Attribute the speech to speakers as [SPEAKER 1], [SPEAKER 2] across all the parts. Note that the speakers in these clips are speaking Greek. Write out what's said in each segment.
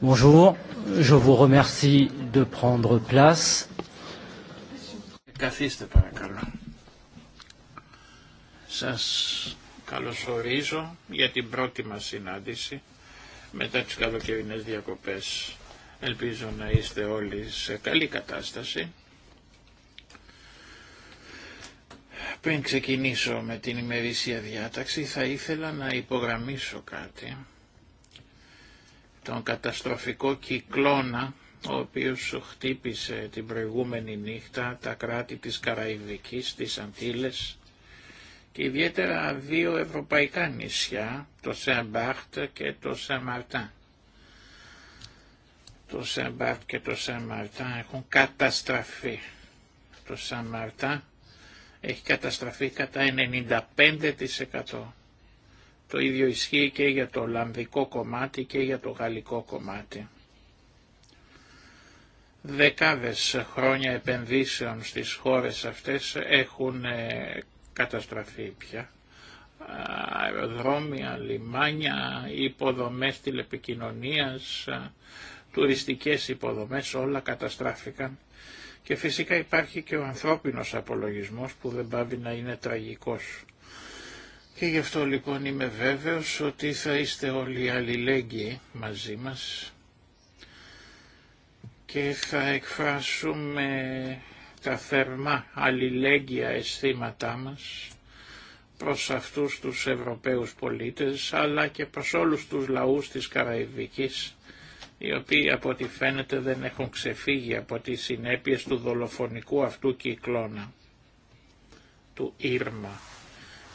[SPEAKER 1] Bonjour, je vous remercie de prendre place.
[SPEAKER 2] Καθίστε παρακαλώ. Σας καλωσορίζω για την πρώτη μας συνάντηση μετά τις καλοκαιρινές διακοπές. Ελπίζω να είστε όλοι σε καλή κατάσταση. Πριν ξεκινήσω με την ημερήσια διάταξη θα ήθελα να υπογραμμίσω κάτι τον καταστροφικό κυκλώνα ο οποίος χτύπησε την προηγούμενη νύχτα τα κράτη της Καραϊβικής, της Αντίλες και ιδιαίτερα δύο ευρωπαϊκά νησιά, το Σεμπαρτ και το Σεμαρτά. Το Σεμπαρτ και το Σεμαρτά έχουν καταστραφεί. Το Σεμαρτά έχει καταστραφεί κατά 95%. Το ίδιο ισχύει και για το Ολλανδικό κομμάτι και για το Γαλλικό κομμάτι. Δεκάδες χρόνια επενδύσεων στις χώρες αυτές έχουν ε, καταστραφεί πια. Αεροδρόμια, λιμάνια, υποδομές τηλεπικοινωνίας, τουριστικές υποδομές, όλα καταστράφηκαν. Και φυσικά υπάρχει και ο ανθρώπινος απολογισμός που δεν πάβει να είναι τραγικός. Και γι' αυτό λοιπόν είμαι βέβαιος ότι θα είστε όλοι αλληλέγγυοι μαζί μας και θα εκφράσουμε τα θερμά αλληλέγγυα αισθήματά μας προς αυτούς τους Ευρωπαίους πολίτες αλλά και προς όλους τους λαούς της Καραϊβικής οι οποίοι από ό,τι φαίνεται δεν έχουν ξεφύγει από τις συνέπειες του δολοφονικού αυτού κυκλώνα, του Ήρμα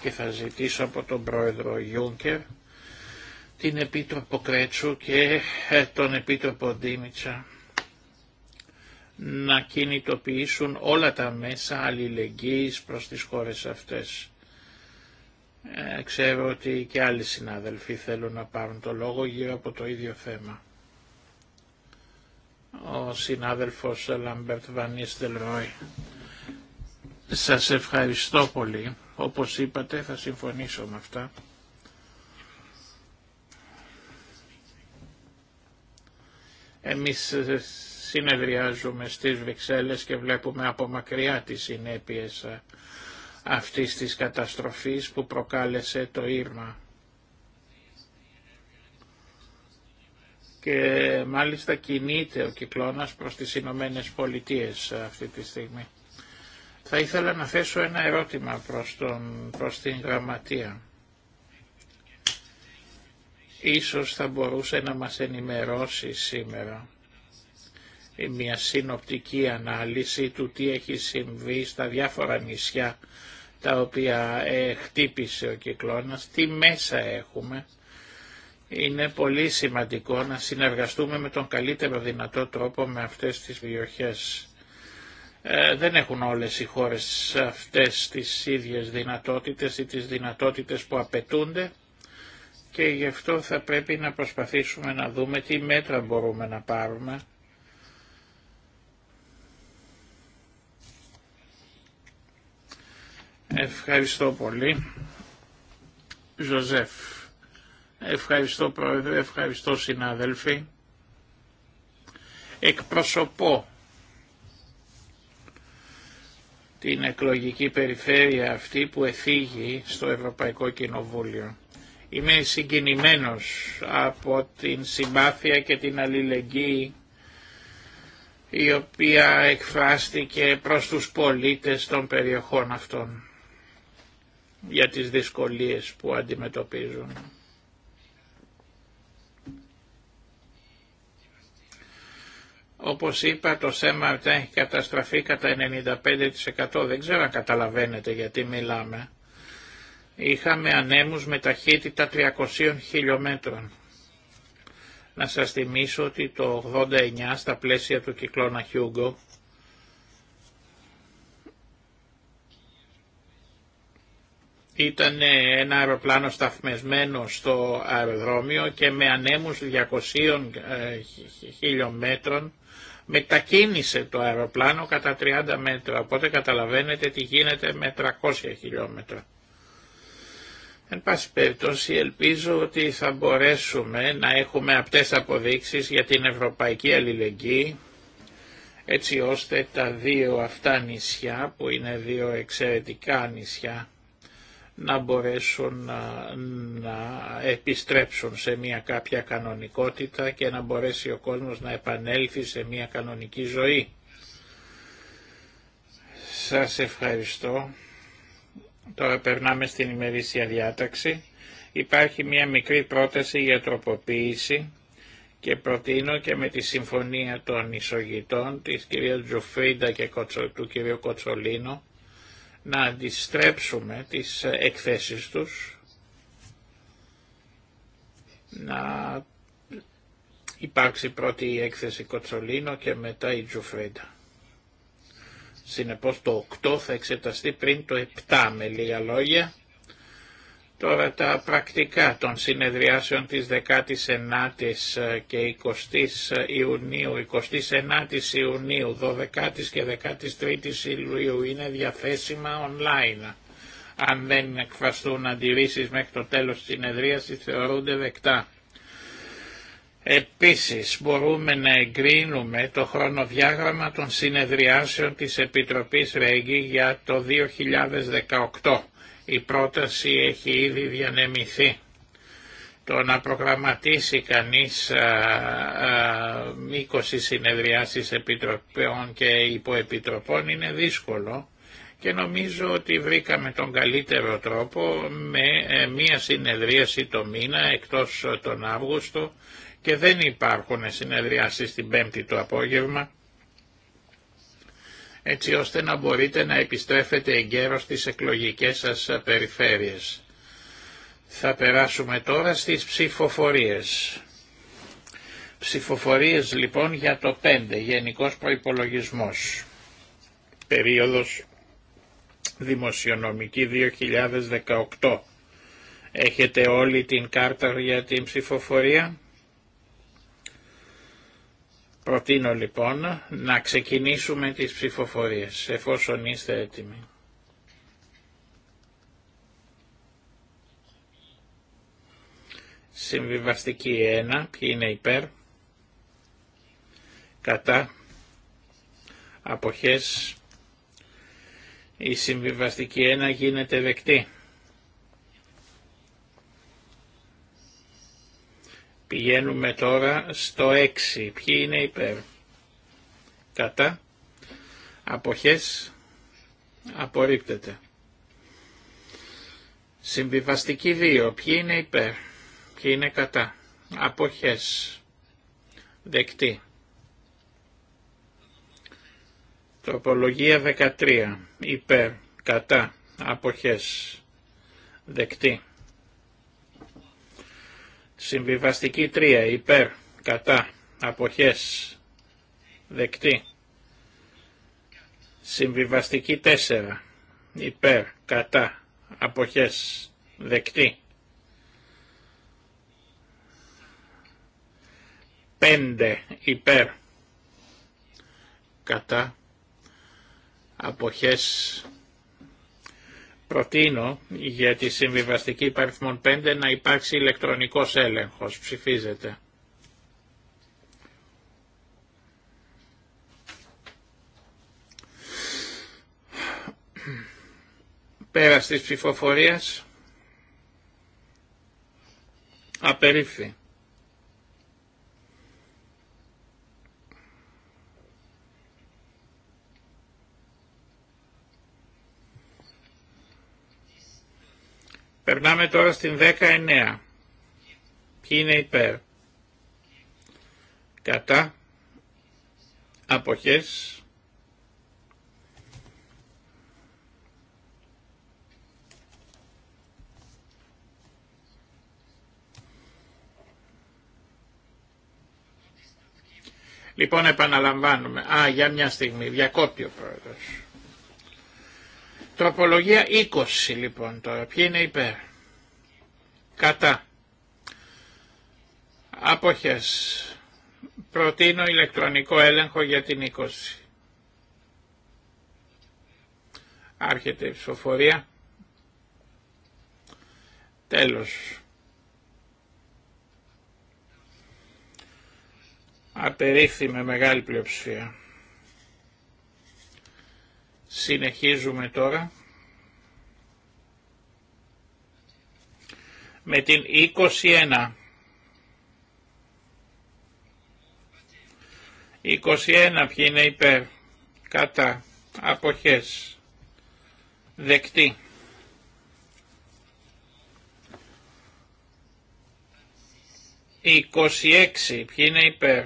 [SPEAKER 2] και θα ζητήσω από τον πρόεδρο Γιούνκερ, την Επίτροπο Κρέτσου και ε, τον Επίτροπο Ντίμιτσα να κινητοποιήσουν όλα τα μέσα αλληλεγγύης προς τις χώρες αυτές. Ε, ξέρω ότι και άλλοι συνάδελφοι θέλουν να πάρουν το λόγο γύρω από το ίδιο θέμα. Ο συνάδελφος Λαμπερτ Βανίστελ Ρόι. Σας ευχαριστώ πολύ. Όπως είπατε θα συμφωνήσω με αυτά. Εμείς συνεδριάζουμε στις Βρυξέλλες και βλέπουμε από μακριά τις συνέπειες αυτής της καταστροφής που προκάλεσε το Ήρμα. Και μάλιστα κινείται ο κυκλώνας προς τις Ηνωμένε Πολιτείες αυτή τη στιγμή. Θα ήθελα να θέσω ένα ερώτημα προς, τον, προς την γραμματεία. Ίσως θα μπορούσε να μας ενημερώσει σήμερα μια συνοπτική ανάλυση του τι έχει συμβεί στα διάφορα νησιά τα οποία ε, χτύπησε ο κυκλώνας, τι μέσα έχουμε. Είναι πολύ σημαντικό να συνεργαστούμε με τον καλύτερο δυνατό τρόπο με αυτές τις περιοχές. Ε, δεν έχουν όλες οι χώρες αυτές τις ίδιες δυνατότητες ή τις δυνατότητες που απαιτούνται και γι' αυτό θα πρέπει να προσπαθήσουμε να δούμε τι μέτρα μπορούμε να πάρουμε Ευχαριστώ πολύ. Ζωζεφ. Ευχαριστώ πρόεδρε, ευχαριστώ συνάδελφοι. Εκπροσωπώ την εκλογική περιφέρεια αυτή που εφήγει στο Ευρωπαϊκό Κοινοβούλιο. Είμαι συγκινημένος από την συμπάθεια και την αλληλεγγύη η οποία εκφράστηκε προς τους πολίτες των περιοχών αυτών για τις δυσκολίες που αντιμετωπίζουν. Όπως είπα το Σέμαρτα έχει καταστραφεί κατά 95%. Δεν ξέρω αν καταλαβαίνετε γιατί μιλάμε. Είχαμε ανέμους με ταχύτητα 300 χιλιόμετρων. Να σας θυμίσω ότι το 89 στα πλαίσια του κυκλώνα Χιούγκο ήταν ένα αεροπλάνο σταθμεσμένο στο αεροδρόμιο και με ανέμους 200 ε, χιλιόμετρων μετακίνησε το αεροπλάνο κατά 30 μέτρα, οπότε καταλαβαίνετε τι γίνεται με 300 χιλιόμετρα. Εν πάση περιπτώσει ελπίζω ότι θα μπορέσουμε να έχουμε απτές αποδείξεις για την ευρωπαϊκή αλληλεγγύη έτσι ώστε τα δύο αυτά νησιά που είναι δύο εξαιρετικά νησιά να μπορέσουν να, επιστρέψουν σε μια κάποια κανονικότητα και να μπορέσει ο κόσμος να επανέλθει σε μια κανονική ζωή. Σας ευχαριστώ. Τώρα περνάμε στην ημερήσια διάταξη. Υπάρχει μια μικρή πρόταση για τροποποίηση και προτείνω και με τη συμφωνία των εισογητών της κυρίας Τζουφρίντα και του κυρίου Κοτσολίνο να αντιστρέψουμε τις εκθέσεις τους, να υπάρξει πρώτη η έκθεση Κοτσολίνο και μετά η Τζουφρέντα. Συνεπώς το 8 θα εξεταστεί πριν το 7 με λίγα λόγια Τώρα τα πρακτικά των συνεδριάσεων της 19ης ε, και 20ης ε, Ιουνίου, 29ης Ιουνίου, 12ης και 13ης Ιουλίου είναι διαθέσιμα online. Αν δεν εκφραστούν αντιρρήσεις μέχρι το τέλος της συνεδρίασης θεωρούνται δεκτά. Επίσης μπορούμε να εγκρίνουμε το χρονοδιάγραμμα των συνεδριάσεων της Επιτροπής ΡΕΓΙ για το 2018. Η πρόταση έχει ήδη διανεμηθεί. Το να προγραμματίσει κανείς 20 συνεδριάσεις επιτροπών και υποεπιτροπών είναι δύσκολο και νομίζω ότι βρήκαμε τον καλύτερο τρόπο με ε, μία συνεδρίαση το μήνα εκτός ε, τον Αύγουστο και δεν υπάρχουν συνεδριάσεις την Πέμπτη το απόγευμα έτσι ώστε να μπορείτε να επιστρέφετε εγκαίρως στις εκλογικές σας περιφέρειες. Θα περάσουμε τώρα στις ψηφοφορίες. Ψηφοφορίες λοιπόν για το 5, Γενικός Προϋπολογισμός, περίοδος Δημοσιονομική 2018. Έχετε όλη την κάρτα για την ψηφοφορία. Προτείνω λοιπόν να ξεκινήσουμε τις ψηφοφορίες, εφόσον είστε έτοιμοι. Συμβιβαστική 1, ποιοι είναι υπέρ, κατά, αποχές, η συμβιβαστική 1 γίνεται δεκτή. Πηγαίνουμε τώρα στο 6. Ποιοι είναι υπέρ. Κατά. Αποχές. Απορρίπτεται. Συμβιβαστική 2. Ποιοι είναι υπέρ. Ποιοι είναι κατά. Αποχές. Δεκτή. Τροπολογία 13. Υπέρ. Κατά. Αποχές. Δεκτή. Συμβιβαστική 3 υπέρ κατά αποχές δεκτή. Συμβιβαστική τέσσερα υπέρ κατά αποχές δεκτή. Πέντε υπέρ κατά αποχές Προτείνω για τη συμβιβαστική υπαριθμών 5 να υπάρξει ηλεκτρονικός έλεγχος. Ψηφίζεται. Πέρας της ψηφοφορίας απερίφθη. Περνάμε τώρα στην 19. Ποιοι είναι υπέρ. Κατά. Αποχές. Λοιπόν επαναλαμβάνουμε. Α, για μια στιγμή. Διακόπτει ο πρόεδρος. Τροπολογία 20 λοιπόν τώρα. Ποιοι είναι υπέρ. Κατά. Αποχές. Προτείνω ηλεκτρονικό έλεγχο για την 20. Άρχεται η ψηφοφορία. Τέλος. Απερίφθη με μεγάλη πλειοψηφία. Συνεχίζουμε τώρα με την 21. 21 ποιοι είναι υπέρ, κατά, αποχές, δεκτή. 26 ποιοι είναι υπέρ,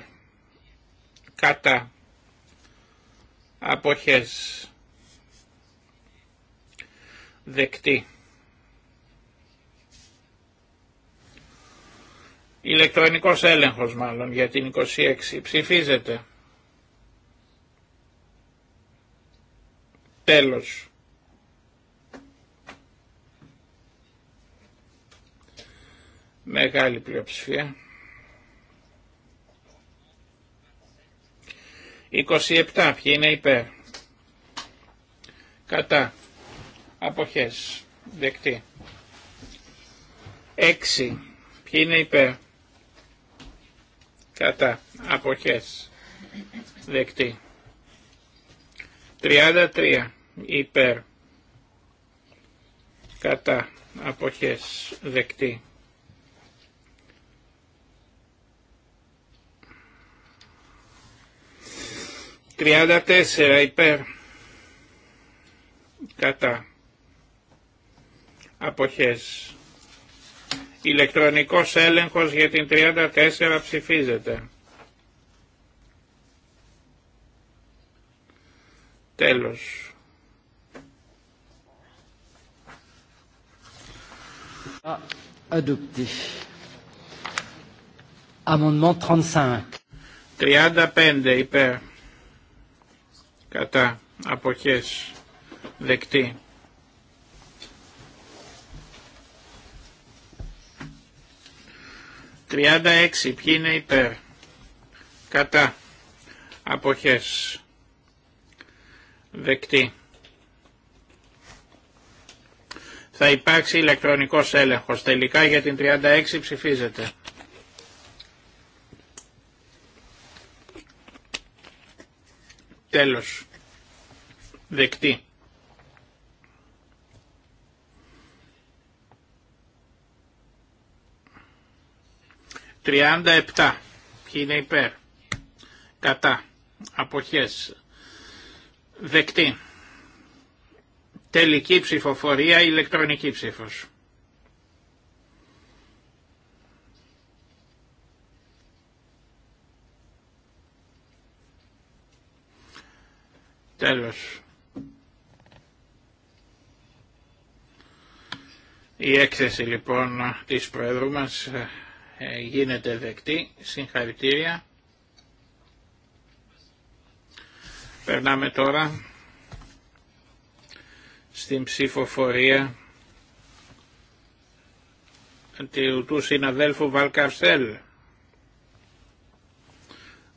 [SPEAKER 2] κατά, αποχές, Δεκτή. Ηλεκτρονικός έλεγχος μάλλον για την 26. Ψηφίζεται. Τέλος. Μεγάλη πλειοψηφία. 27. Ποιοι είναι υπέρ. Κατά. Αποχές. Δεκτή. 6. Ποιοι είναι υπέρ. Κατά. Αποχές. Δεκτή. 33. Υπέρ. Κατά. Αποχές. Δεκτή. 34 υπέρ κατά αποχές. Ηλεκτρονικός έλεγχος για την 34 ψηφίζεται. Τέλος.
[SPEAKER 1] Adopté. Amendement 35.
[SPEAKER 2] 35 υπέρ. Κατά. Αποχές. Δεκτή. 36. Ποιοι είναι υπέρ. Κατά. Αποχές. Δεκτή. Θα υπάρξει ηλεκτρονικός έλεγχος. Τελικά για την 36 ψηφίζεται. Τέλος. Δεκτή. 37. Ποιοι είναι υπέρ. Κατά. Αποχές. Δεκτή. Τελική ψηφοφορία, ηλεκτρονική ψήφος. Τέλος. Η έκθεση λοιπόν της Προέδρου μας ε, ε, γίνεται δεκτή. Συγχαρητήρια. Περνάμε τώρα στην ψηφοφορία του συναδέλφου Βαλκαρσέλ.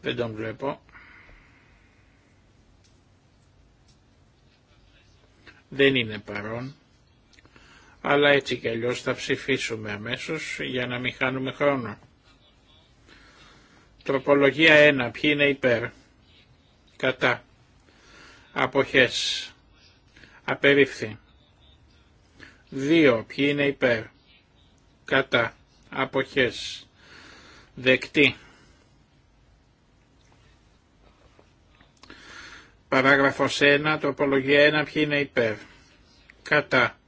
[SPEAKER 2] Δεν τον βλέπω. Δεν είναι παρόν αλλά έτσι κι αλλιώς θα ψηφίσουμε αμέσως για να μην χάνουμε χρόνο. Τροπολογία 1. Ποιοι είναι υπέρ. Κατά. Αποχές. Απερίφθη. 2. Ποιοι είναι υπέρ. Κατά. Αποχές. Δεκτή. Παράγραφος 1. Τροπολογία 1. Ποιοι είναι υπέρ. Κατά.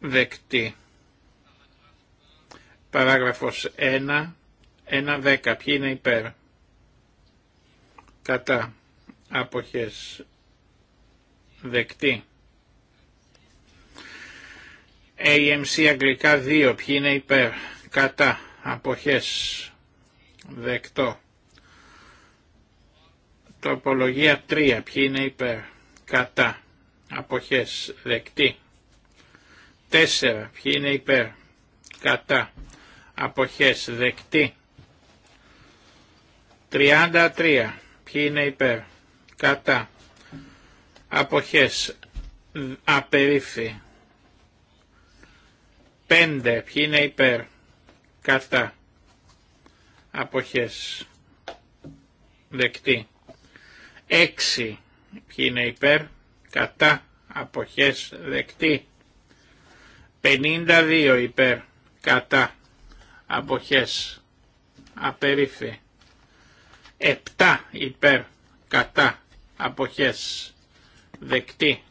[SPEAKER 2] δεκτή. Παράγραφος 1, 1-10, ποιοι είναι υπέρ. Κατά, αποχές, δεκτή. AMC αγγλικά 2, ποιοι είναι υπέρ. Κατά, αποχές, δεκτό. Τοπολογία 3, ποιοι είναι υπέρ. Κατά, αποχές, δεκτή. 4. Ποιοι είναι υπέρ. Κατά. Αποχές. Δεκτή. 33. Ποιοι είναι υπέρ. Κατά. Αποχές. Απερίφθη. 5. Ποιοι είναι υπέρ. Κατά. Αποχές. Δεκτή. 6. Ποιοι είναι υπέρ. Κατά. Αποχές. Δεκτή. 52 υπέρ κατά αποχές απερίφη. 7 υπέρ κατά αποχές δεκτή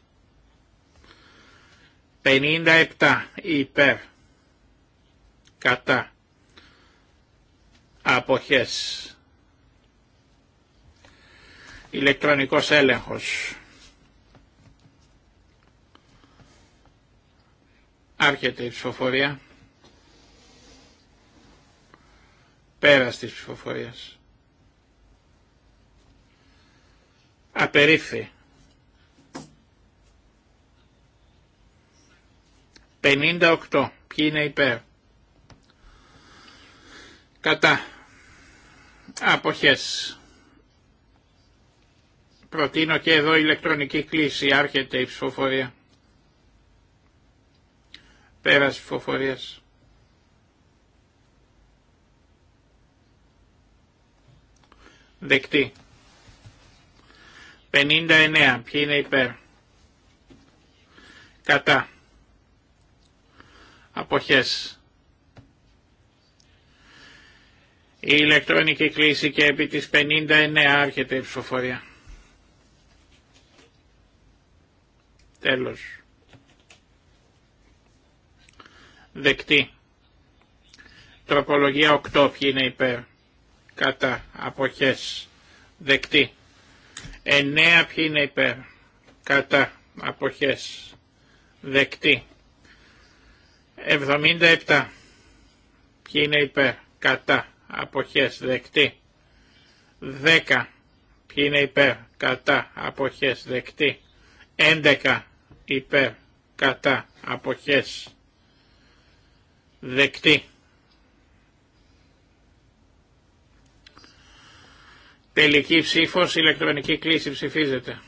[SPEAKER 2] 57 υπέρ κατά αποχές ηλεκτρονικός έλεγχος Άρχεται η ψηφοφορία. Πέρας της ψηφοφορίας. Απερίφθη. 58. Ποιοι είναι υπέρ. Κατά. Αποχές. Προτείνω και εδώ ηλεκτρονική κλίση. Άρχεται η ψηφοφορία. Πέρας ψηφοφορίας. Δεκτή. 59. Ποιοι είναι υπέρ. Κατά. Αποχές. Η ηλεκτρονική κλίση και επί της 59 άρχεται η ψηφοφορία. Τέλος. Δεκτή. Τροπολογία 8. Ποιοι είναι υπέρ. Κατά. Αποχές. Δεκτή. 9. Ποιοι είναι υπέρ. Κατά. Αποχές. Δεκτή. 77. Ποιοι είναι υπέρ. Κατά. Αποχές. Δεκτή. 10. Ποιοι είναι υπέρ. Κατά. Αποχές. Δεκτή. 11. Υπέρ. Κατά. Αποχές Δεκτή. Τελική ψήφος, ηλεκτρονική κλίση ψηφίζεται.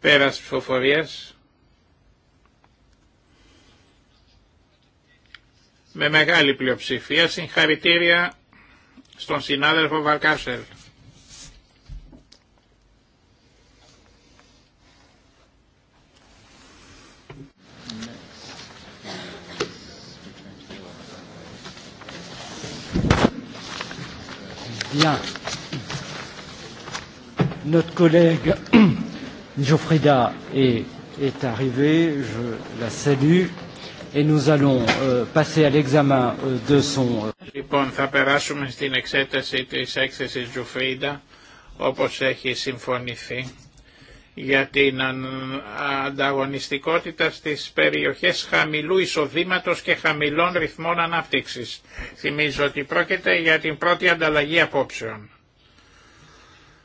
[SPEAKER 2] Πέρας ψηφοφορίας. με μεγάλη πλειοψηφία συγχαρητήρια στον συνάδελφο Βαρκάσελ.
[SPEAKER 1] Bien. Notre collègue Geoffrida est, est arrivé, je la salue, et nous allons euh, passer à l'examen euh, de son...
[SPEAKER 2] Λοιπόν, θα περάσουμε στην εξέταση της έκθεσης Τζουφρίντα, όπως έχει συμφωνηθεί για την ανταγωνιστικότητα στις περιοχές χαμηλού εισοδήματος και χαμηλών ρυθμών ανάπτυξης. Θυμίζω ότι πρόκειται για την πρώτη ανταλλαγή απόψεων.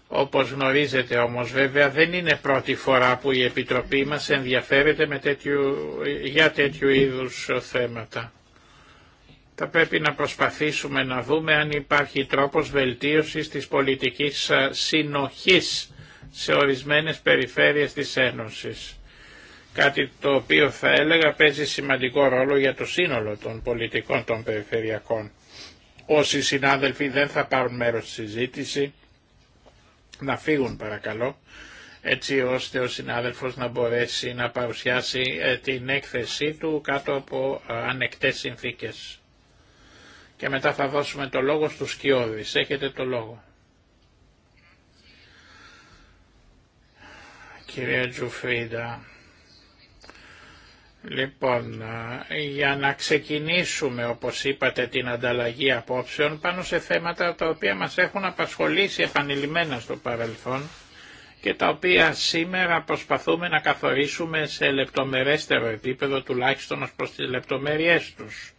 [SPEAKER 2] Όπως γνωρίζετε όμως βέβαια δεν είναι πρώτη φορά που η Επιτροπή μας ενδιαφέρεται με για τέτοιου είδους θέματα. Θα πρέπει να προσπαθήσουμε να δούμε αν υπάρχει τρόπος βελτίωσης της πολιτικής συνοχής σε ορισμένες περιφέρειες της Ένωσης. Κάτι το οποίο θα έλεγα παίζει σημαντικό ρόλο για το σύνολο των πολιτικών των περιφερειακών. Όσοι συνάδελφοι δεν θα πάρουν μέρος στη συζήτηση, να φύγουν παρακαλώ, έτσι ώστε ο συνάδελφος να μπορέσει να παρουσιάσει ε, την έκθεσή του κάτω από ε, ανεκτές συνθήκες. Και μετά θα δώσουμε το λόγο στους σκιώδεις. Έχετε το λόγο. κυρία Τζουφρίδα. Λοιπόν, ε, για να ξεκινήσουμε, όπως είπατε, την ανταλλαγή απόψεων πάνω σε θέματα τα οποία μας έχουν απασχολήσει επανειλημμένα στο παρελθόν και τα οποία σήμερα προσπαθούμε να καθορίσουμε σε λεπτομερέστερο επίπεδο, τουλάχιστον ως προς τις λεπτομέρειές τους.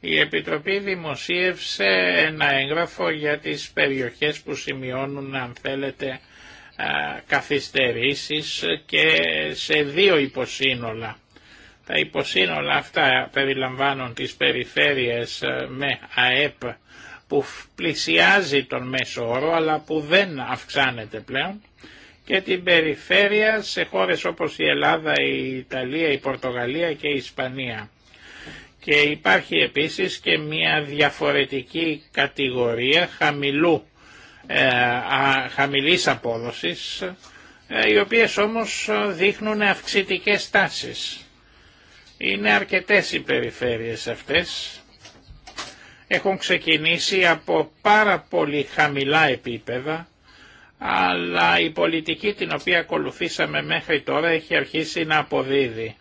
[SPEAKER 3] Η Επιτροπή
[SPEAKER 2] δημοσίευσε ένα έγγραφο για τις περιοχές που σημειώνουν, αν θέλετε, καθυστερήσεις και σε δύο υποσύνολα. Τα υποσύνολα αυτά περιλαμβάνουν τις περιφέρειες με ΑΕΠ που πλησιάζει τον μέσο όρο αλλά που δεν αυξάνεται πλέον και την περιφέρεια σε χώρες όπως η Ελλάδα, η Ιταλία, η Πορτογαλία και η Ισπανία. Και υπάρχει επίσης και μια διαφορετική κατηγορία χαμηλού ε, χαμηλής απόδοσης, ε, οι οποίες όμως ε, δείχνουν αυξητικές τάσεις. Είναι αρκετές οι περιφέρειες αυτές. Έχουν ξεκινήσει από πάρα πολύ χαμηλά επίπεδα, αλλά η πολιτική την οποία ακολουθήσαμε μέχρι τώρα έχει αρχίσει να αποδίδει.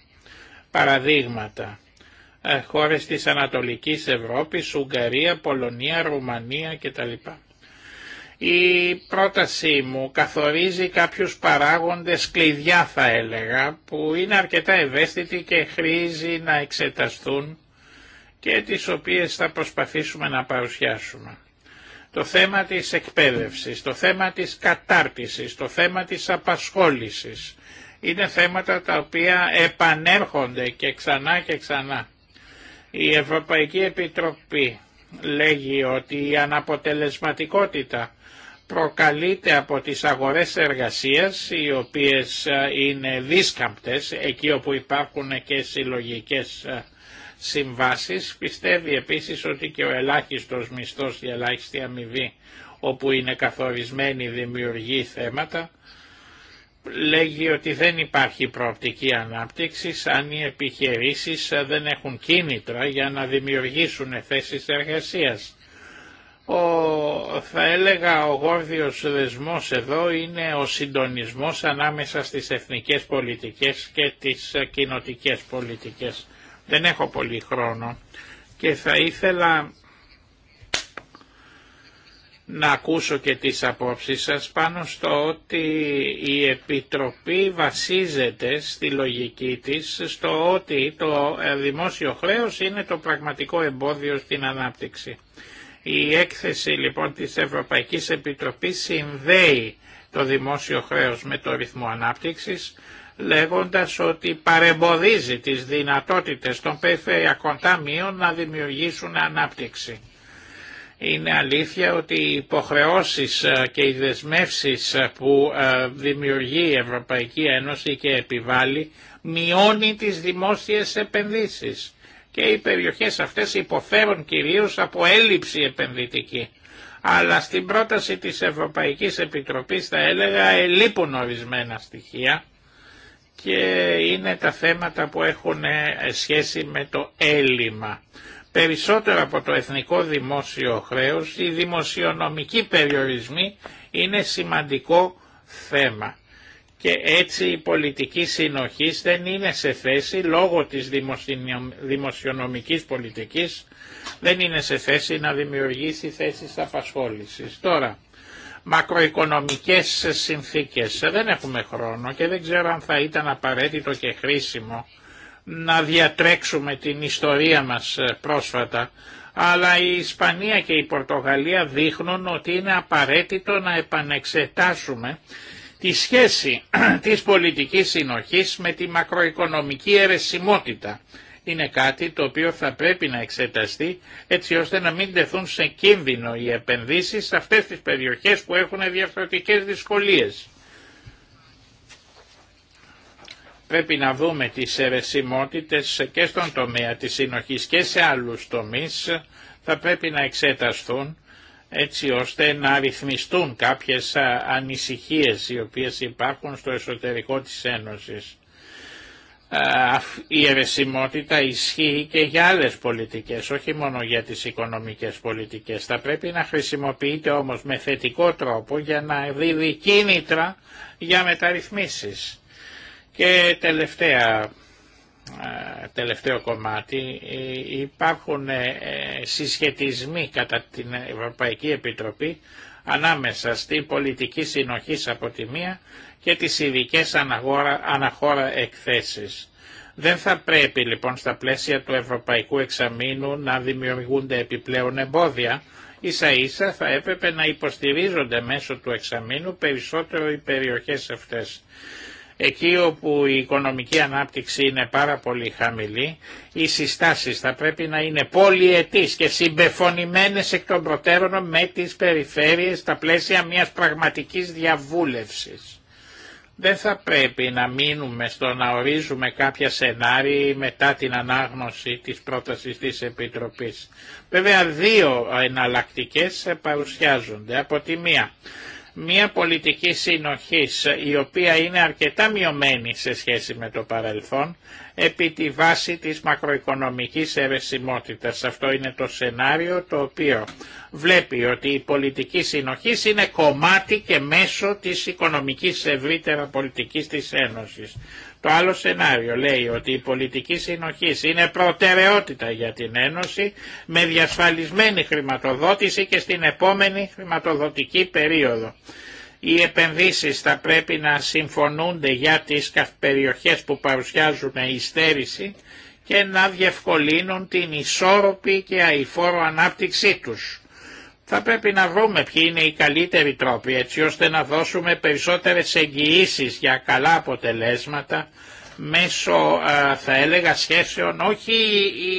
[SPEAKER 2] Παραδείγματα. Χώρες της Ανατολικής Ευρώπης, Ουγγαρία, Πολωνία, Ρουμανία κτλ. Η πρότασή μου καθορίζει κάποιους παράγοντες κλειδιά θα έλεγα που είναι αρκετά ευαίσθητοι και χρήζει να εξεταστούν και τις οποίες θα προσπαθήσουμε να παρουσιάσουμε. Το θέμα της εκπαίδευσης, το θέμα της κατάρτισης, το θέμα της απασχόλησης είναι θέματα τα οποία επανέρχονται και ξανά και ξανά. Η Ευρωπαϊκή Επιτροπή λέγει ότι η αναποτελεσματικότητα προκαλείται από τις αγορές εργασίας οι οποίες ε, είναι δίσκαμπτες εκεί όπου υπάρχουν και συλλογικές ε, συμβάσεις. Πιστεύει επίσης ότι και ο ελάχιστος μισθός, η ελάχιστη αμοιβή όπου είναι καθορισμένη δημιουργεί θέματα. Λέγει ότι δεν υπάρχει προοπτική ανάπτυξη αν οι επιχειρήσεις ε, δεν έχουν κίνητρα για να δημιουργήσουν θέσεις εργασίας ο, θα έλεγα ο γόρδιος δεσμός εδώ είναι ο συντονισμός ανάμεσα στις εθνικές πολιτικές και τις κοινοτικές πολιτικές. Δεν έχω πολύ χρόνο και θα ήθελα να ακούσω και τις απόψεις σας πάνω στο ότι η Επιτροπή βασίζεται στη λογική της στο ότι το δημόσιο χρέος είναι το πραγματικό εμπόδιο στην ανάπτυξη. Η έκθεση λοιπόν της Ευρωπαϊκής Επιτροπής συνδέει το δημόσιο χρέος με το ρυθμό ανάπτυξης, λέγοντας ότι παρεμποδίζει τις δυνατότητες των περιφερειακών ταμείων να δημιουργήσουν ανάπτυξη. Είναι αλήθεια ότι οι υποχρεώσεις ε, και οι δεσμεύσεις ε, που ε, δημιουργεί η Ευρωπαϊκή Ένωση και επιβάλλει μειώνει τις δημόσιες επενδύσεις και οι περιοχές αυτές υποφέρουν κυρίως από έλλειψη επενδυτική.
[SPEAKER 3] Αλλά στην
[SPEAKER 2] πρόταση της Ευρωπαϊκής Επιτροπής θα έλεγα ελείπουν ορισμένα στοιχεία και είναι τα θέματα που έχουν ε, σχέση με το έλλειμμα. Περισσότερο από το εθνικό δημόσιο χρέος, οι δημοσιονομικοί περιορισμοί είναι σημαντικό θέμα και έτσι η πολιτική συνοχή δεν είναι σε θέση λόγω της δημοσιονομικής πολιτικής δεν είναι σε θέση να δημιουργήσει θέσεις απασχόλησης. Τώρα, μακροοικονομικές συνθήκες. Δεν έχουμε χρόνο και δεν ξέρω αν θα ήταν απαραίτητο και χρήσιμο να διατρέξουμε την ιστορία μας πρόσφατα, αλλά η Ισπανία και η Πορτογαλία δείχνουν ότι είναι απαραίτητο να επανεξετάσουμε τη σχέση της πολιτικής συνοχής με τη μακροοικονομική αιρεσιμότητα. Είναι κάτι το οποίο θα πρέπει να εξεταστεί έτσι ώστε να μην τεθούν σε κίνδυνο οι επενδύσεις σε αυτές τις περιοχές που έχουν διαφορετικές δυσκολίες. Πρέπει να δούμε τις αιρεσιμότητες και στον τομέα της συνοχής και σε άλλους τομείς θα πρέπει να εξεταστούν έτσι ώστε να αριθμιστούν κάποιες ανησυχίες οι οποίες υπάρχουν στο εσωτερικό της Ένωσης. Η ερεσιμότητα ισχύει και για άλλες πολιτικές, όχι μόνο για τις οικονομικές πολιτικές. Θα πρέπει να χρησιμοποιείται όμως με θετικό τρόπο για να δίδει κίνητρα για μεταρρυθμίσεις. Και τελευταία τελευταίο κομμάτι ε, υπάρχουν ε, συσχετισμοί κατά την Ευρωπαϊκή Επιτροπή ανάμεσα στην πολιτική συνοχή από τη μία και τις ειδικέ αναχώρα εκθέσεις. Δεν θα πρέπει λοιπόν στα πλαίσια του Ευρωπαϊκού Εξαμήνου να δημιουργούνται επιπλέον εμπόδια, ίσα ίσα θα έπρεπε να υποστηρίζονται μέσω του εξαμήνου περισσότερο οι περιοχές αυτές. Εκεί όπου η οικονομική ανάπτυξη είναι πάρα πολύ χαμηλή, οι συστάσεις θα πρέπει να είναι πολυετής και συμπεφωνημένες εκ των προτέρων με τις περιφέρειες στα πλαίσια μιας πραγματικής διαβούλευσης. Δεν θα πρέπει να μείνουμε στο να ορίζουμε κάποια σενάρια μετά την ανάγνωση της πρότασης της Επιτροπής. Βέβαια δύο εναλλακτικέ παρουσιάζονται. Από τη μία μια πολιτική συνοχής η οποία είναι αρκετά μειωμένη σε σχέση με το παρελθόν επί τη βάση της μακροοικονομικής αιρεσιμότητας. Αυτό είναι το σενάριο το οποίο βλέπει ότι η πολιτική συνοχής είναι κομμάτι και μέσο της οικονομικής ευρύτερα πολιτικής της Ένωσης. Το άλλο σενάριο λέει ότι η πολιτική συνοχή είναι προτεραιότητα για την Ένωση με διασφαλισμένη χρηματοδότηση και στην επόμενη χρηματοδοτική περίοδο. Οι επενδύσεις θα πρέπει να συμφωνούνται για τις περιοχές που παρουσιάζουν ειστέρηση και να διευκολύνουν την ισόρροπη και αηφόρο ανάπτυξή τους θα πρέπει να βρούμε ποιοι είναι οι καλύτεροι τρόποι έτσι ώστε να δώσουμε περισσότερες εγγυήσει για καλά αποτελέσματα μέσω θα έλεγα σχέσεων όχι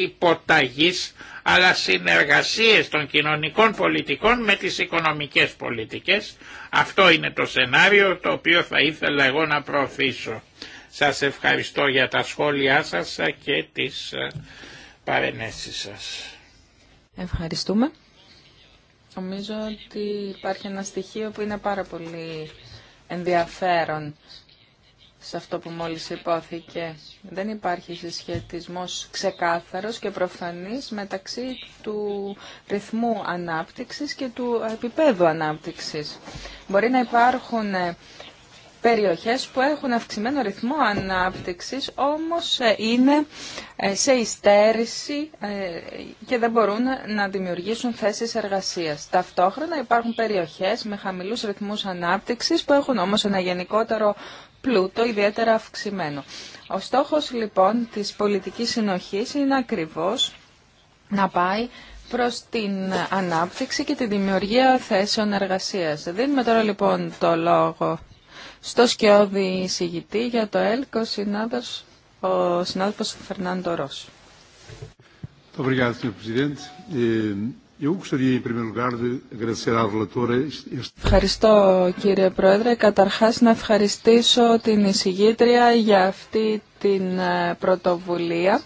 [SPEAKER 2] υποταγής αλλά συνεργασίες των κοινωνικών πολιτικών με τις οικονομικές πολιτικές. Αυτό είναι το σενάριο το οποίο θα ήθελα εγώ να προωθήσω. Σας ευχαριστώ για τα σχόλιά σας και τις παρενέσεις σας.
[SPEAKER 4] Ευχαριστούμε. Νομίζω ότι υπάρχει ένα στοιχείο που είναι πάρα πολύ ενδιαφέρον σε αυτό που μόλις υπόθηκε. Δεν υπάρχει συσχετισμός ξεκάθαρος και προφανής μεταξύ του ρυθμού ανάπτυξης και του επίπεδου ανάπτυξης. Μπορεί να υπάρχουν περιοχές που έχουν αυξημένο ρυθμό ανάπτυξης, όμως ε, είναι ε, σε ιστέρηση ε, και δεν μπορούν να δημιουργήσουν θέσεις εργασίας. Ταυτόχρονα υπάρχουν περιοχές με χαμηλούς ρυθμούς ανάπτυξης που έχουν όμως ένα γενικότερο πλούτο ιδιαίτερα αυξημένο. Ο στόχος λοιπόν της πολιτικής συνοχής είναι ακριβώς να πάει προς την ανάπτυξη και τη δημιουργία θέσεων εργασίας. Δίνουμε τώρα λοιπόν το λόγο στο σκιώδη συγητή για το ΕΛΚ ο συνάδελφος, Φερνάντο Ρώσου. Ευχαριστώ κύριε Πρόεδρε. Καταρχάς να ευχαριστήσω την εισηγήτρια για αυτή την ε, πρωτοβουλία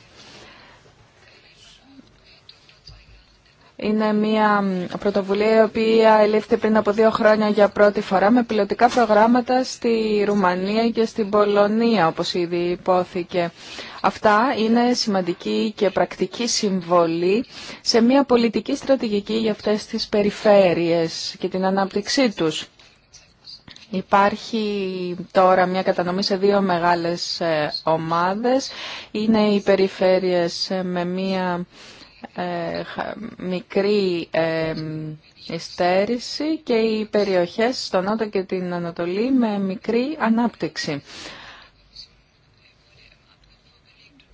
[SPEAKER 4] Είναι μια πρωτοβουλία η οποία ελήφθη πριν από δύο χρόνια για πρώτη φορά με πιλωτικά προγράμματα στη Ρουμανία και στην Πολωνία, όπως ήδη υπόθηκε. Αυτά είναι σημαντική και πρακτική συμβολή σε μια πολιτική στρατηγική για αυτές τις περιφέρειες και την ανάπτυξή τους. Υπάρχει τώρα μια κατανομή σε δύο μεγάλες ε, ομάδες. Είναι οι περιφέρειες ε, με μια ε, μικρή ε, υστέρηση και οι περιοχές στο Νότο και την Ανατολή με μικρή ανάπτυξη.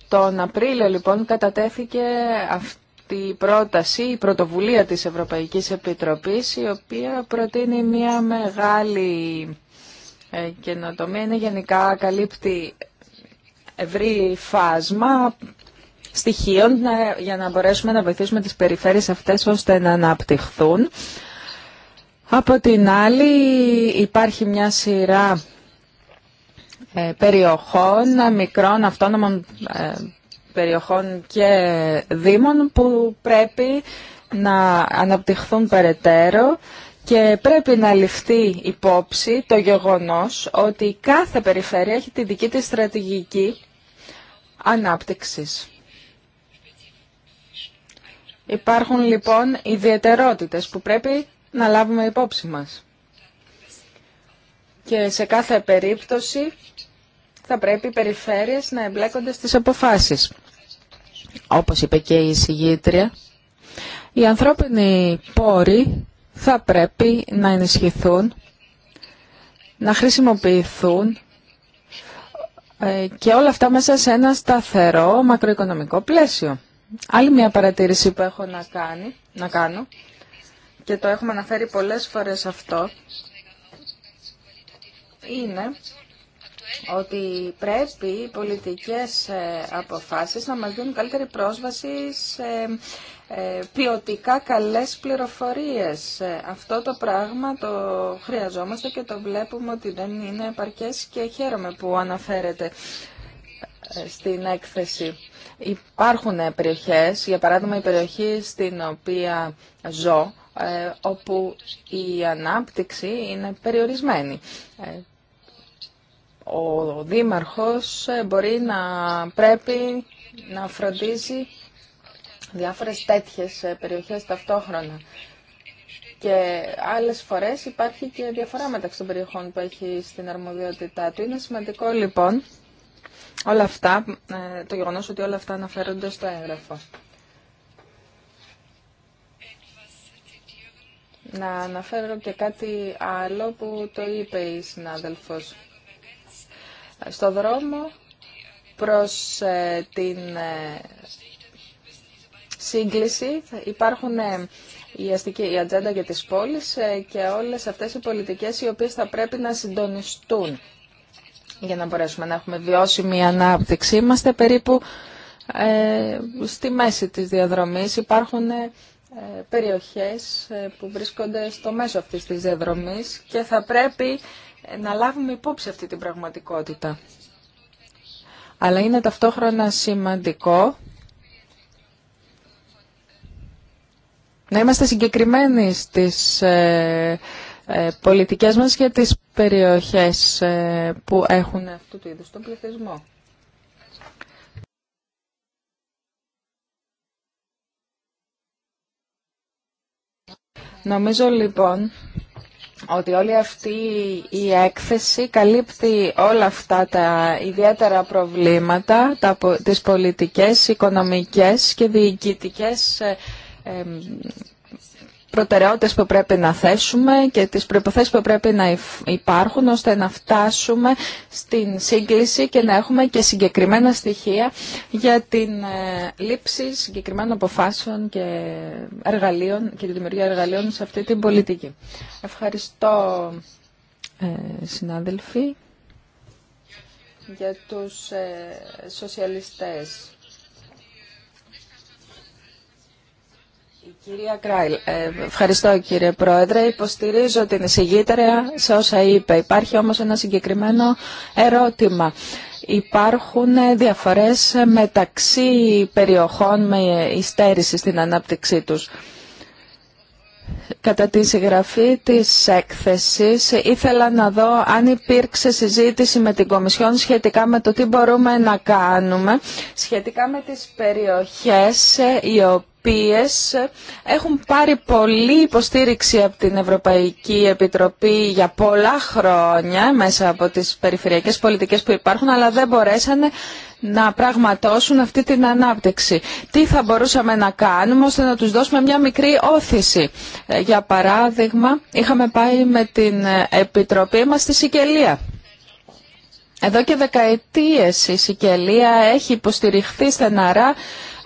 [SPEAKER 4] Τον Απρίλιο λοιπόν κατατέθηκε αυτή η πρόταση, η πρωτοβουλία της Ευρωπαϊκής Επιτροπής η οποία προτείνει μια μεγάλη ε, καινοτομία, είναι γενικά καλύπτει ευρύ φάσμα στοιχείων ε, για να μπορέσουμε να βοηθήσουμε τις περιφέρειες αυτές ώστε να αναπτυχθούν. Από την άλλη υπάρχει μια σειρά ε, περιοχών, μικρών αυτόνομων ε, περιοχών και δήμων που πρέπει να αναπτυχθούν περαιτέρω και πρέπει να ληφθεί υπόψη το γεγονός ότι κάθε περιφέρεια έχει τη δική της στρατηγική ανάπτυξης. Υπάρχουν λοιπόν ιδιαιτερότητες που πρέπει να λάβουμε υπόψη μας. Και σε κάθε περίπτωση θα πρέπει οι περιφέρειες να εμπλέκονται στις αποφάσεις. Όπως είπε και η συγγήτρια, οι ανθρώπινοι πόροι θα πρέπει να ενισχυθούν, να χρησιμοποιηθούν ε, και όλα αυτά μέσα σε ένα σταθερό μακροοικονομικό πλαίσιο. Άλλη μια παρατήρηση που έχω να, κάνει, να κάνω και το έχουμε αναφέρει πολλές φορές αυτό είναι ότι πρέπει οι πολιτικές ε, αποφάσεις να μας δίνουν καλύτερη πρόσβαση σε ε, ποιοτικά καλές πληροφορίες. Ε, αυτό το πράγμα το χρειαζόμαστε και το βλέπουμε ότι δεν είναι επαρκές και χαίρομαι που αναφέρεται στην έκθεση. Υπάρχουν περιοχές, για παράδειγμα η περιοχή στην οποία ζω, ε, όπου η ανάπτυξη είναι περιορισμένη. Ε, ο δήμαρχος ε, μπορεί να πρέπει να φροντίζει διάφορες τέτοιες περιοχές ταυτόχρονα. Και άλλες φορές υπάρχει και διαφορά μεταξύ των περιοχών που έχει στην αρμοδιότητά του. Είναι σημαντικό λοιπόν όλα αυτά, ε, το γεγονός ότι όλα αυτά αναφέρονται στο έγγραφο. Να αναφέρω και κάτι άλλο που το είπε η συνάδελφος. Στο δρόμο προς ε, την ε, σύγκληση υπάρχουν η αστική η ατζέντα για τις πόλεις και όλες αυτές οι πολιτικές οι οποίες θα πρέπει να συντονιστούν για να μπορέσουμε να έχουμε βιώσιμη ανάπτυξη. Είμαστε περίπου ε, στη μέση της διαδρομής. Υπάρχουν ε, περιοχές ε, που βρίσκονται στο μέσο αυτής της διαδρομής και θα πρέπει να λάβουμε υπόψη αυτή την πραγματικότητα. Αλλά είναι ταυτόχρονα σημαντικό να είμαστε συγκεκριμένοι στις ε, πολιτικές μας για τις περιοχές ε, που έχουν αυτού του είδους τον πληθυσμό. Νομίζω λοιπόν ότι όλη αυτή η έκθεση καλύπτει όλα αυτά τα ιδιαίτερα προβλήματα, τα, τις πολιτικές, οικονομικές και διοικητικές ε, προτεραιότητες που πρέπει να θέσουμε και τις προϋποθέσεις που πρέπει να υπάρχουν ώστε να φτάσουμε στην σύγκληση και να έχουμε και συγκεκριμένα στοιχεία για την ε, λήψη συγκεκριμένων αποφάσεων και εργαλείων και τη δημιουργία εργαλείων σε αυτή την πολιτική. Ευχαριστώ ε, συνάδελφοι για τους ε, σοσιαλιστές. Κυρία Κράιλ, ε, ευχαριστώ κύριε Πρόεδρε. Υποστηρίζω την εισηγήτρια σε όσα είπε. Υπάρχει όμως ένα συγκεκριμένο ερώτημα. Υπάρχουν διαφορές μεταξύ περιοχών με υστέρηση στην ανάπτυξή τους. Κατά τη συγγραφή της έκθεσης ήθελα να δω αν υπήρξε συζήτηση με την Κομισιόν σχετικά με το τι μπορούμε να κάνουμε, σχετικά με τις περιοχές ε, οι οποίες οποίες έχουν πάρει πολλή υποστήριξη από την Ευρωπαϊκή Επιτροπή για πολλά χρόνια μέσα από τις περιφερειακές πολιτικές που υπάρχουν, αλλά δεν μπορέσανε να πραγματώσουν αυτή την ανάπτυξη. Τι θα μπορούσαμε να κάνουμε ώστε να τους δώσουμε μια μικρή όθηση. Ε, για παράδειγμα, είχαμε πάει με την Επιτροπή μας στη Σικελία. Εδώ και δεκαετίες η Σικελία έχει υποστηριχθεί στεναρά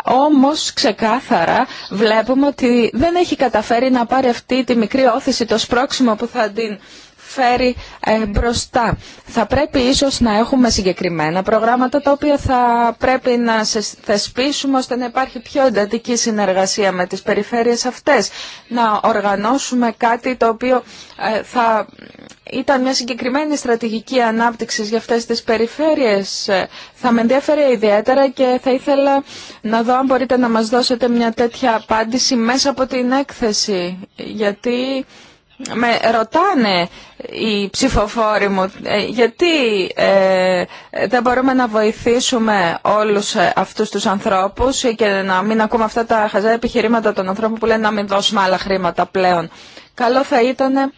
[SPEAKER 4] όμως ξεκάθαρα βλέπουμε ότι δεν έχει καταφέρει να πάρει αυτή τη μικρή όθηση, το σπρόξιμο που θα την φέρει ε, μπροστά. Θα πρέπει ίσως να έχουμε συγκεκριμένα προγράμματα τα οποία θα πρέπει να θεσπίσουμε ώστε να υπάρχει πιο εντατική συνεργασία με τις περιφέρειες αυτές. Να οργανώσουμε κάτι το οποίο ε, θα ήταν μια συγκεκριμένη στρατηγική ανάπτυξη για αυτές τις περιφέρειες. Ε, θα με ενδιαφέρει ιδιαίτερα και θα ήθελα να δω αν μπορείτε να μας δώσετε μια τέτοια απάντηση μέσα από την έκθεση. Γιατί με ρωτάνε οι ψηφοφόροι μου ε, γιατί ε, δεν μπορούμε να βοηθήσουμε όλους ε, αυτούς τους ανθρώπους και να μην ακούμε αυτά τα χαζά επιχειρήματα των ανθρώπων που λένε να μην δώσουμε άλλα χρήματα πλέον. Καλό θα ήταν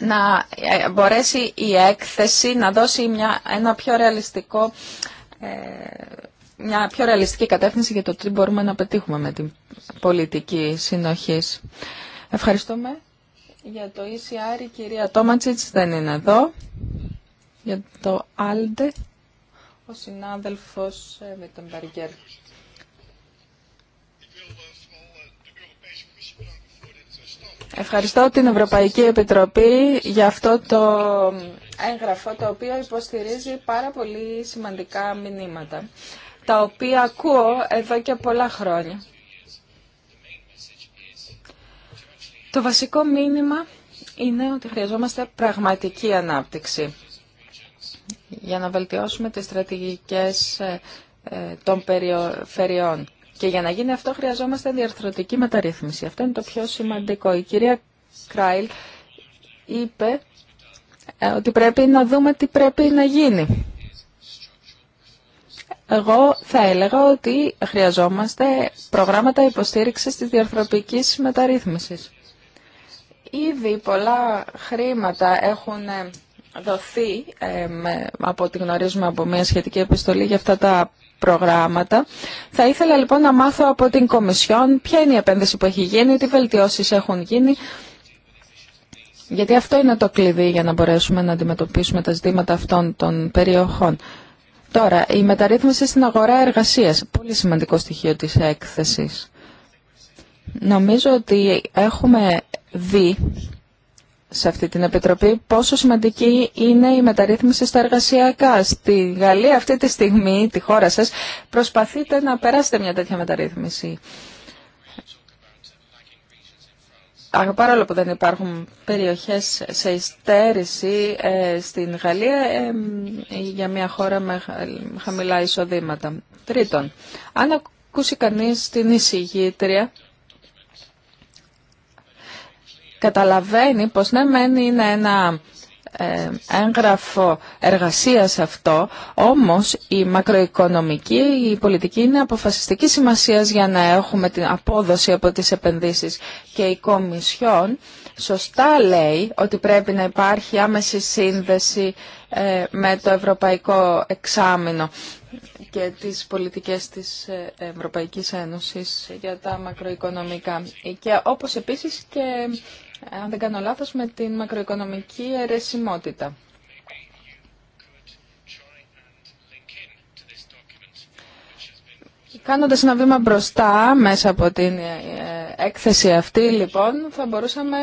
[SPEAKER 4] να μπορέσει η έκθεση να δώσει μια, ένα πιο ρεαλιστικό, μια πιο ρεαλιστική κατεύθυνση για το τι μπορούμε να πετύχουμε με την πολιτική συνοχής. Ευχαριστούμε. Για το ECR η κυρία Τόματσιτς δεν είναι εδώ. Για το ALDE ο συνάδελφος ε, Μπαργκέρ. Ευχαριστώ την Ευρωπαϊκή Επιτροπή για αυτό το έγγραφο το οποίο υποστηρίζει πάρα πολύ σημαντικά μηνύματα τα οποία ακούω εδώ και πολλά χρόνια. Το βασικό μήνυμα είναι ότι χρειαζόμαστε πραγματική ανάπτυξη για να βελτιώσουμε τις στρατηγικές ε, ε, των περιφερειών. Και για να γίνει αυτό χρειαζόμαστε διαρθρωτική μεταρρύθμιση. Αυτό είναι το πιο σημαντικό. Η κυρία Κράιλ είπε ε, ότι πρέπει να δούμε τι πρέπει να γίνει. Εγώ θα έλεγα ότι χρειαζόμαστε προγράμματα υποστήριξης της διαρθρωπικής μεταρρύθμισης. Ήδη πολλά χρήματα έχουν ε, δοθεί, ε, από ό,τι γνωρίζουμε από μια σχετική επιστολή για αυτά τα προγράμματα. Θα ήθελα λοιπόν να μάθω από την Κομισιόν ποια είναι η επένδυση που έχει γίνει, τι βελτιώσεις έχουν γίνει, γιατί αυτό είναι το κλειδί για να μπορέσουμε να αντιμετωπίσουμε τα ζητήματα αυτών των περιοχών. Τώρα, η μεταρρύθμιση στην αγορά εργασίας, πολύ σημαντικό στοιχείο της έκθεσης. Νομίζω ότι έχουμε δει σε αυτή την Επιτροπή πόσο σημαντική είναι η μεταρρύθμιση στα εργασιακά. Στη Γαλλία αυτή τη στιγμή, τη χώρα σας, προσπαθείτε να περάσετε μια τέτοια μεταρρύθμιση. Παρόλο που δεν υπάρχουν περιοχές σε υστέρηση ε, στην Γαλλία για μια χώρα με χαμηλά εισοδήματα. Τρίτον, αν ακούσει κανείς την εισηγήτρια καταλαβαίνει πως ναι μεν είναι ένα ε, έγγραφο εργασίας αυτό, όμως η μακροοικονομική, η πολιτική είναι αποφασιστική σημασίας για να έχουμε την απόδοση από τις επενδύσεις και η Κομισιόν σωστά λέει ότι πρέπει να υπάρχει άμεση σύνδεση ε, με το ευρωπαϊκό εξάμεινο και τις πολιτικές της ε, Ευρωπαϊκής Ένωσης για τα μακροοικονομικά. Και όπως επίσης και αν δεν κάνω λάθος, με την μακροοικονομική αιρεσιμότητα. Κάνοντας ένα βήμα μπροστά μέσα από την ε, έκθεση αυτή, λοιπόν, θα μπορούσαμε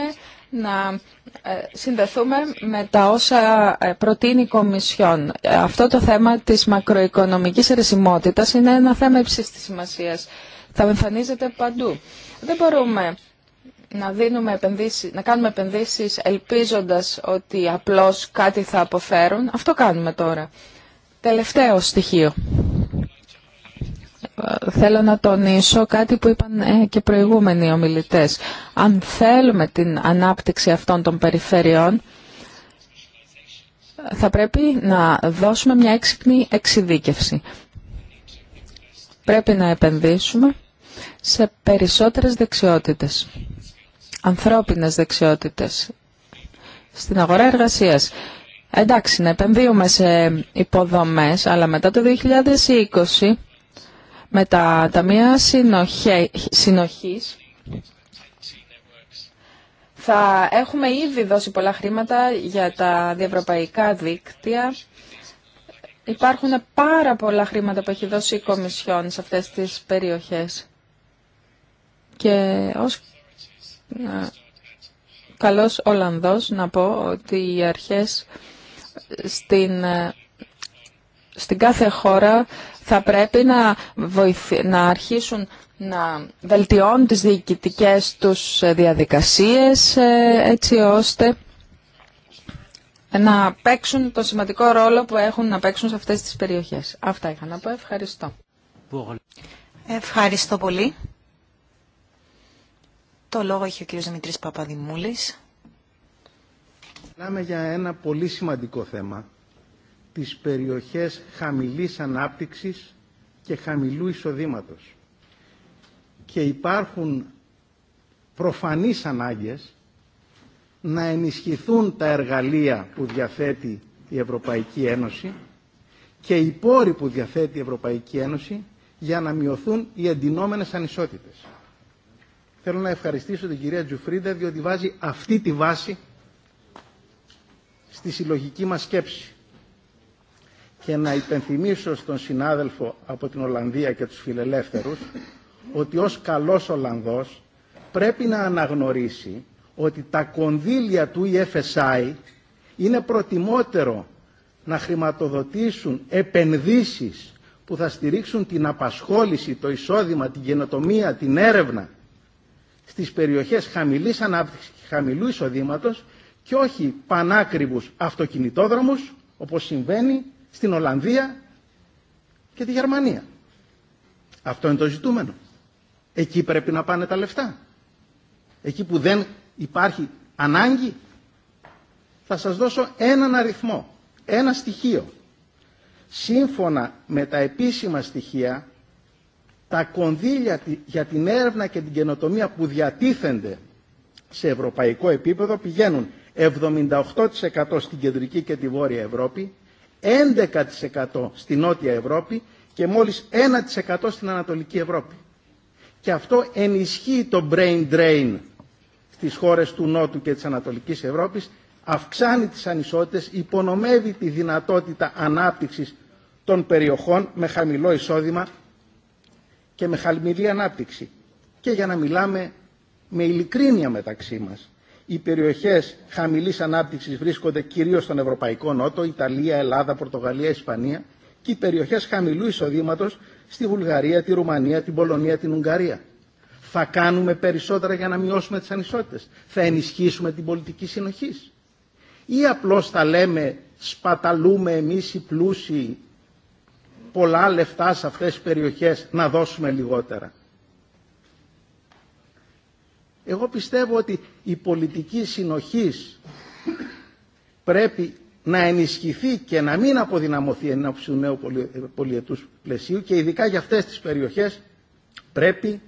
[SPEAKER 4] να ε, συνδεθούμε με τα όσα ε, προτείνει η Κομισιόν. Αυτό το θέμα της μακροοικονομικής ερεσιμότητας είναι ένα θέμα υψής της σημασίας. Θα εμφανίζεται παντού. Δεν μπορούμε να, δίνουμε να κάνουμε επενδύσεις ελπίζοντας ότι απλώς κάτι θα αποφέρουν. Αυτό κάνουμε τώρα. Τελευταίο στοιχείο. Ε, θέλω να τονίσω κάτι που είπαν ε, και προηγούμενοι ομιλητές. Αν θέλουμε την ανάπτυξη αυτών των περιφερειών, θα πρέπει να δώσουμε μια έξυπνη εξειδίκευση. Πρέπει να επενδύσουμε σε περισσότερες δεξιότητες ανθρώπινες δεξιότητες στην αγορά εργασίας. Εντάξει, να επενδύουμε σε υποδομές, αλλά μετά το 2020, με τα ταμεία συνοχής, θα έχουμε ήδη δώσει πολλά χρήματα για τα διευρωπαϊκά δίκτυα. Υπάρχουν πάρα πολλά χρήματα που έχει δώσει η Κομισιόν σε αυτές τις περιοχές. Και ως καλός Ολλανδός να πω ότι οι αρχές στην, ε, στην κάθε χώρα θα πρέπει να, να αρχίσουν να βελτιώνουν τις διοικητικές τους ε, διαδικασίες ε, έτσι ώστε να παίξουν το σημαντικό ρόλο που έχουν να παίξουν σε αυτές τις περιοχές. Αυτά είχα να πω. Ευχαριστώ.
[SPEAKER 5] Ευχαριστώ πολύ. Το λόγο έχει ο κύριος Δημήτρη Παπαδημούλης.
[SPEAKER 6] Μιλάμε για ένα πολύ σημαντικό θέμα, τις περιοχές χαμηλής ανάπτυξης και χαμηλού εισοδήματο, Και υπάρχουν προφανείς ανάγκες να ενισχυθούν τα εργαλεία που διαθέτει η Ευρωπαϊκή Ένωση και οι πόροι που διαθέτει η Ευρωπαϊκή Ένωση για να μειωθούν οι εντυνόμενες ανισότητες. Θέλω να ευχαριστήσω την κυρία Τζουφρίντα διότι βάζει αυτή τη βάση στη συλλογική μας σκέψη. Και να υπενθυμίσω στον συνάδελφο από την Ολλανδία και τους φιλελεύθερους ότι ως καλός Ολλανδός πρέπει να αναγνωρίσει ότι τα κονδύλια του EFSI είναι προτιμότερο να χρηματοδοτήσουν επενδύσεις που θα στηρίξουν την απασχόληση, το εισόδημα, την γενοτομία, την έρευνα στις περιοχές χαμηλής ανάπτυξης και χαμηλού εισοδήματος και όχι πανάκριβους αυτοκινητόδρομους όπως συμβαίνει στην Ολλανδία και τη Γερμανία. Αυτό είναι το ζητούμενο. Εκεί πρέπει να πάνε τα λεφτά. Εκεί που δεν υπάρχει ανάγκη θα σας δώσω έναν αριθμό, ένα στοιχείο. Σύμφωνα με τα επίσημα στοιχεία τα κονδύλια για την έρευνα και την καινοτομία που διατίθενται σε ευρωπαϊκό επίπεδο πηγαίνουν 78% στην κεντρική και τη βόρεια Ευρώπη, 11% στη νότια Ευρώπη και μόλις 1% στην ανατολική Ευρώπη. Και αυτό ενισχύει το brain drain στις χώρες του Νότου και της Ανατολικής Ευρώπης, αυξάνει τις ανισότητες, υπονομεύει τη δυνατότητα ανάπτυξης των περιοχών με χαμηλό εισόδημα και με χαμηλή ανάπτυξη. Και για να μιλάμε με ειλικρίνεια μεταξύ μας. Οι περιοχές χαμηλής ανάπτυξης βρίσκονται κυρίως στον Ευρωπαϊκό Νότο, Ιταλία, Ελλάδα, Πορτογαλία, Ισπανία και οι περιοχές χαμηλού εισοδήματος στη Βουλγαρία, τη Ρουμανία, την Πολωνία, την Ουγγαρία. Θα κάνουμε περισσότερα για να μειώσουμε τις ανισότητες. Θα ενισχύσουμε την πολιτική συνοχής. Ή απλώς θα λέμε σπαταλούμε εμείς οι πλούσιοι πολλά λεφτά σε αυτές τις περιοχές να δώσουμε λιγότερα. Εγώ πιστεύω ότι η πολιτική συνοχής πρέπει να ενισχυθεί και να μην αποδυναμωθεί εν του νέου πολιετούς πλαισίου και ειδικά για αυτές τις περιοχές πρέπει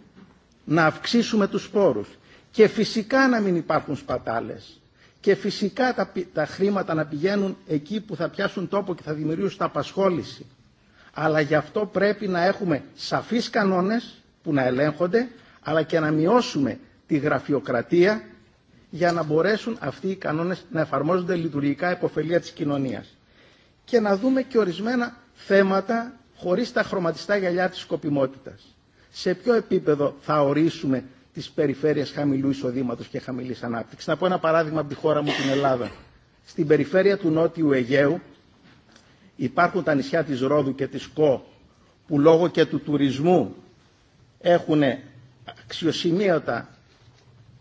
[SPEAKER 6] να αυξήσουμε τους πόρους και φυσικά να μην υπάρχουν σπατάλες και φυσικά τα, χρήματα να πηγαίνουν εκεί που θα πιάσουν τόπο και θα δημιουργήσουν απασχόληση αλλά γι' αυτό πρέπει να έχουμε σαφείς κανόνες που να ελέγχονται, αλλά και να μειώσουμε τη γραφειοκρατία για να μπορέσουν αυτοί οι κανόνες να εφαρμόζονται λειτουργικά υποφελία της κοινωνίας. Και να δούμε και ορισμένα θέματα χωρίς τα χρωματιστά γυαλιά της σκοπιμότητας. Σε ποιο επίπεδο θα ορίσουμε τις περιφέρειες χαμηλού εισοδήματος και χαμηλής ανάπτυξης. Να πω ένα παράδειγμα από τη χώρα μου, την Ελλάδα. Στην περιφέρεια του Νότιου Αιγαίου Υπάρχουν τα νησιά της Ρόδου και της Κο που λόγω και του τουρισμού έχουν αξιοσημείωτα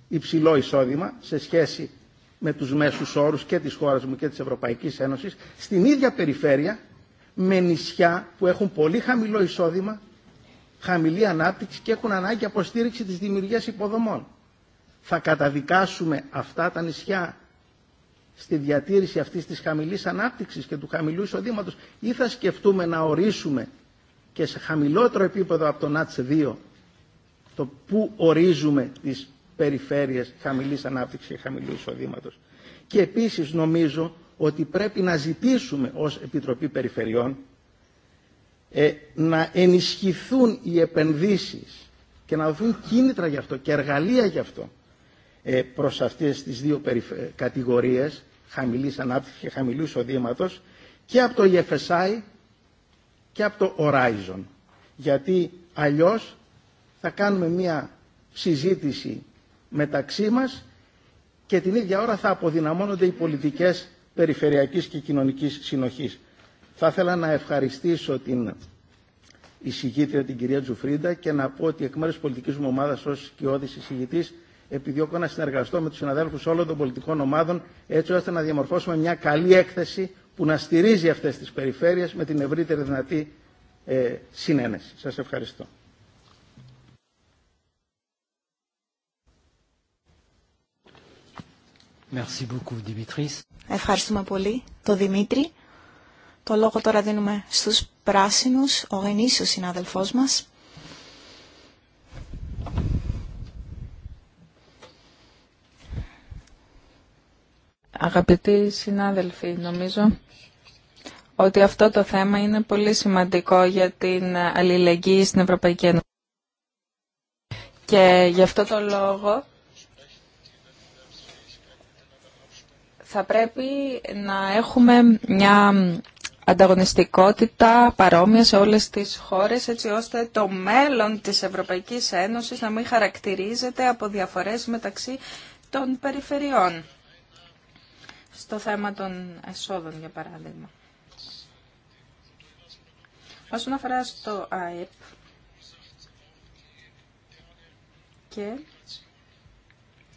[SPEAKER 6] υψηλό εισόδημα σε σχέση με τους μέσους όρους και της χώρας μου και της Ευρωπαϊκής Ένωσης στην ίδια περιφέρεια με νησιά που έχουν πολύ χαμηλό εισόδημα, χαμηλή ανάπτυξη και έχουν ανάγκη αποστήριξη της δημιουργίας υποδομών. Θα καταδικάσουμε αυτά τα νησιά στη διατήρηση αυτής της χαμηλής ανάπτυξης και του χαμηλού εισοδήματος ή θα σκεφτούμε να ορίσουμε και σε χαμηλότερο επίπεδο από το ΝΑΤΣ 2 το πού ορίζουμε τις περιφέρειες χαμηλής ανάπτυξης και χαμηλού εισοδήματος. Και επίσης νομίζω ότι πρέπει να ζητήσουμε ως Επιτροπή Περιφερειών ε, να ενισχυθούν οι επενδύσεις και να δοθούν κίνητρα γι' αυτό και εργαλεία γι' αυτό ε, προς αυτές τις δύο κατηγορίες χαμηλής ανάπτυξης και χαμηλού εισοδήματο και από το EFSI και από το Horizon. Γιατί αλλιώς θα κάνουμε μια συζήτηση μεταξύ μας και την ίδια ώρα θα αποδυναμώνονται οι πολιτικές περιφερειακής και κοινωνικής συνοχής. Θα ήθελα να ευχαριστήσω την εισηγήτρια την κυρία Τζουφρίντα και να πω ότι εκ μέρους πολιτικής μου ομάδας ως κοιόδης εισηγητής επιδιώκω να συνεργαστώ με τους συναδέλφους όλων των πολιτικών ομάδων έτσι ώστε να διαμορφώσουμε μια καλή έκθεση που να στηρίζει αυτές τις περιφέρειες με την ευρύτερη δυνατή ε, συνένεση. Σας ευχαριστώ.
[SPEAKER 1] Merci beaucoup,
[SPEAKER 5] Ευχαριστούμε πολύ τον Δημήτρη. Το λόγο τώρα δίνουμε στους πράσινους, ο Γενής, συνάδελφός μας.
[SPEAKER 4] Αγαπητοί συνάδελφοι, νομίζω ότι αυτό το θέμα είναι πολύ σημαντικό για την αλληλεγγύη στην Ευρωπαϊκή Ένωση. Και γι' αυτό το λόγο θα πρέπει να έχουμε μια ανταγωνιστικότητα παρόμοια σε όλες τις χώρες έτσι ώστε το μέλλον της Ευρωπαϊκής Ένωσης να μην χαρακτηρίζεται από διαφορές μεταξύ των περιφερειών στο θέμα των εσόδων, για παράδειγμα. Όσον αφορά στο ΑΕΠ και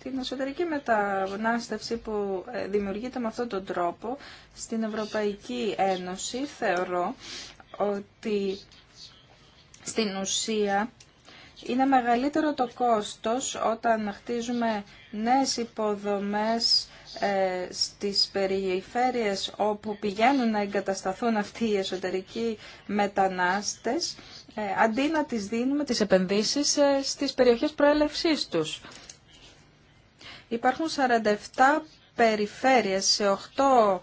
[SPEAKER 4] την εσωτερική μετανάστευση που ε, δημιουργείται με αυτόν τον τρόπο στην Ευρωπαϊκή Ένωση, θεωρώ ότι στην ουσία είναι μεγαλύτερο το κόστος όταν χτίζουμε νέες υποδομές ε, στις περιφέρειες όπου πηγαίνουν να εγκατασταθούν αυτοί οι εσωτερικοί μετανάστες, ε, αντί να τις δίνουμε τις επενδύσεις ε, στις περιοχές προέλευσής τους. Υπάρχουν 47 περιφέρειες σε 8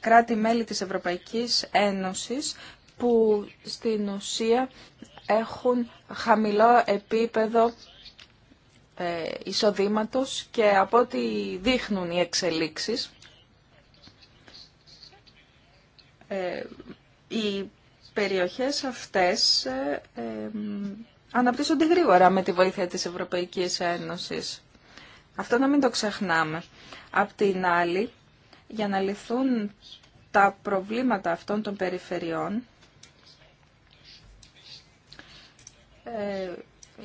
[SPEAKER 4] κράτη-μέλη της Ευρωπαϊκής Ένωσης που στην ουσία έχουν χαμηλό επίπεδο ε, εισοδήματος και από ό,τι δείχνουν οι εξελίξεις, ε, οι περιοχές αυτές ε, αναπτύσσονται γρήγορα με τη βοήθεια της Ευρωπαϊκής Ένωσης. Αυτό να μην το ξεχνάμε. Απ' την άλλη, για να λυθούν τα προβλήματα αυτών των περιφερειών,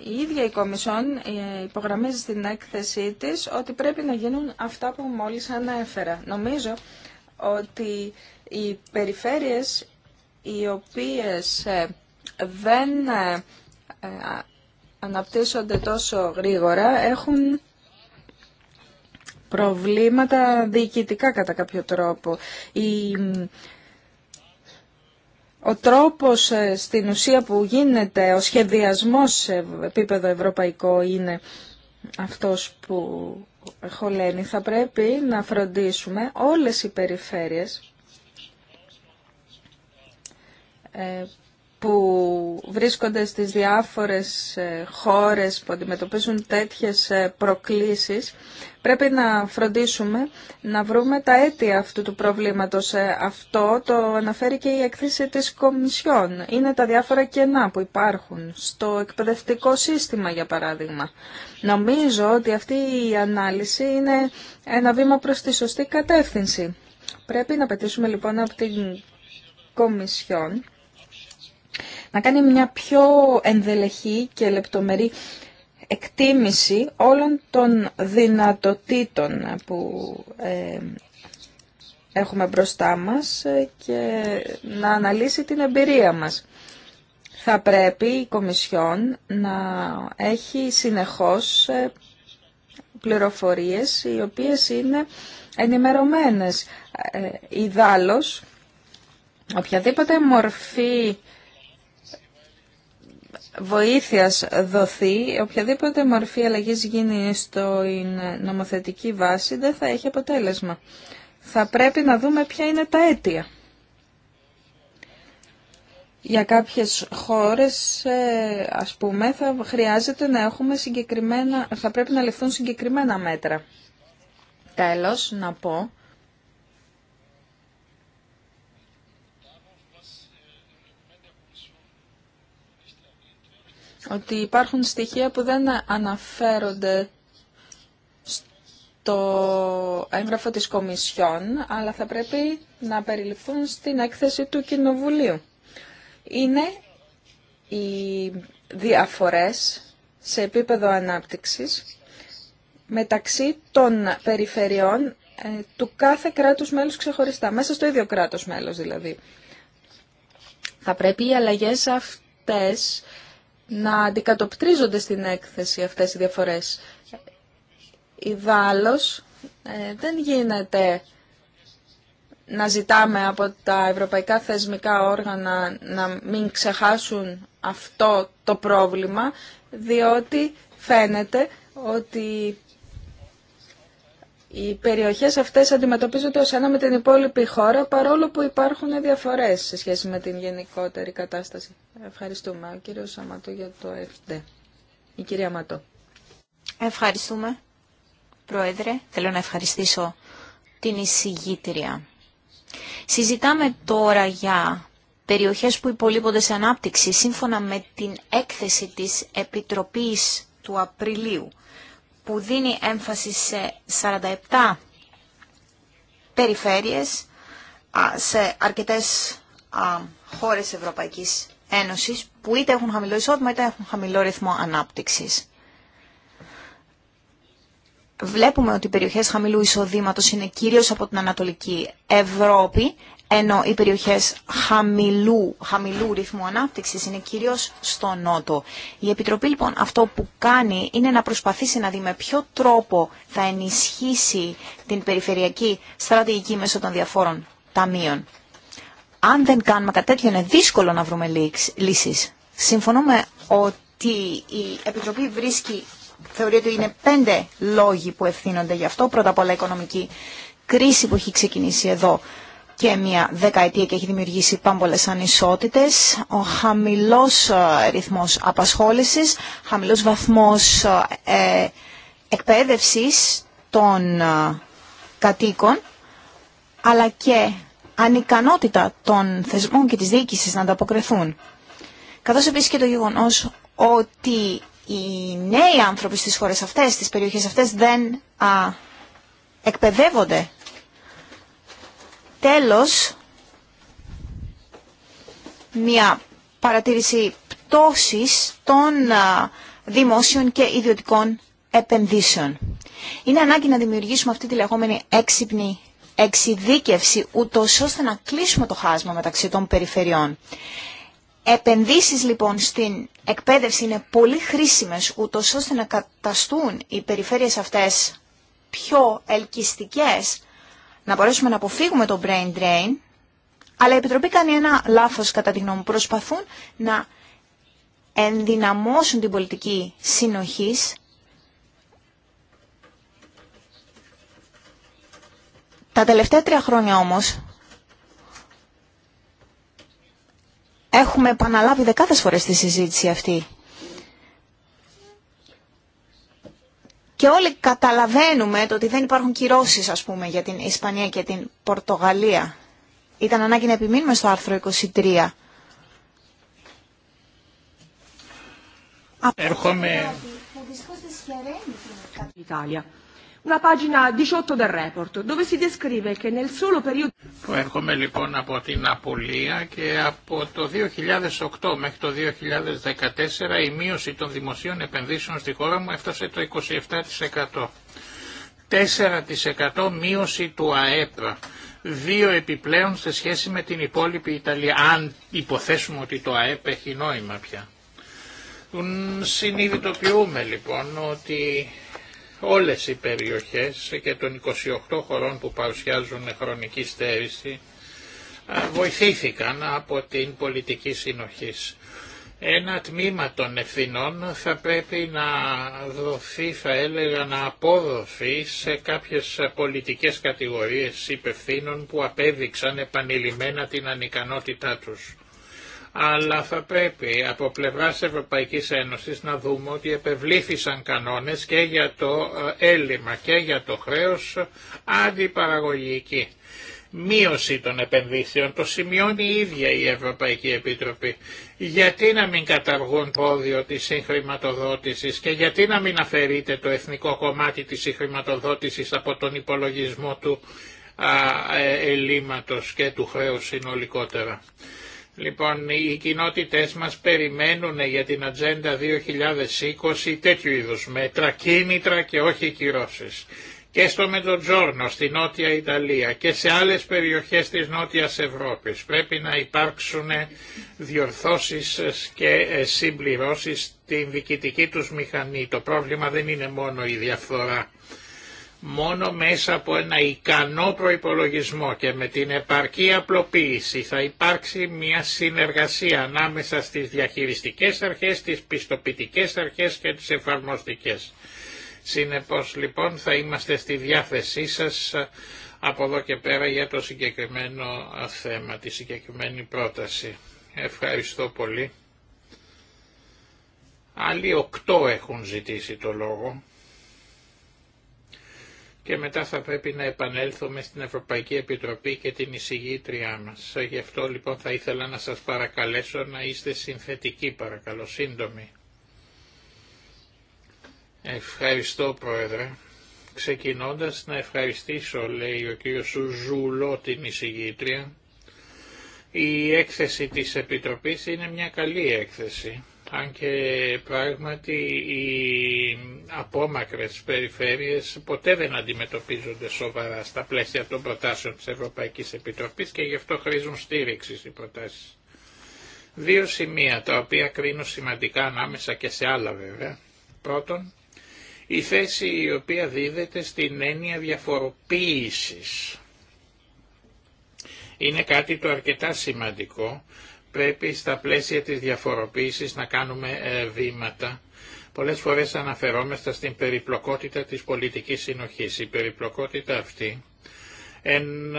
[SPEAKER 4] η ίδια η Κομισόν ε, υπογραμμίζει στην έκθεσή της ότι πρέπει να γίνουν αυτά που μόλις ανέφερα. Νομίζω ότι οι περιφέρειες οι οποίες ε, δεν ε, αναπτύσσονται τόσο γρήγορα έχουν προβλήματα διοικητικά κατά κάποιο τρόπο ο τρόπος ε, στην ουσία που γίνεται, ο σχεδιασμός σε επίπεδο ευρωπαϊκό είναι αυτός που χωλαίνει. Θα πρέπει να φροντίσουμε όλες οι περιφέρειες ε, που βρίσκονται στις διάφορες ε, χώρες που αντιμετωπίζουν τέτοιες ε, προκλήσεις, πρέπει να φροντίσουμε να βρούμε τα αίτια αυτού του προβλήματος. Ε, αυτό το αναφέρει και η εκθέση της Κομισιόν. Είναι τα διάφορα κενά που υπάρχουν στο εκπαιδευτικό σύστημα, για παράδειγμα. Νομίζω ότι αυτή η ανάλυση είναι ένα βήμα προς τη σωστή κατεύθυνση. Πρέπει να πετήσουμε λοιπόν από την Κομισιόν να κάνει μια πιο ενδελεχή και λεπτομερή εκτίμηση όλων των δυνατοτήτων που ε, έχουμε μπροστά μας ε, και να αναλύσει την εμπειρία μας. Θα πρέπει η Κομισιόν να έχει συνεχώς ε, πληροφορίες οι οποίες είναι ενημερωμένες. Ιδάλλως, οποιαδήποτε μορφή βοήθειας δοθεί, οποιαδήποτε μορφή αλλαγής γίνει στο νομοθετική βάση δεν θα έχει αποτέλεσμα. Θα πρέπει να δούμε ποια είναι τα αίτια. Για κάποιες χώρες, ε, ας πούμε, θα χρειάζεται να έχουμε συγκεκριμένα, θα πρέπει να ληφθούν συγκεκριμένα μέτρα. Τέλος, να πω ότι υπάρχουν στοιχεία που δεν αναφέρονται στο έγγραφο της Κομισιόν, αλλά θα πρέπει να περιληφθούν στην έκθεση του Κοινοβουλίου. Είναι οι διαφορές σε επίπεδο ανάπτυξης μεταξύ των περιφερειών ε, του κάθε κράτους μέλους ξεχωριστά, μέσα στο ίδιο κράτος μέλος δηλαδή. Θα πρέπει οι αλλαγές αυτές να αντικατοπτρίζονται στην έκθεση αυτές οι διαφορές. Ιδάλλως ε, δεν γίνεται να ζητάμε από τα ευρωπαϊκά θεσμικά όργανα να μην ξεχάσουν αυτό το πρόβλημα, διότι φαίνεται ότι οι περιοχές αυτές αντιμετωπίζονται ως ένα με την υπόλοιπη χώρα, παρόλο που υπάρχουν διαφορές σε σχέση με την γενικότερη κατάσταση. Ευχαριστούμε. Ο κύριος Σαματό για το
[SPEAKER 5] FD. Η κυρία Ματώ. Ευχαριστούμε, Πρόεδρε. Θέλω να ευχαριστήσω την εισηγήτρια. Συζητάμε τώρα για περιοχές που υπολείπονται σε ανάπτυξη, σύμφωνα με την έκθεση της Επιτροπής του Απριλίου που δίνει έμφαση σε 47 περιφέρειες σε αρκετές χώρες Ευρωπαϊκής Ένωσης που είτε έχουν χαμηλό εισόδημα είτε έχουν χαμηλό ρυθμό ανάπτυξης. Βλέπουμε ότι οι περιοχές χαμηλού εισοδήματος είναι κυρίως από την Ανατολική Ευρώπη, ενώ οι περιοχές χαμηλού, χαμηλού ρυθμού ανάπτυξης είναι κυρίως στο νότο. Η Επιτροπή λοιπόν αυτό που κάνει είναι να προσπαθήσει να δει με ποιο τρόπο θα ενισχύσει την περιφερειακή στρατηγική μέσω των διαφόρων ταμείων. Αν δεν κάνουμε κάτι τέτοιο είναι δύσκολο να βρούμε λύσεις. Συμφωνούμε ότι η Επιτροπή βρίσκει, θεωρεί ότι είναι πέντε λόγοι που ευθύνονται γι' αυτό. Πρώτα απ' όλα οικονομική κρίση που έχει ξεκινήσει εδώ και μια δεκαετία και έχει δημιουργήσει πάμπολες ανισότητες, ο χαμηλός ε, ρυθμός απασχόλησης, χαμηλός βαθμός ε, εκπαίδευσης των ε, κατοίκων, αλλά και ανικανότητα των θεσμών και της διοίκησης να ανταποκριθούν. Καθώς επίσης και το γεγονός ότι οι νέοι άνθρωποι στις χώρες αυτές, στις περιοχές αυτές δεν α, εκπαιδεύονται Τέλος, μια παρατήρηση πτώσης των δημόσιων και ιδιωτικών επενδύσεων. Είναι ανάγκη να δημιουργήσουμε αυτή τη λεγόμενη έξυπνη εξειδίκευση, ούτω ώστε να κλείσουμε το χάσμα μεταξύ των περιφερειών. Επενδύσεις λοιπόν στην εκπαίδευση είναι πολύ χρήσιμες, ούτω ώστε να καταστούν οι περιφέρειες αυτές πιο ελκυστικές να μπορέσουμε να αποφύγουμε το brain drain, αλλά η Επιτροπή κάνει ένα λάθος κατά τη γνώμη μου. Προσπαθούν να ενδυναμώσουν την πολιτική συνοχής Τα τελευταία τρία χρόνια όμως έχουμε επαναλάβει δεκάδες φορές τη συζήτηση αυτή. και όλοι καταλαβαίνουμε το ότι δεν υπάρχουν κυρώσει, ας πούμε για την Ισπανία και την Πορτογαλία. Ήταν ανάγκη να επιμείνουμε στο άρθρο 23. Έρχομαι... Ιταλία la pagina 18
[SPEAKER 4] del report, dove si descrive che nel solo periodo... έρχομαι
[SPEAKER 2] λοιπόν από την Απολία και από το 2008 μέχρι το 2014 η μείωση των δημοσίων επενδύσεων στη χώρα μου έφτασε το 27%. 4% μείωση του ΑΕΠ, δύο επιπλέον σε σχέση με την υπόλοιπη Ιταλία, αν υποθέσουμε ότι το ΑΕΠ έχει νόημα πια. Συνειδητοποιούμε λοιπόν ότι όλες οι περιοχές και των 28 χωρών που παρουσιάζουν χρονική στέρηση βοηθήθηκαν από την πολιτική συνοχής. Ένα τμήμα των ευθυνών θα πρέπει να δοθεί, θα έλεγα, να απόδοθεί σε κάποιες πολιτικές κατηγορίες υπευθύνων που απέδειξαν επανειλημμένα την ανικανότητά τους αλλά θα πρέπει από πλευράς Ευρωπαϊκής Ένωσης να δούμε ότι επευλήθησαν κανόνες και για το ε, έλλειμμα και για το χρέος αντιπαραγωγική. Μείωση των επενδύσεων, το σημειώνει η ίδια η Ευρωπαϊκή Επίτροπη. Γιατί να μην καταργούν πόδιο όδιο της συγχρηματοδότησης και γιατί να μην αφαιρείται το εθνικό κομμάτι της συγχρηματοδότησης από τον υπολογισμό του ε, ελλείμματος και του χρέους συνολικότερα. Λοιπόν, οι κοινότητες μας περιμένουν για την Ατζέντα 2020 τέτοιου είδους μέτρα, κίνητρα και όχι κυρώσεις. Και στο Μεντοτζόρνο, στη Νότια Ιταλία και σε άλλες περιοχές της Νότιας Ευρώπης πρέπει να υπάρξουν διορθώσεις και συμπληρώσεις στην διοικητική τους μηχανή. Το πρόβλημα δεν είναι μόνο η διαφθορά μόνο μέσα από ένα ικανό προϋπολογισμό και με την επαρκή απλοποίηση θα υπάρξει μια συνεργασία ανάμεσα στις διαχειριστικές αρχές, τις πιστοποιητικές αρχές και τις εφαρμοστικές. Συνεπώς λοιπόν θα είμαστε στη διάθεσή σας ε, από εδώ και πέρα για το συγκεκριμένο ε, θέμα, τη συγκεκριμένη πρόταση. Ευχαριστώ πολύ. Άλλοι οκτώ έχουν ζητήσει το λόγο και μετά θα πρέπει να επανέλθουμε στην Ευρωπαϊκή Επιτροπή και την εισηγήτριά μας. Γι' αυτό λοιπόν θα ήθελα να σας παρακαλέσω να είστε συνθετικοί παρακαλώ, σύντομοι. Ευχαριστώ Πρόεδρε. Ξεκινώντας να ευχαριστήσω, λέει ο κ. Ζουλό την εισηγήτρια, η έκθεση της Επιτροπής είναι μια καλή έκθεση αν και πράγματι οι απόμακρες περιφέρειες ποτέ δεν αντιμετωπίζονται σοβαρά στα πλαίσια των προτάσεων της Ευρωπαϊκής Επιτροπής και γι' αυτό χρήζουν στήριξη οι προτάσεις. Δύο σημεία τα οποία κρίνω σημαντικά ανάμεσα και σε άλλα βέβαια. Πρώτον, η θέση η οποία δίδεται στην έννοια διαφοροποίησης. Είναι κάτι το αρκετά σημαντικό πρέπει στα πλαίσια της διαφοροποίησης να κάνουμε ε, βήματα. Πολλές φορές αναφερόμαστε στην περιπλοκότητα της πολιτικής συνοχής. Η περιπλοκότητα αυτή εν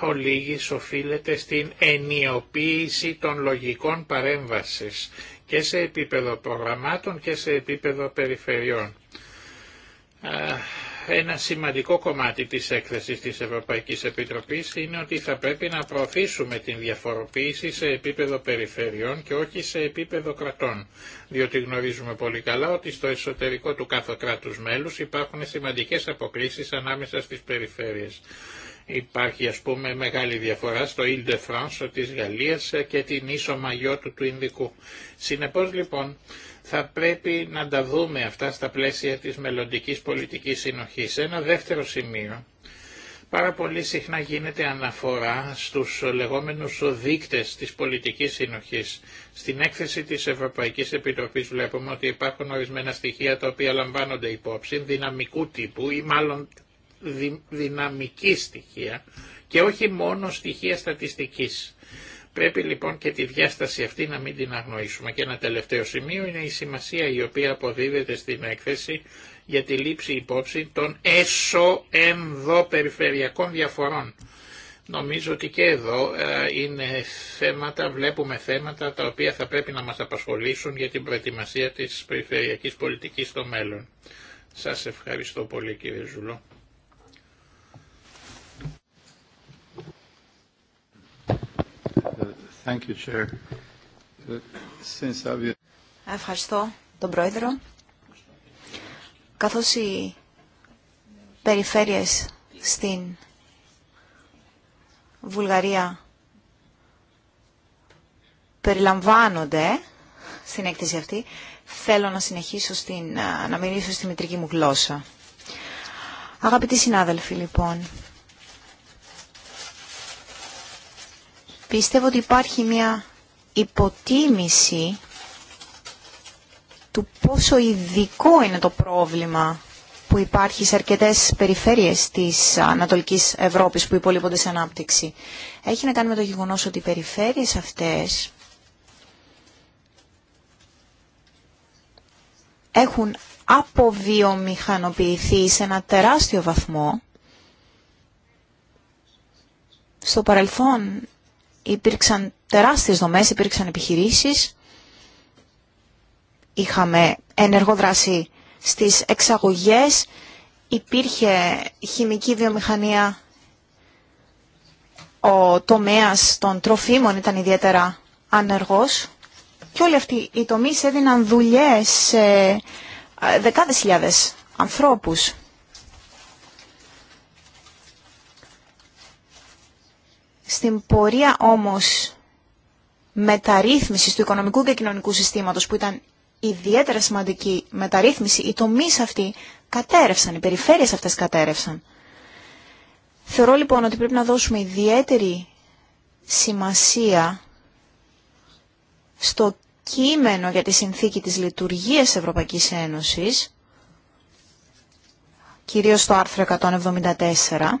[SPEAKER 2] ολίγης οφείλεται στην ενιοποίηση των λογικών παρέμβασης και σε επίπεδο προγραμμάτων και σε επίπεδο περιφερειών ένα σημαντικό κομμάτι της έκθεσης της Ευρωπαϊκής Επιτροπής είναι ότι θα πρέπει να προωθήσουμε την διαφοροποίηση σε επίπεδο περιφερειών και όχι σε επίπεδο κρατών, διότι γνωρίζουμε πολύ καλά ότι στο εσωτερικό του κάθε κράτους μέλους υπάρχουν σημαντικές αποκλήσεις ανάμεσα στις περιφέρειες. Υπάρχει ας πούμε μεγάλη διαφορά στο Ile de France της Γαλλίας και την ίσο Μαγιώτου του Ινδικού. Συνεπώς λοιπόν θα πρέπει να τα δούμε αυτά στα πλαίσια της μελλοντικής πολιτικής συνοχής. Ένα δεύτερο σημείο, πάρα πολύ συχνά γίνεται αναφορά στους λεγόμενους δείκτες της πολιτικής συνοχής. Στην έκθεση της Ευρωπαϊκής Επιτροπής βλέπουμε ότι υπάρχουν ορισμένα στοιχεία τα οποία λαμβάνονται υπόψη, δυναμικού τύπου ή μάλλον δυναμική στοιχεία και όχι μόνο στοιχεία στατιστικής. Πρέπει λοιπόν και τη διάσταση αυτή να μην την αγνοήσουμε. Και ένα τελευταίο σημείο είναι η σημασία η οποία αποδίδεται στην έκθεση για τη λήψη υπόψη των διαφορών. διαφορών. Νομίζω ότι και εδώ ε, είναι θέματα, βλέπουμε θέματα τα οποία θα πρέπει να μας απασχολήσουν για την προετοιμασία της περιφερειακής πολιτικής στο μέλλον. Σας ευχαριστώ πολύ κύριε Ζουλό.
[SPEAKER 5] Ευχαριστώ τον Πρόεδρο. Καθώς οι περιφέρειες στην Βουλγαρία περιλαμβάνονται στην έκθεση αυτή, θέλω να συνεχίσω στην, να μιλήσω στη μητρική μου γλώσσα. Αγαπητοί συνάδελφοι, λοιπόν, Πιστεύω ότι υπάρχει μια υποτίμηση του πόσο ειδικό είναι το πρόβλημα που υπάρχει σε αρκετές περιφέρειες της Ανατολικής Ευρώπης που υπολείπονται σε ανάπτυξη. Έχει να κάνει με το γεγονός ότι οι περιφέρειες αυτές έχουν αποβιομηχανοποιηθεί σε ένα τεράστιο βαθμό. Στο παρελθόν υπήρξαν τεράστιες δομές, υπήρξαν επιχειρήσεις. Είχαμε ενεργό δράση στις εξαγωγές, υπήρχε χημική βιομηχανία, ο τομέας των τροφίμων ήταν ιδιαίτερα ανεργός και όλοι αυτοί οι τομείς έδιναν δουλειές σε δεκάδες χιλιάδες ανθρώπους. Στην πορεία όμως μεταρρύθμισης του οικονομικού και κοινωνικού συστήματος που ήταν ιδιαίτερα σημαντική μεταρρύθμιση, οι τομεί αυτοί κατέρευσαν, οι περιφέρειες αυτές κατέρευσαν. Θεωρώ λοιπόν ότι πρέπει να δώσουμε ιδιαίτερη σημασία στο κείμενο για τη συνθήκη της λειτουργίας Ευρωπαϊκής Ένωσης, κυρίως στο άρθρο 174,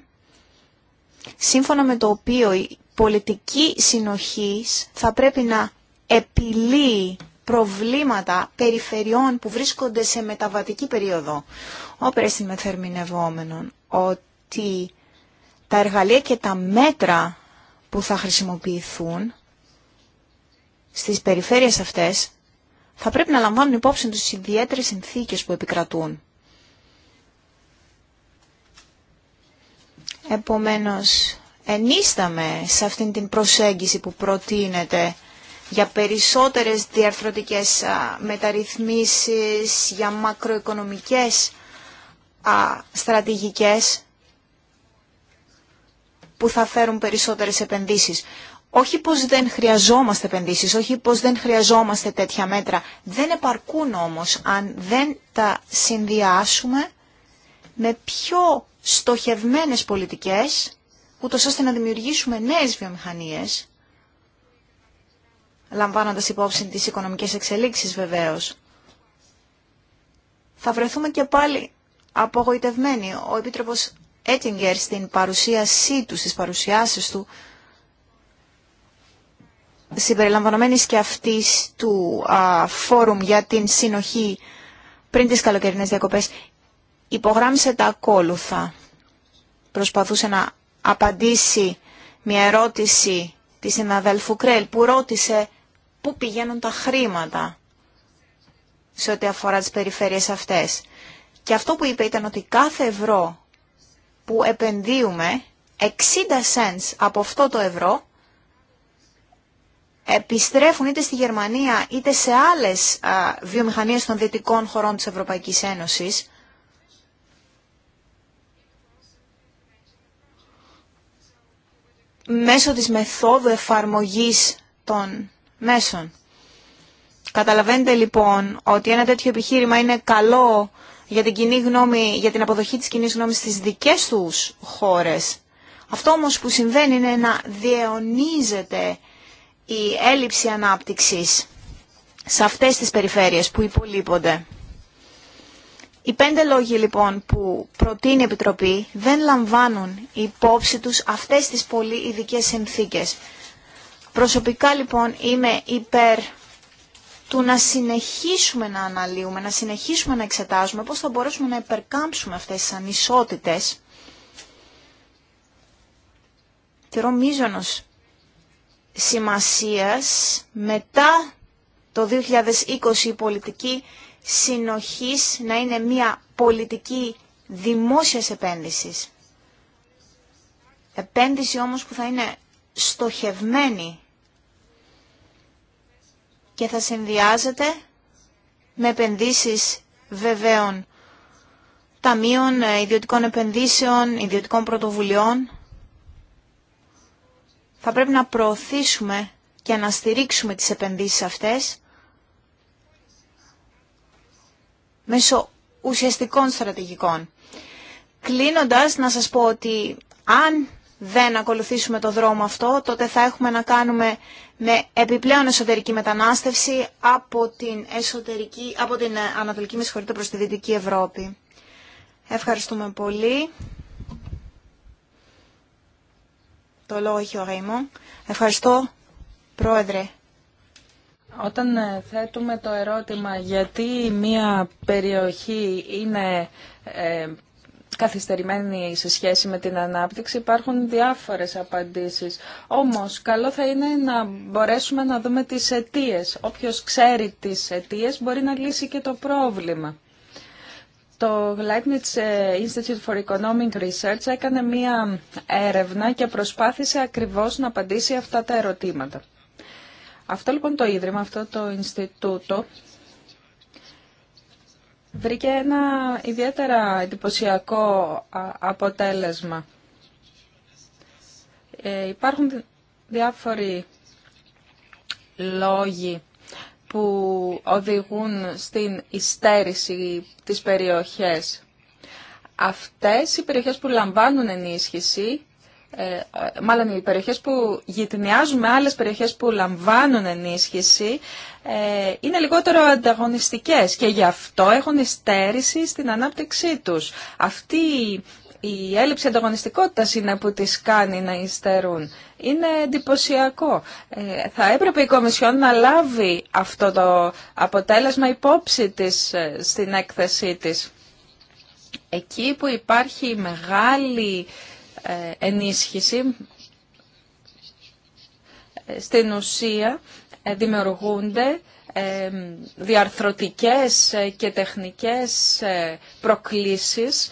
[SPEAKER 5] σύμφωνα με το οποίο η πολιτική συνοχής θα πρέπει να επιλύει προβλήματα περιφερειών που βρίσκονται σε μεταβατική περίοδο. Πρέστιν με θερμινευόμενον ότι τα εργαλεία και τα μέτρα που θα χρησιμοποιηθούν στις περιφέρειες αυτές θα πρέπει να λαμβάνουν υπόψη τους ιδιαίτερες συνθήκες που επικρατούν. Επομένως, ενίσταμε σε αυτήν την προσέγγιση που προτείνεται για περισσότερες διαρθρωτικές μεταρρυθμίσεις, για μακροοικονομικές στρατηγικές που θα φέρουν περισσότερες επενδύσεις. Όχι πως δεν χρειαζόμαστε επενδύσεις, όχι πως δεν χρειαζόμαστε τέτοια μέτρα. Δεν επαρκούν όμως αν δεν τα συνδυάσουμε με πιο στοχευμένες πολιτικές, ούτως ώστε να δημιουργήσουμε νέες βιομηχανίες, λαμβάνοντας υπόψη τις οικονομικές εξελίξεις βεβαίως. Θα βρεθούμε και πάλι απογοητευμένοι. Ο Επίτροπος Έτιγκερ στην παρουσίασή του, στις παρουσιάσεις του, συμπεριλαμβανομένης και αυτής του α, φόρουμ για την συνοχή πριν τις καλοκαιρινές διακοπές, υπογράμμισε τα ακόλουθα. Προσπαθούσε να απαντήσει μια ερώτηση της συναδέλφου Κρέλ που ρώτησε πού πηγαίνουν τα χρήματα σε ό,τι αφορά τις περιφέρειες αυτές. Και αυτό που είπε ήταν ότι κάθε ευρώ που επενδύουμε, 60 cents από αυτό το ευρώ, επιστρέφουν είτε στη Γερμανία είτε σε άλλες α, βιομηχανίες των δυτικών χωρών της Ευρωπαϊκής Ένωσης μέσω της μεθόδου εφαρμογής των μέσων. Καταλαβαίνετε λοιπόν ότι ένα τέτοιο επιχείρημα είναι καλό για την, κοινή γνώμη, για την αποδοχή της κοινή γνώμης στις δικές τους χώρες. Αυτό όμως που συμβαίνει είναι να διαιωνίζεται η έλλειψη ανάπτυξης σε αυτές τις περιφέρειες που υπολείπονται. Οι πέντε λόγοι λοιπόν που προτείνει η Επιτροπή δεν λαμβάνουν υπόψη τους αυτές τις πολύ ειδικέ συνθήκες. Προσωπικά λοιπόν είμαι υπέρ του να συνεχίσουμε να αναλύουμε, να συνεχίσουμε να εξετάζουμε πώς θα μπορέσουμε να υπερκάμψουμε αυτές τις ανισότητες. Και σημασίας μετά το 2020 η πολιτική συνοχής να είναι μια πολιτική δημόσιας επένδυσης. Επένδυση όμως που θα είναι στοχευμένη και θα συνδυάζεται με επενδύσεις βεβαίων ταμείων, ε, ιδιωτικών επενδύσεων, ιδιωτικών πρωτοβουλειών. Θα πρέπει να προωθήσουμε και να στηρίξουμε τις επενδύσεις αυτές μέσω ουσιαστικών στρατηγικών. Κλείνοντας, να σας πω ότι αν δεν ακολουθήσουμε το δρόμο αυτό, τότε θα έχουμε να κάνουμε με επιπλέον εσωτερική μετανάστευση από την, εσωτερική, από την ε, Ανατολική με προς τη Δυτική Ευρώπη. Ευχαριστούμε πολύ. Το λόγο έχει ο Ευχαριστώ,
[SPEAKER 4] Πρόεδρε. Όταν ε, θέτουμε το ερώτημα γιατί μια περιοχή είναι ε, καθυστερημένη σε σχέση με την ανάπτυξη, υπάρχουν διάφορες απαντήσεις. Όμως, καλό θα είναι να μπορέσουμε να δούμε τις αιτίες. Όποιος ξέρει τις αιτίες μπορεί να λύσει και το πρόβλημα. Το Leibniz ε, Institute for Economic Research έκανε μία έρευνα και προσπάθησε ακριβώς να απαντήσει αυτά τα ερωτήματα. Αυτό λοιπόν το Ίδρυμα, αυτό το Ινστιτούτο, βρήκε ένα ιδιαίτερα εντυπωσιακό αποτέλεσμα. Ε, υπάρχουν διάφοροι λόγοι που οδηγούν στην ιστέρηση της περιοχές. Αυτές οι περιοχές που λαμβάνουν ενίσχυση ε, μάλλον οι περιοχές που γυτνιάζουν με άλλες περιοχές που λαμβάνουν ενίσχυση ε, είναι λιγότερο ανταγωνιστικές και γι' αυτό έχουν υστέρηση στην ανάπτυξή τους. Αυτή η έλλειψη ανταγωνιστικότητας είναι που τις κάνει να υστερούν. Είναι εντυπωσιακό. Ε, θα έπρεπε η Κομισιόν να λάβει αυτό το αποτέλεσμα υπόψη της στην έκθεσή της. Εκεί που υπάρχει μεγάλη ε, ενίσχυση. Ε, στην ουσία ε, δημιουργούνται διαρθρωτικές και τεχνικές προκλήσεις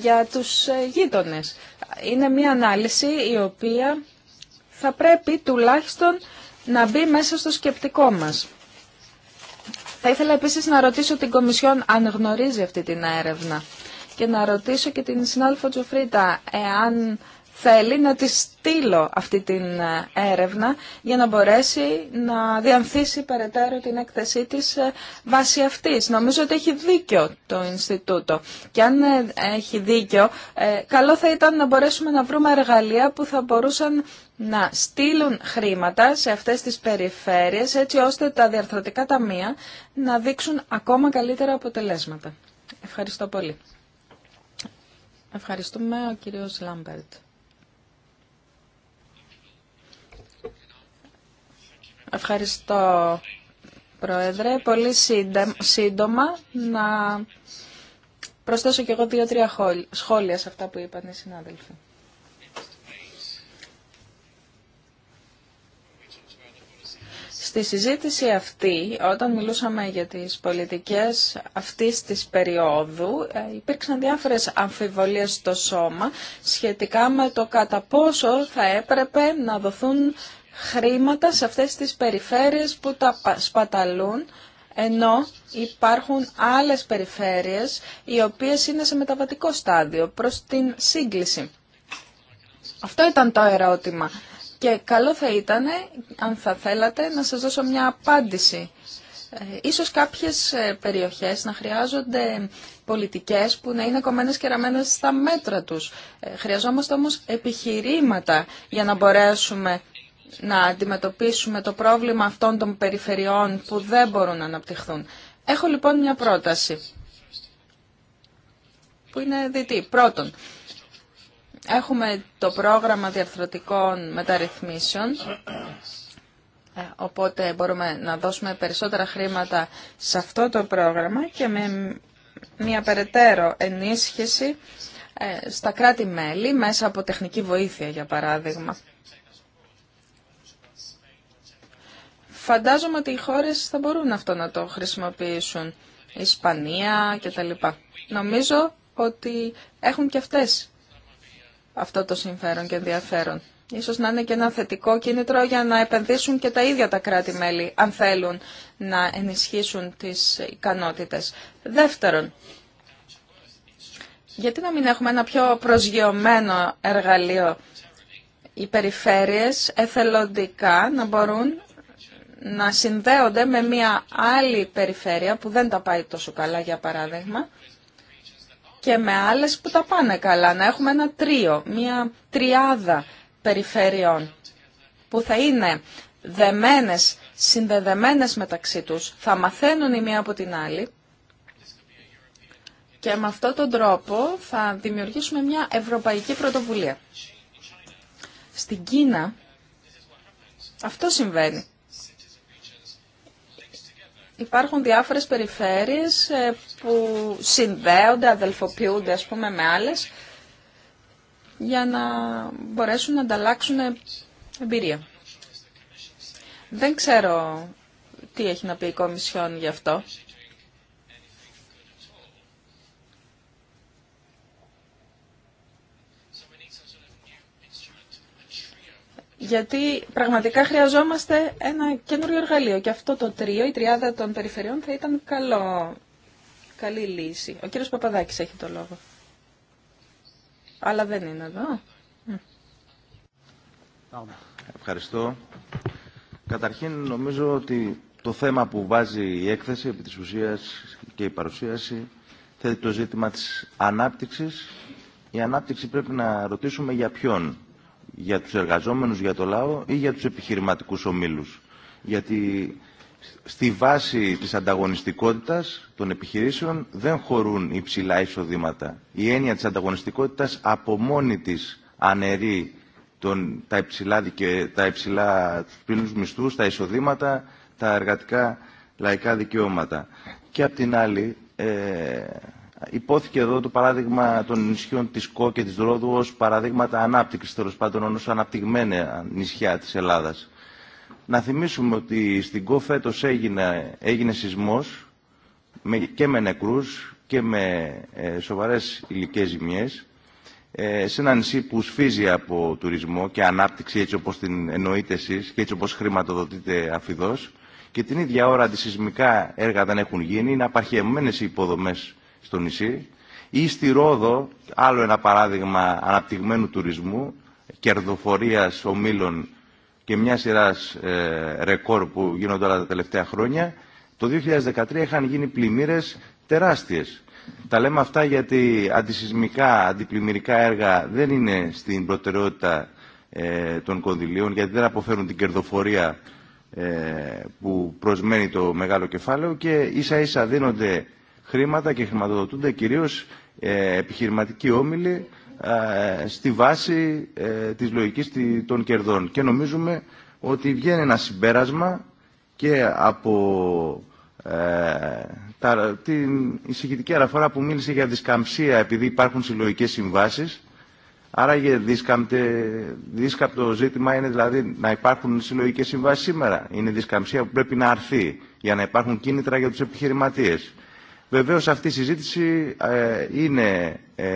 [SPEAKER 4] για τους γείτονες. Είναι μια ανάλυση η οποία θα πρέπει τουλάχιστον να μπει μέσα στο σκεπτικό μας. Θα ήθελα επίσης να ρωτήσω την Κομισιόν αν γνωρίζει αυτή την έρευνα και να ρωτήσω και την συνάδελφο Τζοφρίτα εάν θέλει να τη στείλω αυτή την ε, έρευνα για να μπορέσει να διανθίσει περαιτέρω την έκθεσή της ε, βάσει αυτής. Νομίζω ότι έχει δίκιο το Ινστιτούτο. Και αν ε, έχει δίκιο, καλό θα ήταν να μπορέσουμε να βρούμε εργαλεία που θα μπορούσαν να στείλουν χρήματα σε αυτές τις περιφέρειες έτσι ώστε τα διαρθρωτικά ταμεία να δείξουν ακόμα καλύτερα αποτελέσματα. Ευχαριστώ πολύ. Ευχαριστούμε ο κύριος Λάμπερτ. Ευχαριστώ, Πρόεδρε. Πολύ σύντομα να προσθέσω και εγώ δύο-τρία σχόλια σε αυτά που είπαν οι συνάδελφοι. Στη συζήτηση αυτή, όταν μιλούσαμε για τις πολιτικές αυτής της περίοδου, ε, υπήρξαν διάφορες αμφιβολίες στο σώμα σχετικά με το κατά πόσο θα έπρεπε να δοθούν χρήματα σε αυτές τις περιφέρειες που τα σπαταλούν, ενώ υπάρχουν άλλες περιφέρειες οι οποίες είναι σε μεταβατικό στάδιο προς την σύγκληση. Αυτό ήταν το ερώτημα. Και καλό θα ήταν, αν θα θέλατε, να σας δώσω μια απάντηση. Ε, ίσως κάποιες ε, περιοχές να χρειάζονται πολιτικές που να είναι κομμένες και ραμμένες στα μέτρα τους. Ε, χρειαζόμαστε όμως επιχειρήματα για να μπορέσουμε να αντιμετωπίσουμε το πρόβλημα αυτών των περιφερειών που δεν μπορούν να αναπτυχθούν. Έχω λοιπόν μια πρόταση που είναι διτή. Πρώτον, έχουμε το πρόγραμμα διαρθρωτικών μεταρρυθμίσεων, ε, οπότε μπορούμε να δώσουμε περισσότερα χρήματα σε αυτό το πρόγραμμα και με μια περαιτέρω ενίσχυση ε, στα κράτη-μέλη μέσα από τεχνική βοήθεια, για παράδειγμα. Φαντάζομαι ότι οι χώρες θα μπορούν αυτό να το χρησιμοποιήσουν. Ισπανία κτλ. Νομίζω ότι έχουν και αυτές αυτό το συμφέρον και ενδιαφέρον. Ίσως να είναι και ένα θετικό κίνητρο για να επενδύσουν και τα ίδια τα κράτη-μέλη, αν θέλουν να ενισχύσουν τις ικανότητες. Δεύτερον, γιατί να μην έχουμε ένα πιο προσγειωμένο εργαλείο. Οι περιφέρειες εθελοντικά να μπορούν να συνδέονται με μια άλλη περιφέρεια που δεν τα πάει τόσο καλά, για παράδειγμα, και με άλλες που τα πάνε καλά. Να έχουμε ένα τρίο, μια τριάδα περιφερειών που θα είναι δεμένες, συνδεδεμένες μεταξύ τους, θα μαθαίνουν η μία από την άλλη και με αυτόν τον τρόπο θα δημιουργήσουμε μια ευρωπαϊκή πρωτοβουλία. Στην Κίνα αυτό συμβαίνει υπάρχουν διάφορες περιφέρειες ε, που συνδέονται, αδελφοποιούνται ας πούμε με άλλες για να μπορέσουν να ανταλλάξουν εμπειρία. Δεν ξέρω τι έχει να πει η Κομισιόν γι' αυτό. γιατί πραγματικά χρειαζόμαστε ένα καινούριο εργαλείο και αυτό το τρίο, η τριάδα των περιφερειών θα ήταν καλό, καλή λύση. Ο κύριος Παπαδάκης έχει το λόγο. Αλλά δεν είναι
[SPEAKER 1] εδώ.
[SPEAKER 3] Ευχαριστώ. Καταρχήν νομίζω ότι το θέμα που βάζει η έκθεση επί της ουσίας και η παρουσίαση θέτει το ζήτημα της ανάπτυξης. Η ανάπτυξη πρέπει να ρωτήσουμε για ποιον για τους εργαζόμενους, για το λαό ή για τους επιχειρηματικούς ομίλους. Γιατί στη βάση της ανταγωνιστικότητας των επιχειρήσεων δεν χωρούν υψηλά εισοδήματα. Η έννοια της ανταγωνιστικότητας από μόνη της αναιρεί τον, τα υψηλά, δικαι, τα υψηλά μισθούς, τα εισοδήματα, τα εργατικά λαϊκά δικαιώματα. Και απ' την άλλη, ε, Υπόθηκε εδώ το παράδειγμα των νησιών της ΚΟ και της Ρόδου ως παραδείγματα ανάπτυξης τέλο πάντων ενός αναπτυγμένα νησιά της Ελλάδας. Να θυμίσουμε ότι στην ΚΟ φέτος έγινε, έγινε σεισμός και με νεκρούς και με ε, σοβαρές υλικές ζημιές ε, σε ένα νησί που σφίζει από τουρισμό και ανάπτυξη έτσι όπως την εννοείτε εσείς και έτσι όπως χρηματοδοτείτε αφιδώς και την ίδια ώρα αντισυσμικά έργα δεν έχουν γίνει, είναι απαρχαιμένες οι υποδομές στο νησί ή στη Ρόδο, άλλο ένα παράδειγμα αναπτυγμένου τουρισμού, κερδοφορίας ομίλων και μια σειρά ε, ρεκόρ που γίνονται όλα τα τελευταία χρόνια, το 2013 είχαν γίνει πλημμύρες τεράστιες. Τα λέμε αυτά γιατί αντισυσμικά, αντιπλημμυρικά έργα δεν είναι στην προτεραιότητα ε, των κονδυλίων, γιατί δεν αποφέρουν την κερδοφορία ε, που προσμένει το μεγάλο κεφάλαιο και ίσα ίσα δίνονται χρήματα και χρηματοδοτούνται κυρίως ε, επιχειρηματικοί όμιλοι ε, στη βάση ε, της λογικής των κερδών. Και νομίζουμε ότι βγαίνει ένα συμπέρασμα και από ε, τα, την εισηγητική αναφορά που μίλησε για δισκαμψία επειδή υπάρχουν συλλογικέ συμβάσεις Άρα για δίσκαπτο ζήτημα είναι δηλαδή να υπάρχουν συλλογικές συμβάσεις σήμερα. Είναι δισκαμψία που πρέπει να αρθεί για να υπάρχουν κίνητρα για τους επιχειρηματίες. Βεβαίως αυτή η συζήτηση ε, είναι ε,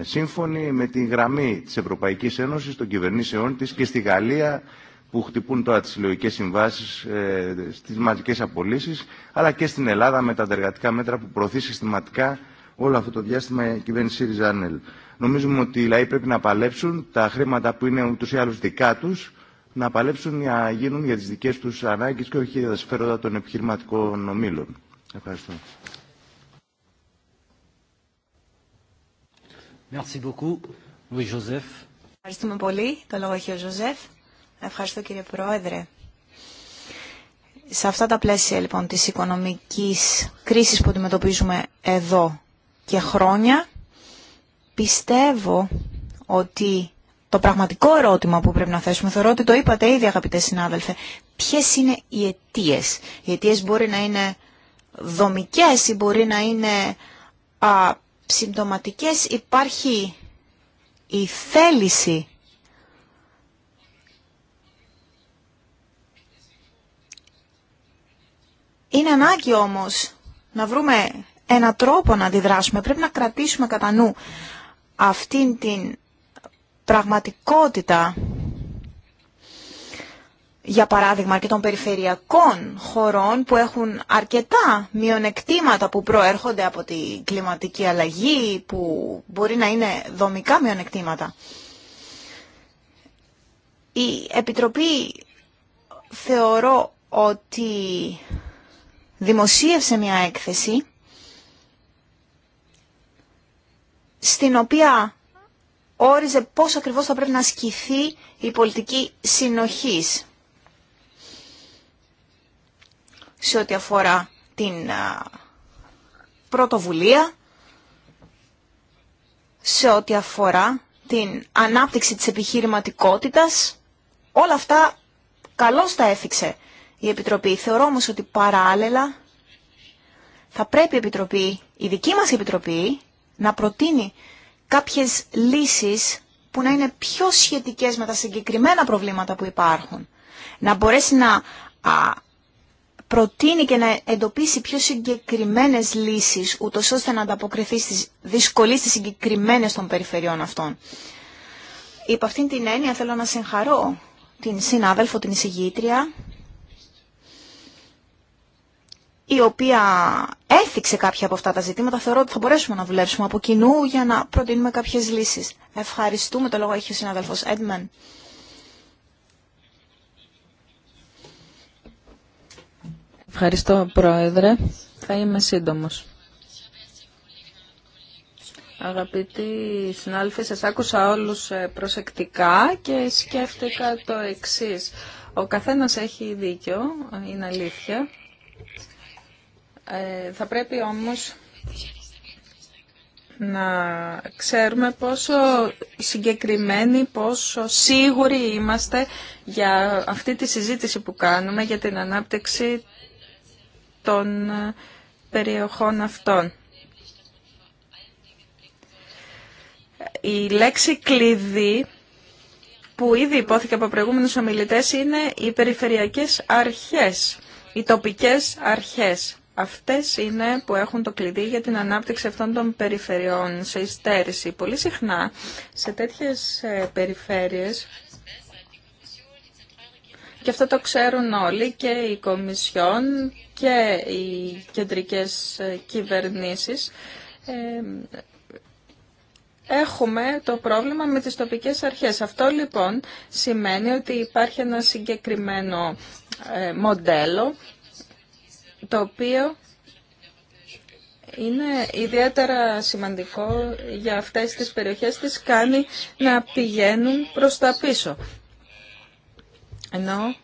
[SPEAKER 3] σύμφωνη με τη γραμμή της Ευρωπαϊκής Ένωσης, των κυβερνήσεών της και στη Γαλλία που χτυπούν τώρα τις συλλογικές συμβάσεις ε, στις μαζικές απολύσεις, αλλά και στην Ελλάδα με τα αντεργατικά μέτρα που προωθεί συστηματικά όλο αυτό το διάστημα η κυβέρνηση Ριζάνελ. Νομίζουμε ότι οι λαοί πρέπει να παλέψουν τα χρήματα που είναι ούτως ή άλλως δικά τους, να παλέψουν να γίνουν για τις δικές τους ανάγκες και όχι για τα συμφέροντα των επιχειρηματικών ομίλων. Ευχαριστώ.
[SPEAKER 1] Merci
[SPEAKER 5] Ευχαριστούμε πολύ. Το λόγο έχει ο Ζωζεφ. Ευχαριστώ κύριε Πρόεδρε. Σε αυτά τα πλαίσια λοιπόν της οικονομικής κρίσης που αντιμετωπίζουμε εδώ και χρόνια, πιστεύω ότι το πραγματικό ερώτημα που πρέπει να θέσουμε, θεωρώ ότι το είπατε ήδη αγαπητέ συνάδελφε, ποιες είναι οι αιτίε. Οι αιτίε μπορεί να είναι δομικές ή μπορεί να είναι α, συμπτωματικές υπάρχει η θέληση Είναι ανάγκη όμως να βρούμε ένα τρόπο να αντιδράσουμε. Πρέπει να κρατήσουμε κατά νου αυτήν την πραγματικότητα για παράδειγμα, και των περιφερειακών χωρών που έχουν αρκετά μειονεκτήματα που προέρχονται από τη κλιματική αλλαγή, που μπορεί να είναι δομικά μειονεκτήματα. Η Επιτροπή θεωρώ ότι δημοσίευσε μια έκθεση στην οποία όριζε πώς ακριβώς θα πρέπει να ασκηθεί η πολιτική συνοχής. σε ό,τι αφορά την πρωτοβουλία, σε ό,τι αφορά την ανάπτυξη της επιχειρηματικότητας. Όλα αυτά καλώς τα έφυξε η Επιτροπή. Θεωρώ όμως ότι παράλληλα θα πρέπει η, Επιτροπή, η δική μας Επιτροπή να προτείνει κάποιες λύσεις που να είναι πιο σχετικές με τα συγκεκριμένα προβλήματα που υπάρχουν. Να μπορέσει να προτείνει και να εντοπίσει πιο συγκεκριμένες λύσεις, ούτως ώστε να ανταποκριθεί στις δυσκολίες της συγκεκριμένες των περιφερειών αυτών. Υπ' αυτήν την έννοια θέλω να συγχαρώ την συνάδελφο, την εισηγήτρια, η οποία έθιξε κάποια από αυτά τα ζητήματα. Θεωρώ ότι θα μπορέσουμε να δουλέψουμε από κοινού για να προτείνουμε κάποιες λύσεις. Ευχαριστούμε, το λόγο έχει ο συνάδελφος Έντμεν.
[SPEAKER 4] Ευχαριστώ, Πρόεδρε. Θα είμαι σύντομος. Αγαπητοί συνάδελφοι, σας άκουσα όλους ε, προσεκτικά και σκέφτηκα το εξής. Ο καθένας έχει δίκιο, είναι αλήθεια. Ε, θα πρέπει όμως να ξέρουμε πόσο συγκεκριμένοι, πόσο σίγουροι είμαστε για αυτή τη συζήτηση που κάνουμε για την ανάπτυξη των ε, περιοχών αυτών. Η λέξη κλειδί που ήδη υπόθηκε από προηγούμενους ομιλητές είναι οι περιφερειακές αρχές, οι τοπικές αρχές. Αυτές είναι που έχουν το κλειδί για την ανάπτυξη αυτών των περιφερειών σε υστέρηση. Πολύ συχνά σε τέτοιες ε, περιφέρειες και αυτό το ξέρουν όλοι και οι Κομισιόν και οι κεντρικές κυβερνήσεις. Ε, έχουμε το πρόβλημα με τις τοπικές αρχές. Αυτό λοιπόν σημαίνει ότι υπάρχει ένα συγκεκριμένο ε, μοντέλο το οποίο είναι ιδιαίτερα σημαντικό για αυτές τις περιοχές τις κάνει να πηγαίνουν προς τα πίσω. Ενώ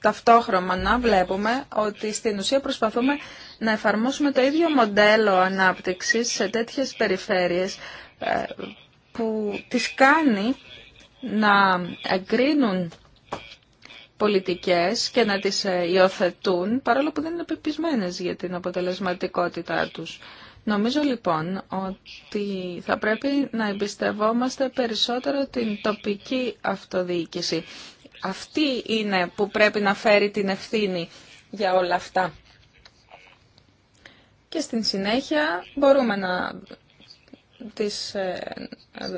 [SPEAKER 4] ταυτόχρονα να βλέπουμε ότι στην ουσία προσπαθούμε να εφαρμόσουμε το ίδιο μοντέλο ανάπτυξης σε τέτοιες περιφέρειες ε, που τις κάνει να εγκρίνουν πολιτικές και να τις ε, υιοθετούν παρόλο που δεν είναι πεπισμένες για την αποτελεσματικότητά τους. Νομίζω λοιπόν ότι θα πρέπει να εμπιστευόμαστε περισσότερο την τοπική αυτοδιοίκηση. Αυτή είναι που πρέπει να φέρει την ευθύνη για όλα αυτά. Και στην συνέχεια μπορούμε να τις ε,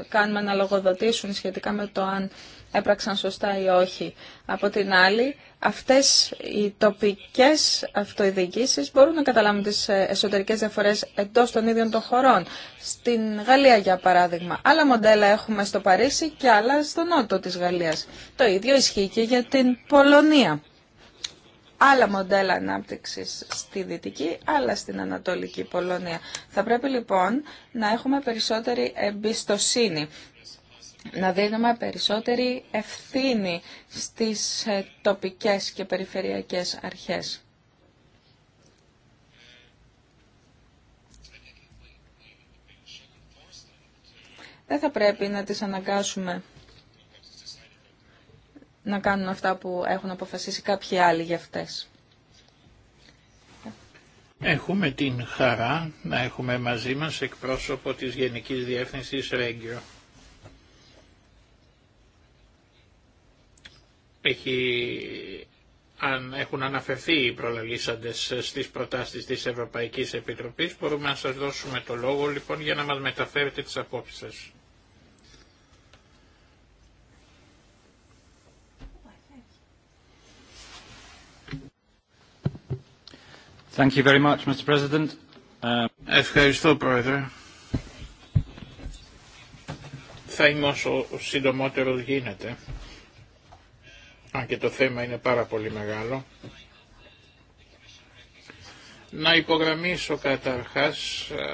[SPEAKER 4] κάνουμε να λογοδοτήσουν σχετικά με το αν έπραξαν σωστά ή όχι. Από την άλλη, αυτές οι τοπικές αυτοειδικήσεις μπορούν να καταλάβουν τις ε, εσωτερικές διαφορές εντός των ίδιων των χωρών. Στην Γαλλία, για παράδειγμα, άλλα μοντέλα έχουμε στο Παρίσι και άλλα στο νότο της Γαλλίας. Το ίδιο ισχύει και για την Πολωνία. Άλλα μοντέλα ανάπτυξη στη Δυτική, άλλα στην Ανατολική Πολωνία. Θα πρέπει λοιπόν να έχουμε περισσότερη εμπιστοσύνη να δίνουμε περισσότερη ευθύνη στις ε, τοπικές και περιφερειακές αρχές. Δεν θα πρέπει να τις αναγκάσουμε να κάνουν αυτά που έχουν αποφασίσει κάποιοι άλλοι για αυτές.
[SPEAKER 2] Έχουμε την χαρά να έχουμε μαζί μας εκπρόσωπο της Γενικής Διεύθυνσης Ρέγγιο. Έχει, αν έχουν αναφερθεί οι προλαλήσαντες στις προτάσεις της Ευρωπαϊκής Επιτροπής, μπορούμε να σας δώσουμε το λόγο λοιπόν για να μας μεταφέρετε τις απόψεις σας.
[SPEAKER 1] Thank you very much, Mr. President.
[SPEAKER 2] Uh, Ευχαριστώ, Πρόεδρε. Θα είμαι όσο συντομότερο γίνεται αν και το θέμα είναι πάρα πολύ μεγάλο, να υπογραμμίσω καταρχάς ε,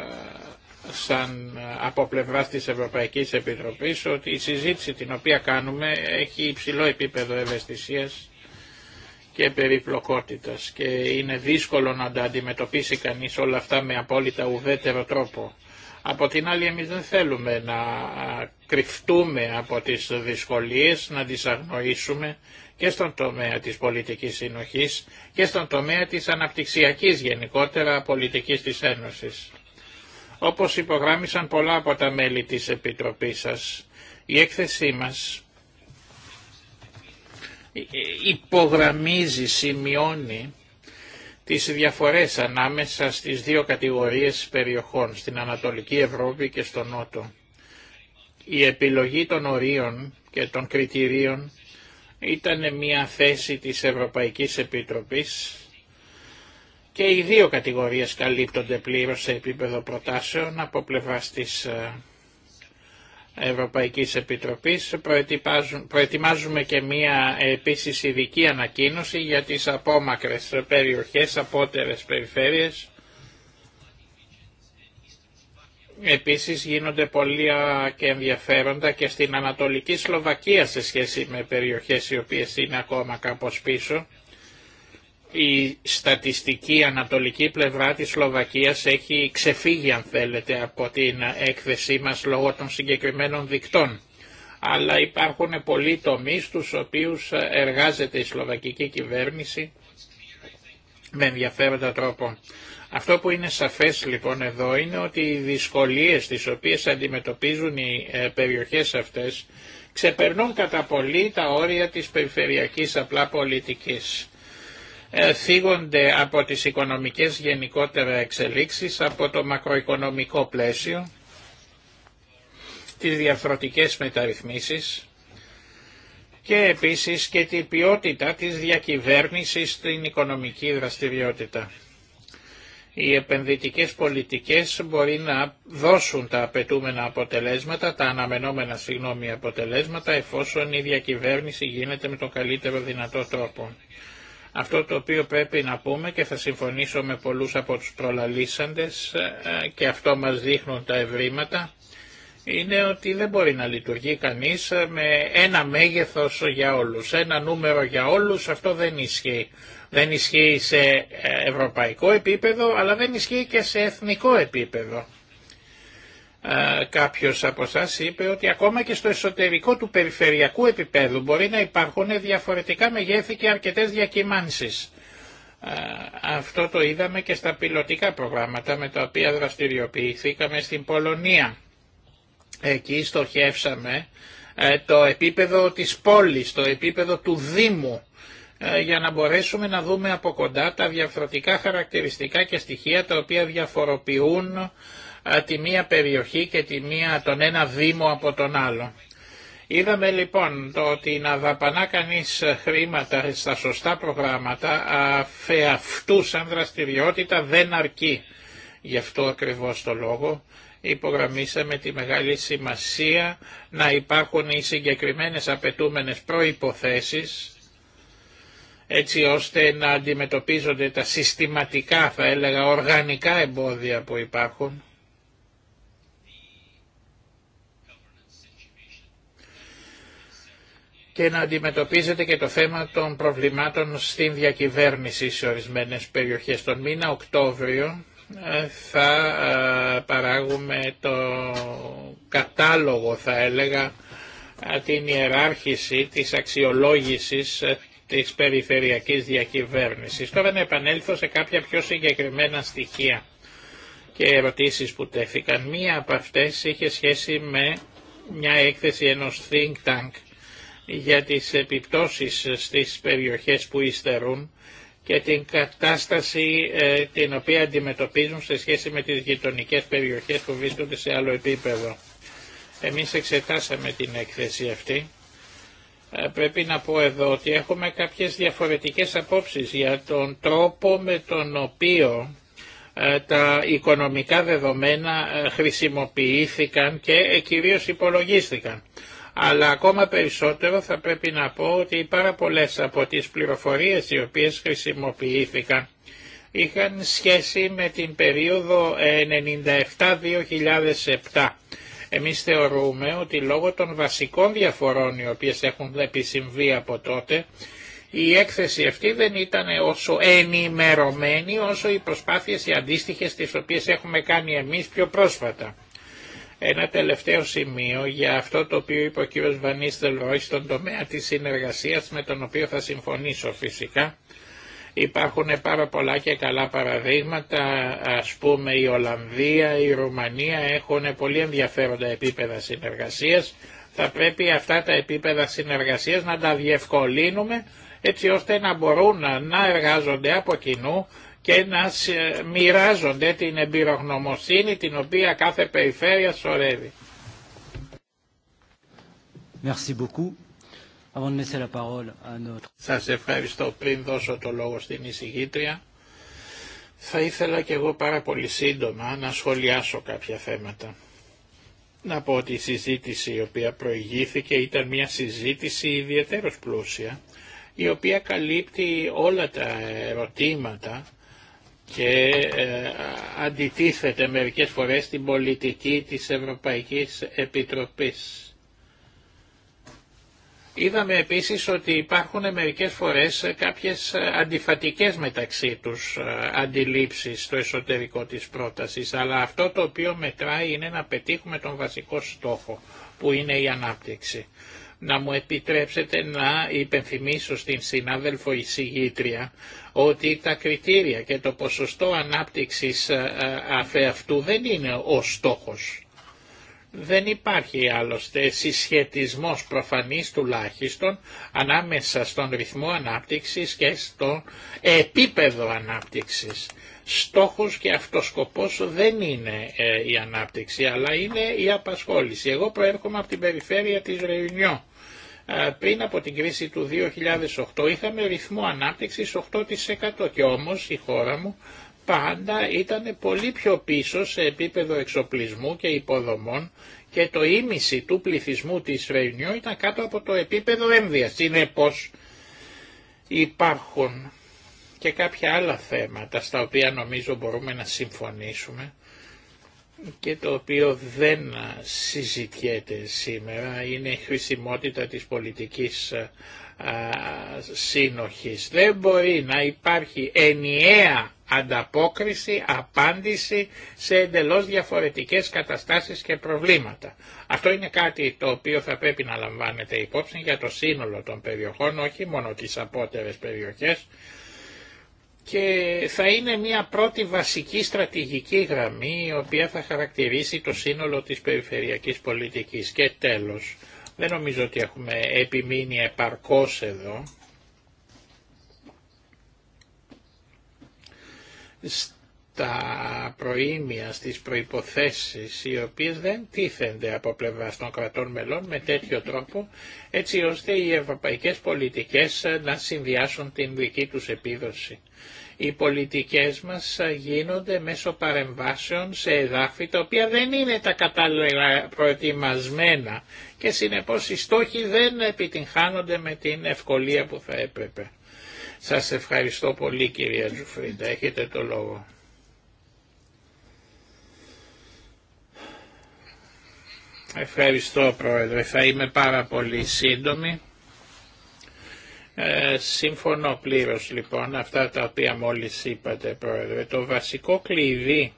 [SPEAKER 2] σαν ε, από πλευρά της Ευρωπαϊκής Επιτροπής ότι η συζήτηση την οποία κάνουμε έχει υψηλό επίπεδο ευαισθησίας και περιπλοκότητας και είναι δύσκολο να τα αντιμετωπίσει κανείς όλα αυτά με απόλυτα ουδέτερο τρόπο. Από την άλλη εμείς δεν θέλουμε να ε, κρυφτούμε από τις δυσκολίες, να τις αγνοήσουμε και στον τομέα της πολιτικής συνοχής και στον τομέα της αναπτυξιακής γενικότερα πολιτικής της Ένωσης. Όπως υπογράμμισαν πολλά από τα μέλη της Επιτροπής σας, η έκθεσή μας υπογραμμίζει, σημειώνει τις διαφορές ανάμεσα στις δύο κατηγορίες περιοχών, στην Ανατολική Ευρώπη και στον Νότο. Η επιλογή των ορίων και των κριτηρίων ήταν μια θέση της Ευρωπαϊκής Επιτροπής και οι δύο κατηγορίες καλύπτονται πλήρως σε επίπεδο προτάσεων από πλευράς της ε, Ευρωπαϊκής Επιτροπής. Προετοιμάζουμε και μία επίσης ειδική ανακοίνωση για τις απόμακρες περιοχές, απότερες περιφέρειες Επίσης γίνονται πολύ και ενδιαφέροντα και στην Ανατολική Σλοβακία σε σχέση με περιοχές οι οποίες είναι ακόμα κάπως πίσω. Η στατιστική ανατολική πλευρά της Σλοβακίας έχει ξεφύγει αν θέλετε από την έκθεσή μας λόγω των συγκεκριμένων δικτών. Αλλά υπάρχουν πολλοί τομείς στους οποίους εργάζεται η Σλοβακική κυβέρνηση με ενδιαφέροντα τρόπο. Αυτό που είναι σαφές λοιπόν εδώ είναι ότι οι δυσκολίες τις οποίες αντιμετωπίζουν οι ε, περιοχές αυτές ξεπερνούν κατά πολύ τα όρια της περιφερειακής απλά πολιτικής. Ε, θίγονται από τις οικονομικές γενικότερα εξελίξεις, από το μακροοικονομικό πλαίσιο, τις διαφροτικές μεταρρυθμίσεις και επίσης και την ποιότητα της διακυβέρνησης στην οικονομική δραστηριότητα οι επενδυτικές πολιτικές μπορεί να δώσουν τα απαιτούμενα αποτελέσματα, τα αναμενόμενα συγγνώμη αποτελέσματα, εφόσον η διακυβέρνηση γίνεται με τον καλύτερο δυνατό τρόπο. Αυτό το οποίο πρέπει να πούμε και θα συμφωνήσω με πολλούς από τους προλαλήσαντες ε, και αυτό μας δείχνουν τα ευρήματα, είναι ότι δεν μπορεί να λειτουργεί κανείς με ένα μέγεθος για όλους, ένα νούμερο για όλους, αυτό δεν ισχύει. Δεν ισχύει σε ε, ευρωπαϊκό επίπεδο, αλλά δεν ισχύει και σε εθνικό επίπεδο. Ε, κάποιος από εσά είπε ότι ακόμα και στο εσωτερικό του περιφερειακού επίπεδου μπορεί να υπάρχουν διαφορετικά μεγέθη και αρκετές διακυμάνσεις. Ε, αυτό το είδαμε και στα πιλωτικά προγράμματα με τα οποία δραστηριοποιηθήκαμε στην Πολωνία Εκεί στοχεύσαμε ε, το επίπεδο της πόλης, το επίπεδο του Δήμου, ε, για να μπορέσουμε να δούμε από κοντά τα διαφορετικά χαρακτηριστικά και στοιχεία τα οποία διαφοροποιούν ε, τη μία περιοχή και τη μία, τον ένα Δήμο από τον άλλο. Είδαμε λοιπόν το ότι να δαπανά κανείς χρήματα στα σωστά προγράμματα αυτού σαν δραστηριότητα δεν αρκεί. Γι' αυτό ακριβώς το λόγο υπογραμμίσαμε τη μεγάλη σημασία να υπάρχουν οι συγκεκριμένες απαιτούμενες προϋποθέσεις έτσι ώστε να αντιμετωπίζονται τα συστηματικά θα έλεγα οργανικά εμπόδια που υπάρχουν και να αντιμετωπίζεται και το θέμα των προβλημάτων στην διακυβέρνηση σε ορισμένες περιοχές. Τον μήνα Οκτώβριο θα ε, παράγουμε το κατάλογο θα έλεγα ε, την ιεράρχηση της αξιολόγησης ε, της περιφερειακής διακυβέρνησης. Τώρα να επανέλθω σε κάποια πιο συγκεκριμένα στοιχεία και ερωτήσεις που τέθηκαν. Μία από αυτές είχε σχέση με μια έκθεση ενός think tank για τις επιπτώσεις στις περιοχές που υστερούν και την κατάσταση ε, την οποία αντιμετωπίζουν σε σχέση με τις γειτονικές περιοχές που βρίσκονται σε άλλο επίπεδο. Εμείς εξετάσαμε την έκθεση αυτή. Ε, πρέπει να πω εδώ ότι έχουμε κάποιες διαφορετικές απόψεις για τον τρόπο με τον οποίο ε, τα οικονομικά δεδομένα χρησιμοποιήθηκαν και κυρίως υπολογίστηκαν αλλά ακόμα περισσότερο θα πρέπει να πω ότι πάρα πολλές από τις πληροφορίες οι οποίες χρησιμοποιήθηκαν είχαν σχέση με την περίοδο 97-2007. Εμείς θεωρούμε ότι λόγω των βασικών διαφορών οι οποίες έχουν επισυμβεί από τότε, η έκθεση αυτή δεν ήταν όσο ενημερωμένη όσο οι προσπάθειες οι αντίστοιχες τις οποίες έχουμε κάνει εμείς πιο πρόσφατα. Ένα τελευταίο σημείο για αυτό το οποίο είπε ο κύριος Βανίστελ στον τομέα της συνεργασίας με τον οποίο θα συμφωνήσω φυσικά. Υπάρχουν πάρα πολλά και καλά παραδείγματα, ας πούμε η Ολλανδία, η Ρουμανία έχουν πολύ ενδιαφέροντα επίπεδα συνεργασίας. Θα πρέπει αυτά τα επίπεδα συνεργασίας να τα διευκολύνουμε έτσι ώστε να μπορούν να εργάζονται από κοινού και να μοιράζονται την εμπειρογνωμοσύνη την οποία κάθε περιφέρεια σωρεύει.
[SPEAKER 1] Merci Σας ευχαριστώ
[SPEAKER 2] πριν δώσω το λόγο στην εισηγήτρια. Θα ήθελα και εγώ πάρα πολύ σύντομα να σχολιάσω κάποια θέματα. Να πω ότι η συζήτηση η οποία προηγήθηκε ήταν μια συζήτηση ιδιαίτερως πλούσια, η οποία καλύπτει όλα τα ερωτήματα και ε, αντιτίθεται μερικές φορές στην πολιτική της Ευρωπαϊκής Επιτροπής. Είδαμε επίσης ότι υπάρχουν μερικές φορές κάποιες αντιφατικές μεταξύ τους ε, αντιλήψεις στο εσωτερικό της πρότασης, αλλά αυτό το οποίο μετράει είναι να πετύχουμε τον βασικό στόχο που είναι η ανάπτυξη. Να μου επιτρέψετε να υπενθυμίσω στην συνάδελφο εισηγήτρια ότι τα κριτήρια και το ποσοστό ανάπτυξης ε, ε, αυτού δεν είναι ο στόχος. Δεν υπάρχει άλλωστε συσχετισμός προφανής τουλάχιστον ανάμεσα στον ρυθμό ανάπτυξης και στο επίπεδο ανάπτυξης. Στόχος και αυτοσκοπός δεν είναι ε, η ανάπτυξη αλλά είναι η απασχόληση. Εγώ προέρχομαι από την περιφέρεια της Ρεουνιό πριν από την κρίση του 2008 είχαμε ρυθμό ανάπτυξης 8% και όμως η χώρα μου πάντα ήταν πολύ πιο πίσω σε επίπεδο εξοπλισμού και υποδομών και το ίμιση του πληθυσμού της Ρεϊνιού ήταν κάτω από το επίπεδο έμβιας. Συνεπώς υπάρχουν και κάποια άλλα θέματα στα οποία νομίζω μπορούμε να συμφωνήσουμε και το οποίο δεν συζητιέται σήμερα είναι η χρησιμότητα της πολιτικής σύνοχης. Δεν μπορεί να υπάρχει ενιαία ανταπόκριση, απάντηση σε εντελώς διαφορετικές καταστάσεις και προβλήματα. Αυτό είναι κάτι το οποίο θα πρέπει να λαμβάνετε υπόψη για το σύνολο των περιοχών, όχι μόνο τις απότερες περιοχές, και θα είναι μια πρώτη βασική στρατηγική γραμμή η οποία θα χαρακτηρίσει το σύνολο της περιφερειακής πολιτικής. Και τέλος, δεν νομίζω ότι έχουμε επιμείνει επαρκώς εδώ τα προήμια στις προϋποθέσεις οι οποίες δεν τίθενται από πλευρά των κρατών μελών με τέτοιο τρόπο έτσι ώστε οι ευρωπαϊκές πολιτικές να συνδυάσουν την δική τους επίδοση. Οι πολιτικές μας γίνονται μέσω παρεμβάσεων σε εδάφη τα οποία δεν είναι τα κατάλληλα προετοιμασμένα και συνεπώς οι στόχοι δεν επιτυγχάνονται με την ευκολία που θα έπρεπε. Σας ευχαριστώ πολύ κυρία Τζουφρίντα. Έχετε το λόγο. Ευχαριστώ Πρόεδρε. Θα είμαι πάρα πολύ σύντομη. Ε, σύμφωνο πλήρως λοιπόν αυτά τα οποία μόλις είπατε Πρόεδρε. Το βασικό κλειδί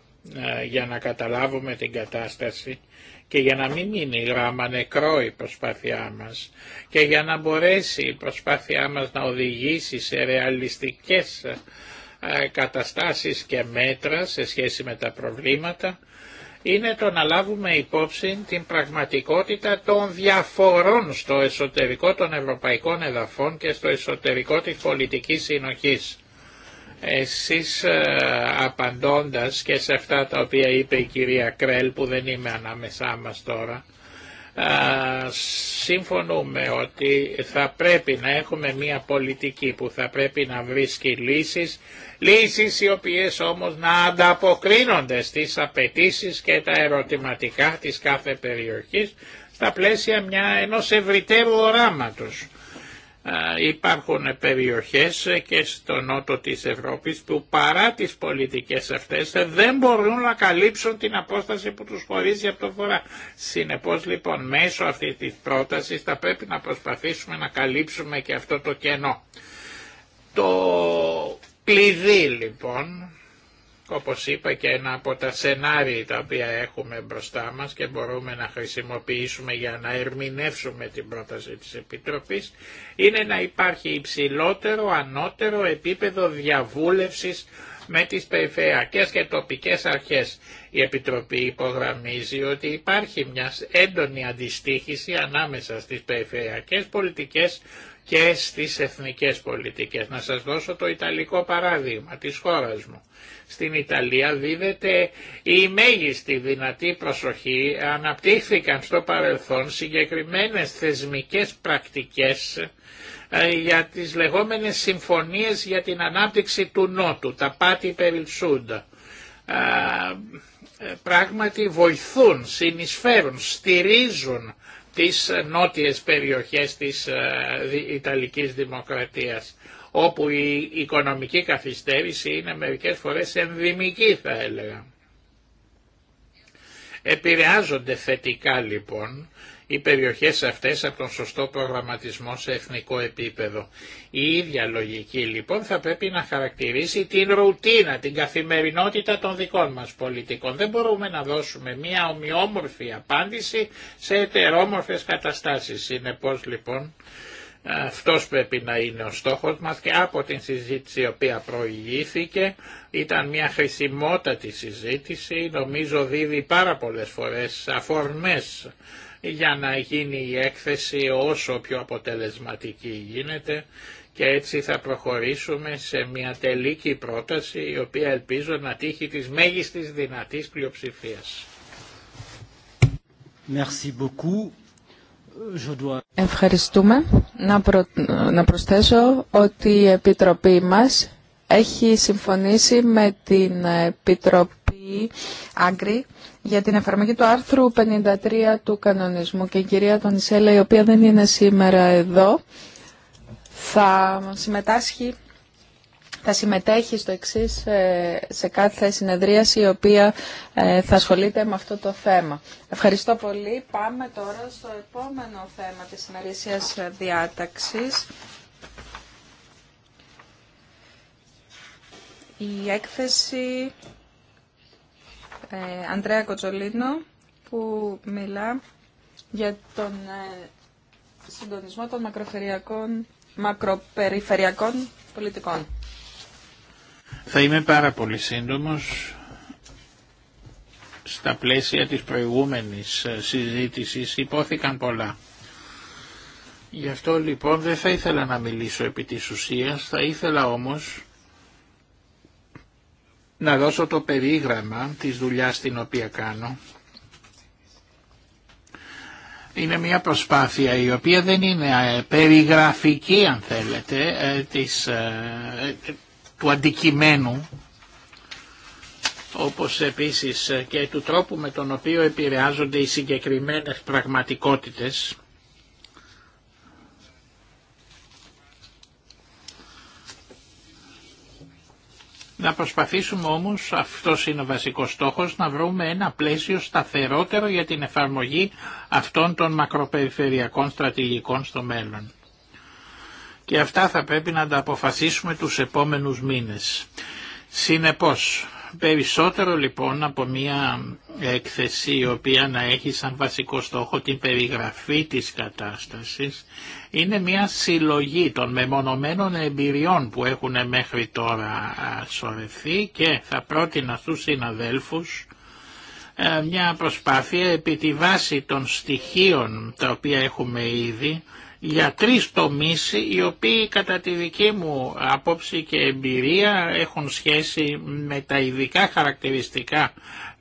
[SPEAKER 2] ε, για να καταλάβουμε την κατάσταση και για να μην μείνει γράμμα νεκρό η προσπάθειά μας και για να μπορέσει η προσπάθειά μας να οδηγήσει σε ρεαλιστικές ε, καταστάσεις και μέτρα σε σχέση με τα προβλήματα είναι το να λάβουμε υπόψη την πραγματικότητα των διαφορών στο εσωτερικό των ευρωπαϊκών εδαφών και στο εσωτερικό της πολιτικής συνοχής. Εσείς ε, απαντώντας και σε αυτά τα οποία είπε η κυρία Κρέλ που δεν είμαι ανάμεσά μας τώρα, συμφωνούμε ότι θα πρέπει να έχουμε μια πολιτική που θα πρέπει να βρίσκει λύσεις, λύσεις οι οποίες όμως να ανταποκρίνονται στις απαιτήσεις και τα ερωτηματικά της κάθε περιοχής στα πλαίσια μια, ενός ευρυτέρου οράματος. Υπάρχουν περιοχές και στο νότο της Ευρώπης που παρά τις πολιτικές αυτές δεν μπορούν να καλύψουν την απόσταση που τους χωρίζει από το φορά Συνεπώς λοιπόν μέσω αυτή τη πρότασης θα πρέπει να προσπαθήσουμε να καλύψουμε και αυτό το κενό. Το κλειδί λοιπόν όπως είπα και ένα από τα σενάρια τα οποία έχουμε μπροστά μας και μπορούμε να χρησιμοποιήσουμε για να ερμηνεύσουμε την πρόταση της Επιτροπής είναι να υπάρχει υψηλότερο, ανώτερο επίπεδο διαβούλευσης με τις περιφερειακές και τοπικές αρχές. Η Επιτροπή υπογραμμίζει ότι υπάρχει μια έντονη αντιστοίχηση ανάμεσα στις περιφερειακές πολιτικές και στις εθνικές πολιτικές. Να σας δώσω το ιταλικό παράδειγμα της χώρας μου. Στην Ιταλία δίδεται η μέγιστη δυνατή προσοχή, αναπτύχθηκαν στο παρελθόν συγκεκριμένες θεσμικές πρακτικές ε, για τις λεγόμενες συμφωνίες για την ανάπτυξη του Νότου, τα πάτη περιλσούντα. Ε, ε, πράγματι βοηθούν, συνεισφέρουν, στηρίζουν τις νότιες περιοχές της ε, Ιταλικής Δημοκρατίας όπου η οικονομική καθυστέρηση είναι μερικές φορές ενδυμική θα έλεγα. Επηρεάζονται θετικά λοιπόν οι περιοχές αυτές από τον σωστό προγραμματισμό σε εθνικό επίπεδο. Η ίδια λογική λοιπόν θα πρέπει να χαρακτηρίσει την ρουτίνα, την καθημερινότητα των δικών μας πολιτικών. Δεν μπορούμε να δώσουμε μια ομοιόμορφη απάντηση σε ετερόμορφες καταστάσεις. πως λοιπόν αυτός πρέπει να είναι ο στόχος μας και από την συζήτηση η οποία προηγήθηκε ήταν μια χρησιμότατη συζήτηση, νομίζω δίδει πάρα πολλές φορές αφορμές για να γίνει η έκθεση όσο πιο αποτελεσματική γίνεται και έτσι θα προχωρήσουμε σε μια τελική πρόταση η οποία ελπίζω να τύχει της μέγιστης δυνατής
[SPEAKER 1] πλειοψηφίας.
[SPEAKER 4] Ευχαριστούμε. Να, να προσθέσω ότι η Επιτροπή μας έχει συμφωνήσει με την Επιτροπή Άγκρη για την εφαρμογή του άρθρου 53 του κανονισμού και η κυρία Τονισέλα η οποία δεν είναι σήμερα εδώ θα συμμετάσχει θα συμμετέχει στο εξή ε, σε κάθε συνεδρίαση η οποία ε, θα ασχολείται με αυτό το θέμα. Ευχαριστώ πολύ. Πάμε τώρα στο επόμενο θέμα της συνεργασίας διάταξης. Η έκθεση ε, Αντρέα Κοτσολίνο που μιλά για τον ε, συντονισμό των μακροφεριακών, μακροπεριφερειακών πολιτικών.
[SPEAKER 2] Θα είμαι πάρα πολύ σύντομος. Στα πλαίσια της προηγούμενης ε, συζήτησης υπόθηκαν πολλά. Γι' αυτό λοιπόν δεν θα ήθελα να μιλήσω επί της ουσίας, θα ήθελα όμως να δώσω το περίγραμμα της δουλειάς την οποία κάνω. Είναι μια προσπάθεια η οποία δεν είναι ε, περιγραφική αν θέλετε ε, της, ε, του αντικειμένου όπως επίσης και του τρόπου με τον οποίο επηρεάζονται οι συγκεκριμένες πραγματικότητες Να προσπαθήσουμε όμως, αυτός είναι ο βασικός στόχος, να βρούμε ένα πλαίσιο σταθερότερο για την εφαρμογή αυτών των μακροπεριφερειακών στρατηγικών στο μέλλον. Και αυτά θα πρέπει να τα αποφασίσουμε τους επόμενους μήνες. Συνεπώς, Περισσότερο λοιπόν από μια έκθεση η οποία να έχει σαν βασικό στόχο την περιγραφή της κατάστασης είναι μια συλλογή των μεμονωμένων εμπειριών που έχουν μέχρι τώρα σωρεθεί και θα πρότεινα στους συναδέλφους ε, μια προσπάθεια επί τη βάση των στοιχείων τα οποία έχουμε ήδη για τρεις τομείς οι οποίοι κατά τη δική μου απόψη και εμπειρία έχουν σχέση με τα ειδικά χαρακτηριστικά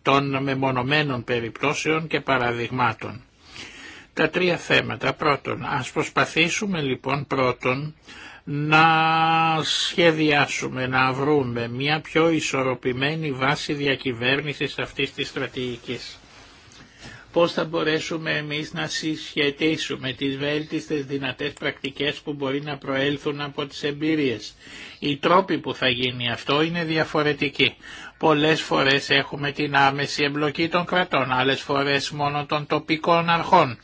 [SPEAKER 2] των μεμονωμένων περιπτώσεων και παραδειγμάτων. Τα τρία θέματα. Πρώτον, ας προσπαθήσουμε λοιπόν πρώτον να σχεδιάσουμε, να βρούμε μια πιο ισορροπημένη βάση διακυβέρνησης αυτής της στρατηγικής πώς θα μπορέσουμε εμείς να συσχετήσουμε τις βέλτιστες δυνατές πρακτικές που μπορεί να προέλθουν από τις εμπειρίες. Οι τρόποι που θα γίνει αυτό είναι διαφορετικοί. Πολλές φορές έχουμε την άμεση εμπλοκή των κρατών, άλλες φορές μόνο των τοπικών αρχών.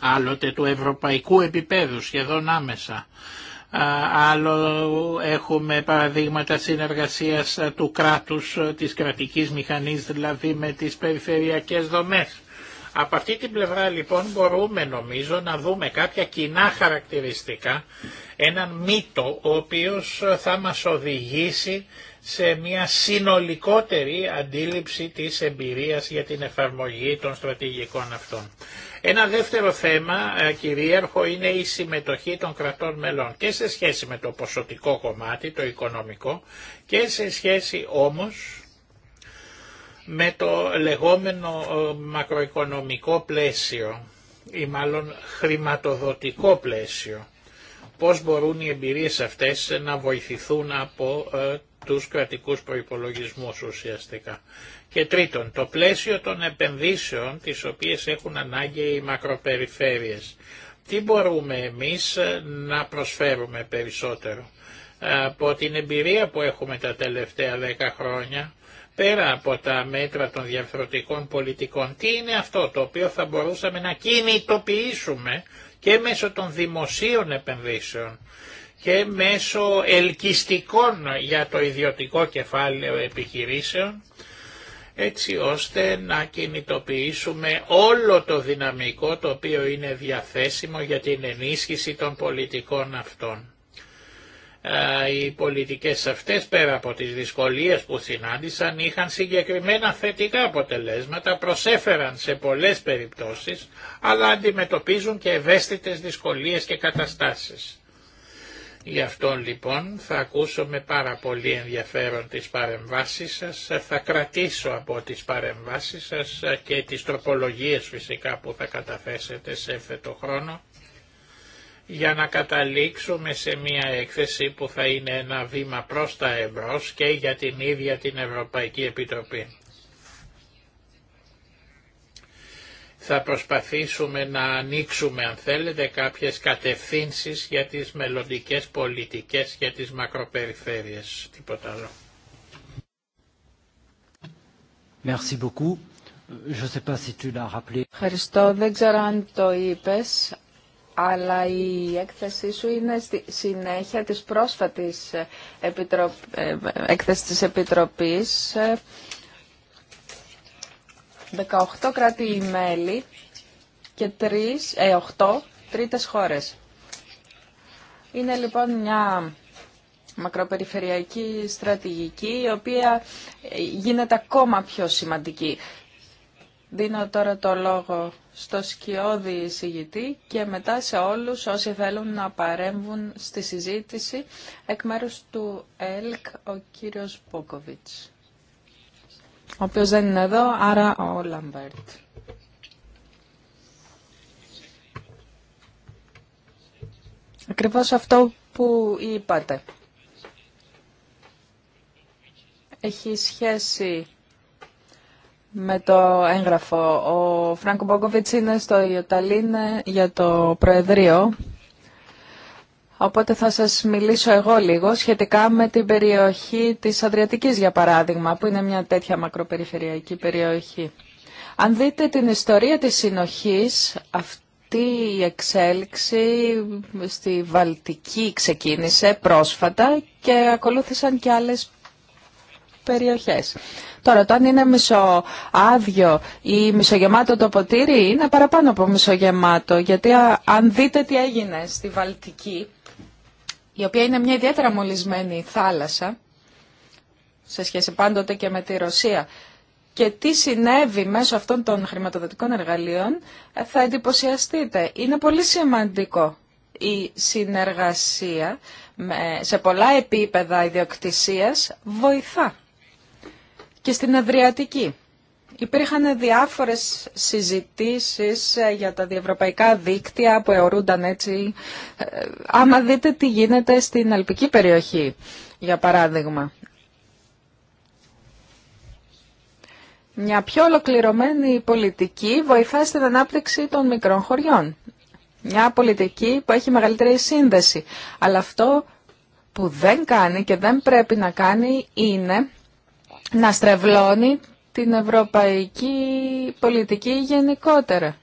[SPEAKER 2] Άλλοτε του ευρωπαϊκού επίπεδου σχεδόν άμεσα άλλο έχουμε παραδείγματα συνεργασίας του κράτους, της κρατικής μηχανής δηλαδή με τις περιφερειακές δομές. Από αυτή την πλευρά λοιπόν μπορούμε νομίζω να δούμε κάποια κοινά χαρακτηριστικά, έναν μύτο ο οποίος θα μας οδηγήσει σε μια συνολικότερη αντίληψη της εμπειρίας για την εφαρμογή των στρατηγικών αυτών. Ένα δεύτερο θέμα ε, κυρίαρχο είναι η συμμετοχή των κρατών μελών και σε σχέση με το ποσοτικό κομμάτι, το οικονομικό και σε σχέση όμως με το λεγόμενο ε, μακροοικονομικό πλαίσιο ή μάλλον χρηματοδοτικό πλαίσιο. Πώς μπορούν οι εμπειρίες αυτές να βοηθηθούν από ε, τους κρατικούς προϋπολογισμούς ουσιαστικά. Και τρίτον, το πλαίσιο των επενδύσεων τις οποίες έχουν ανάγκη οι μακροπεριφέρειες. Τι μπορούμε εμείς ε, να προσφέρουμε περισσότερο. Ε, από την εμπειρία που έχουμε τα τελευταία δέκα χρόνια, πέρα από τα μέτρα των διαφορετικών πολιτικών, τι είναι αυτό το οποίο θα μπορούσαμε να κινητοποιήσουμε και μέσω των δημοσίων επενδύσεων και μέσω ελκυστικών για το ιδιωτικό κεφάλαιο επιχειρήσεων έτσι ώστε να κινητοποιήσουμε όλο το δυναμικό το οποίο είναι διαθέσιμο για την ενίσχυση των πολιτικών αυτών. Ε, οι πολιτικές αυτές πέρα από τις δυσκολίες που συνάντησαν είχαν συγκεκριμένα θετικά αποτελέσματα, προσέφεραν σε πολλές περιπτώσεις, αλλά αντιμετωπίζουν και ευαίσθητες δυσκολίες και καταστάσεις. Γι' αυτόν λοιπόν θα ακούσω με πάρα πολύ ενδιαφέρον τις παρεμβάσεις σας, θα κρατήσω από τις παρεμβάσεις σας και τις τροπολογίες φυσικά που θα καταθέσετε σε έφετο χρόνο, για να καταλήξουμε σε μια έκθεση που θα είναι ένα βήμα προς τα εμπρός και για την ίδια την Ευρωπαϊκή Επιτροπή. θα προσπαθήσουμε να ανοίξουμε αν θέλετε κάποιες κατευθύνσεις για τις μελλοντικές πολιτικές για τις μακροπεριφέρειες. Τίποτα άλλο.
[SPEAKER 1] Merci beaucoup. Ευχαριστώ. Δεν ξέρω αν το
[SPEAKER 4] είπες, αλλά η έκθεσή σου είναι στη συνέχεια της πρόσφατης έκθεση ε, ε, έκθεσης της Επιτροπής ε, 18 κράτη-μέλη και 3, 8 ε, τρίτες χώρες. Είναι λοιπόν μια μακροπεριφερειακή στρατηγική η οποία γίνεται ακόμα πιο σημαντική. Δίνω τώρα το λόγο στο σκιώδη εισηγητή και μετά σε όλους όσοι θέλουν να παρέμβουν στη συζήτηση εκ μέρους του ΕΛΚ ο κύριος Μπόκοβιτς ο οποίος δεν είναι εδώ, άρα ο Λαμπέρτ. Ακριβώς αυτό που είπατε. Έχει σχέση με το έγγραφο. Ο Φρανκο Μπόγκοβιτς είναι στο Ιωταλίνε για το Προεδρείο Οπότε θα σας μιλήσω εγώ λίγο σχετικά με την περιοχή της Αδριατικής, για παράδειγμα, που είναι μια τέτοια μακροπεριφερειακή περιοχή. Αν δείτε την ιστορία της συνοχής, αυτή η εξέλιξη στη Βαλτική ξεκίνησε πρόσφατα και ακολούθησαν και άλλες περιοχές. Τώρα, το αν είναι μισοάδιο ή μισογεμάτο το ποτήρι, είναι παραπάνω από μισογεμάτο, γιατί αν δείτε τι έγινε στη Βαλτική, η οποία είναι μια ιδιαίτερα μολυσμένη θάλασσα, σε σχέση πάντοτε και με τη Ρωσία, και τι συνέβη μέσω αυτών των χρηματοδοτικών εργαλείων, ε, θα εντυπωσιαστείτε. Είναι πολύ σημαντικό η συνεργασία σε πολλά επίπεδα ιδιοκτησίας βοηθά και στην Αδριατική. Υπήρχαν διάφορες συζητήσεις ε, για τα διευρωπαϊκά δίκτυα που αιωρούνταν έτσι. Ε, άμα δείτε τι γίνεται στην αλπική περιοχή, για παράδειγμα. Μια πιο ολοκληρωμένη πολιτική βοηθά στην ανάπτυξη των μικρών χωριών. Μια πολιτική που έχει μεγαλύτερη σύνδεση. Αλλά αυτό που δεν κάνει και δεν πρέπει να κάνει είναι να στρεβλώνει την ευρωπαϊκή πολιτική γενικότερα.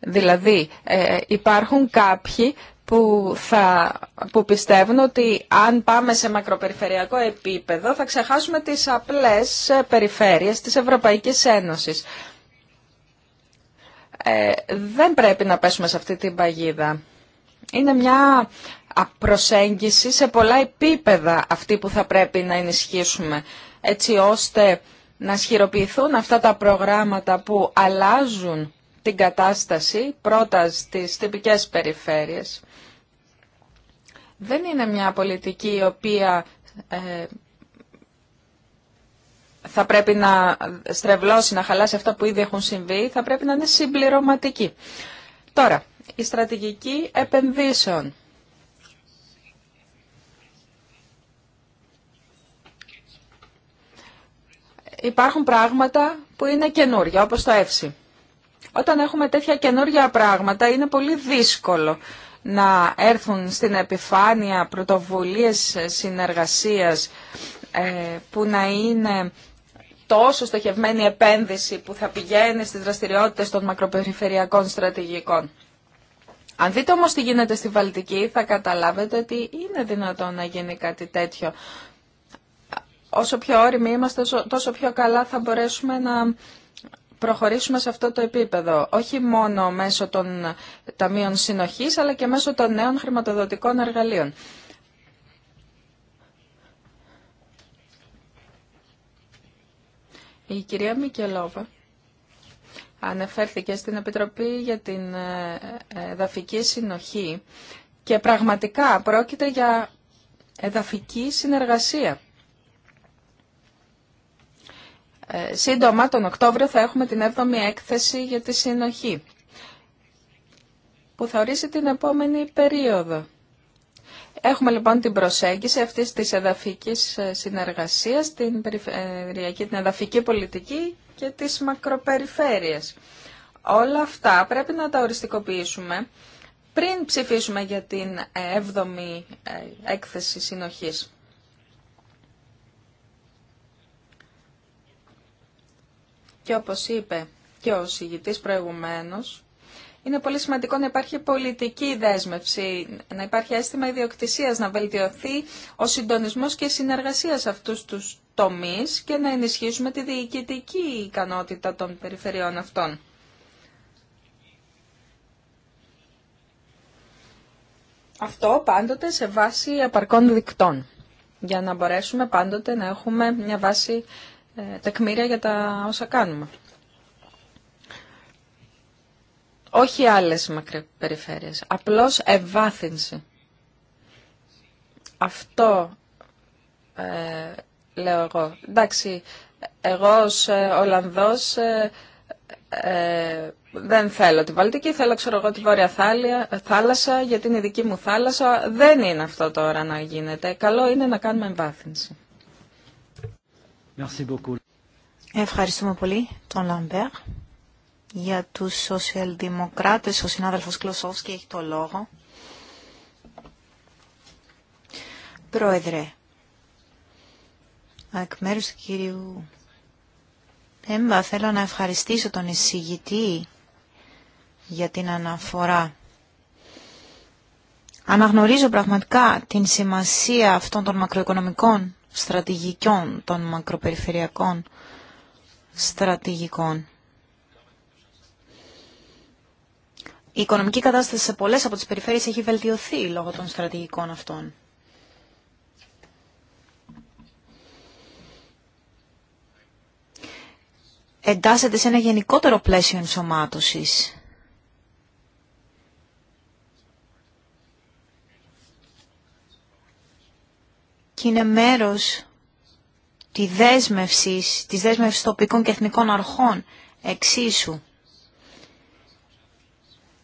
[SPEAKER 4] Δηλαδή ε, υπάρχουν κάποιοι που, θα, που πιστεύουν ότι αν πάμε σε μακροπεριφερειακό επίπεδο θα ξεχάσουμε τις απλές ε, περιφέρειες της Ευρωπαϊκής Ένωσης. Ε, δεν πρέπει να πέσουμε σε αυτή την παγίδα. Είναι μια προσέγγιση σε πολλά επίπεδα αυτή που θα πρέπει να ενισχύσουμε έτσι ώστε να ασχηροποιηθούν αυτά τα προγράμματα που αλλάζουν την κατάσταση πρώτα στις τυπικές περιφέρειες. Δεν είναι μια πολιτική η οποία ε, θα πρέπει να στρεβλώσει, να χαλάσει αυτά που ήδη έχουν συμβεί, θα πρέπει να είναι συμπληρωματική. Τώρα, η στρατηγική επενδύσεων. υπάρχουν πράγματα που είναι καινούργια, όπως το ΕΦΣΥ. Όταν έχουμε τέτοια καινούργια πράγματα είναι πολύ δύσκολο να έρθουν στην επιφάνεια πρωτοβουλίες συνεργασίας ε, που να είναι τόσο στοχευμένη επένδυση που θα πηγαίνει στις δραστηριότητες των μακροπεριφερειακών στρατηγικών. Αν δείτε όμως τι γίνεται στη Βαλτική θα καταλάβετε ότι είναι δυνατόν να γίνει κάτι τέτοιο όσο πιο όριμοι είμαστε, τόσο πιο καλά θα μπορέσουμε να προχωρήσουμε σε αυτό το επίπεδο. Όχι μόνο μέσω των ταμείων συνοχής, αλλά και μέσω των νέων χρηματοδοτικών εργαλείων. Η κυρία Μικελόβα ανεφέρθηκε στην Επιτροπή για την ε, ε, Εδαφική Συνοχή και πραγματικά πρόκειται για εδαφική συνεργασία. Ε, σύντομα τον Οκτώβριο θα έχουμε την 7η έκθεση για τη συνοχή που θα ορίσει την επόμενη περίοδο. Έχουμε λοιπόν την προσέγγιση αυτής της εδαφικής ε, συνεργασίας, την, περιφερειακή, ε, την εδαφική πολιτική και τις μακροπεριφέρειες. Όλα αυτά πρέπει να τα οριστικοποιήσουμε πριν ψηφίσουμε για την 7η έκθεση συνοχής. Και όπως είπε και ο συγητής προηγουμένως, είναι πολύ σημαντικό να υπάρχει πολιτική δέσμευση, να υπάρχει αίσθημα ιδιοκτησίας, να βελτιωθεί ο συντονισμός και η συνεργασία σε αυτούς τους τομείς και να ενισχύσουμε τη διοικητική ικανότητα των περιφερειών αυτών. Αυτό πάντοτε σε βάση απαρκών δικτών, για να μπορέσουμε πάντοτε να έχουμε μια βάση ε, τεκμήρια για τα όσα κάνουμε. Όχι άλλες μακροπεριφέρειες, απλώς ευάθυνση. Αυτό ε, λέω εγώ. Εντάξει, εγώ ως ε, Ολλανδός δεν θέλω τη Βαλτική, θέλω ξέρω εγώ τη Βόρεια Θάλασσα, γιατί είναι η δική μου θάλασσα. Δεν είναι αυτό τώρα να γίνεται.
[SPEAKER 5] Καλό είναι να κάνουμε εμβάθυνση. Ευχαριστούμε πολύ τον Λαμπέρ. Για τους σοσιαλδημοκράτες, ο συνάδελφος Κλωσόφσκι έχει το λόγο. Πρόεδρε, εκ μέρους του κύριου Έμπα, θέλω να ευχαριστήσω τον εισηγητή για την αναφορά. Αναγνωρίζω πραγματικά την σημασία αυτών των μακροοικονομικών στρατηγικών, των μακροπεριφερειακών στρατηγικών. Η οικονομική κατάσταση σε πολλές από τις περιφέρειες έχει βελτιωθεί λόγω των στρατηγικών αυτών. Εντάσσεται σε ένα γενικότερο πλαίσιο ενσωμάτωσης και είναι μέρος τη δέσμευσης, της δέσμευσης τοπικών και εθνικών αρχών εξίσου.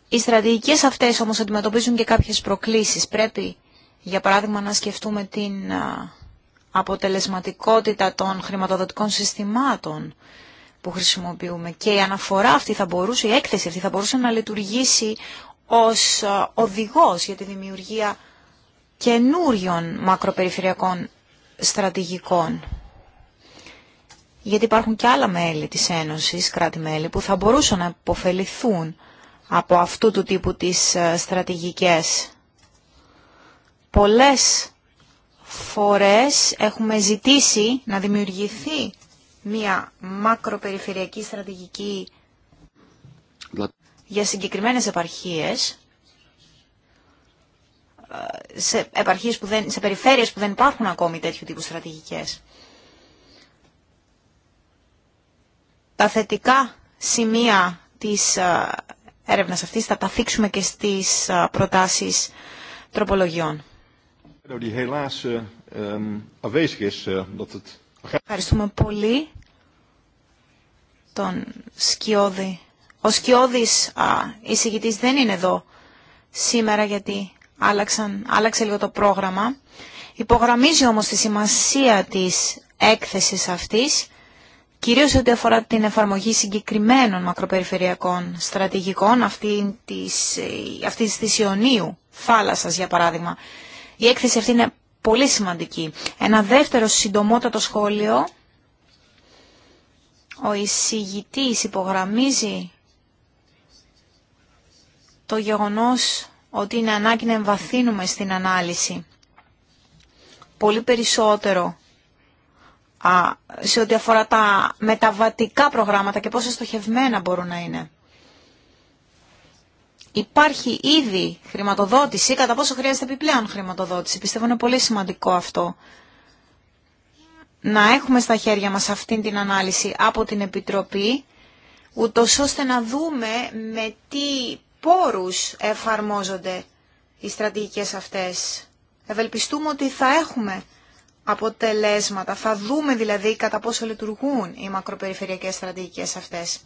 [SPEAKER 5] Οι στρατηγικές αυτές όμως αντιμετωπίζουν και κάποιες προκλήσεις. Πρέπει, για παράδειγμα, να σκεφτούμε την αποτελεσματικότητα των χρηματοδοτικών συστημάτων που χρησιμοποιούμε. Και η αναφορά αυτή θα μπορούσε, η έκθεση αυτή θα μπορούσε να λειτουργήσει ως οδηγός για τη δημιουργία καινούριων μακροπεριφερειακών στρατηγικών. Γιατί υπάρχουν και άλλα μέλη της Ένωσης, κράτη-μέλη, που θα μπορούσαν να υποφεληθούν από αυτού του τύπου τις ε, στρατηγικές. Πολλές φορές έχουμε ζητήσει να δημιουργηθεί μια μακροπεριφερειακή στρατηγική για συγκεκριμένες επαρχίες σε, επαρχίες που δεν, σε περιφέρειες που δεν υπάρχουν ακόμη τέτοιου τύπου στρατηγικές. Τα θετικά σημεία της ε, έρευνας αυτής θα τα θίξουμε και στις ε, προτάσεις τροπολογιών. Ευχαριστούμε πολύ τον Σκιώδη. Ο Σκιώδης εισηγητής δεν είναι εδώ σήμερα γιατί άλλαξαν, άλλαξε λίγο το πρόγραμμα. Υπογραμμίζει όμως τη σημασία της έκθεσης αυτής, κυρίως ό,τι αφορά την εφαρμογή συγκεκριμένων μακροπεριφερειακών στρατηγικών, αυτή της, αυτής της Ιωνίου θάλασσας για παράδειγμα. Η έκθεση αυτή είναι πολύ σημαντική. Ένα δεύτερο συντομότατο σχόλιο, ο εισηγητής υπογραμμίζει το γεγονός ότι είναι ανάγκη να εμβαθύνουμε στην ανάλυση πολύ περισσότερο σε ό,τι αφορά τα μεταβατικά προγράμματα και πόσο στοχευμένα μπορούν να είναι. Υπάρχει ήδη χρηματοδότηση, κατά πόσο χρειάζεται επιπλέον χρηματοδότηση. Πιστεύω είναι πολύ σημαντικό αυτό. Να έχουμε στα χέρια μας αυτή την ανάλυση από την Επιτροπή, ούτω ώστε να δούμε με τι πόρους εφαρμόζονται οι στρατηγικές αυτές. Ευελπιστούμε ότι θα έχουμε αποτελέσματα, θα δούμε δηλαδή κατά πόσο λειτουργούν οι μακροπεριφερειακές στρατηγικές αυτές.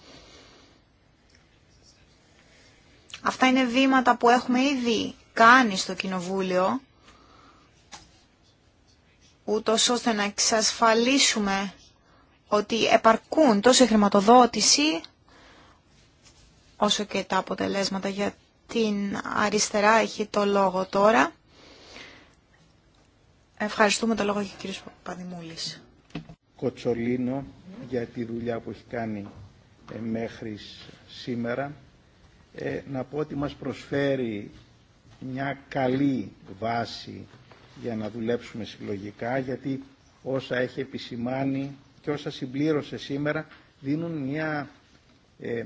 [SPEAKER 5] Αυτά είναι βήματα που έχουμε ήδη κάνει στο Κοινοβούλιο, ούτως ώστε να εξασφαλίσουμε ότι επαρκούν τόσο η χρηματοδότηση όσο και τα αποτελέσματα για την αριστερά έχει το λόγο τώρα. Ευχαριστούμε το λόγο και ο κύριος
[SPEAKER 6] Κοτσολίνο για τη δουλειά που έχει κάνει ε, μέχρι σήμερα. Ε, να πω ότι μας προσφέρει μια καλή βάση για να δουλέψουμε συλλογικά, γιατί όσα έχει επισημάνει και όσα συμπλήρωσε σήμερα δίνουν μια ε,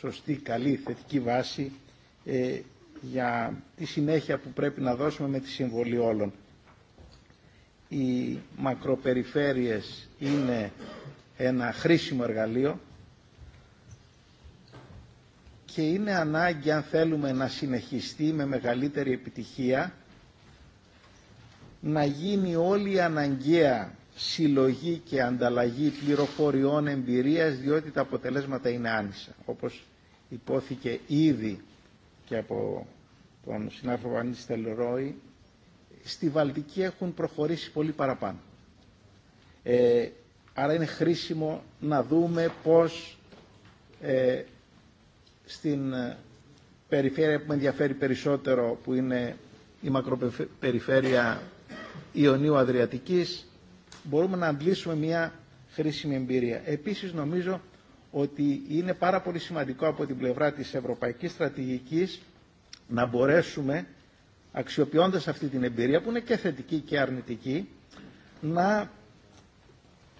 [SPEAKER 6] σωστή, καλή, θετική βάση ε, για τη συνέχεια που πρέπει να δώσουμε με τη συμβολή όλων. Οι μακροπεριφέρειες είναι ένα χρήσιμο εργαλείο και είναι ανάγκη αν θέλουμε να συνεχιστεί με μεγαλύτερη επιτυχία να γίνει όλη η αναγκαία συλλογή και ανταλλαγή πληροφοριών εμπειρίας διότι τα αποτελέσματα είναι άνισα. Όπως υπόθηκε ήδη και από τον συνάδελφο Βανίτη στη Βαλτική έχουν προχωρήσει πολύ παραπάνω. Ε, άρα είναι χρήσιμο να δούμε πώς ε, στην περιφέρεια που με ενδιαφέρει περισσότερο που είναι η μακροπεριφέρεια Ιωνίου Αδριατικής μπορούμε να αντλήσουμε μια χρήσιμη εμπειρία. Επίσης νομίζω ότι είναι πάρα πολύ σημαντικό από την πλευρά της ευρωπαϊκής στρατηγικής να μπορέσουμε, αξιοποιώντας αυτή την εμπειρία που είναι και θετική και αρνητική, να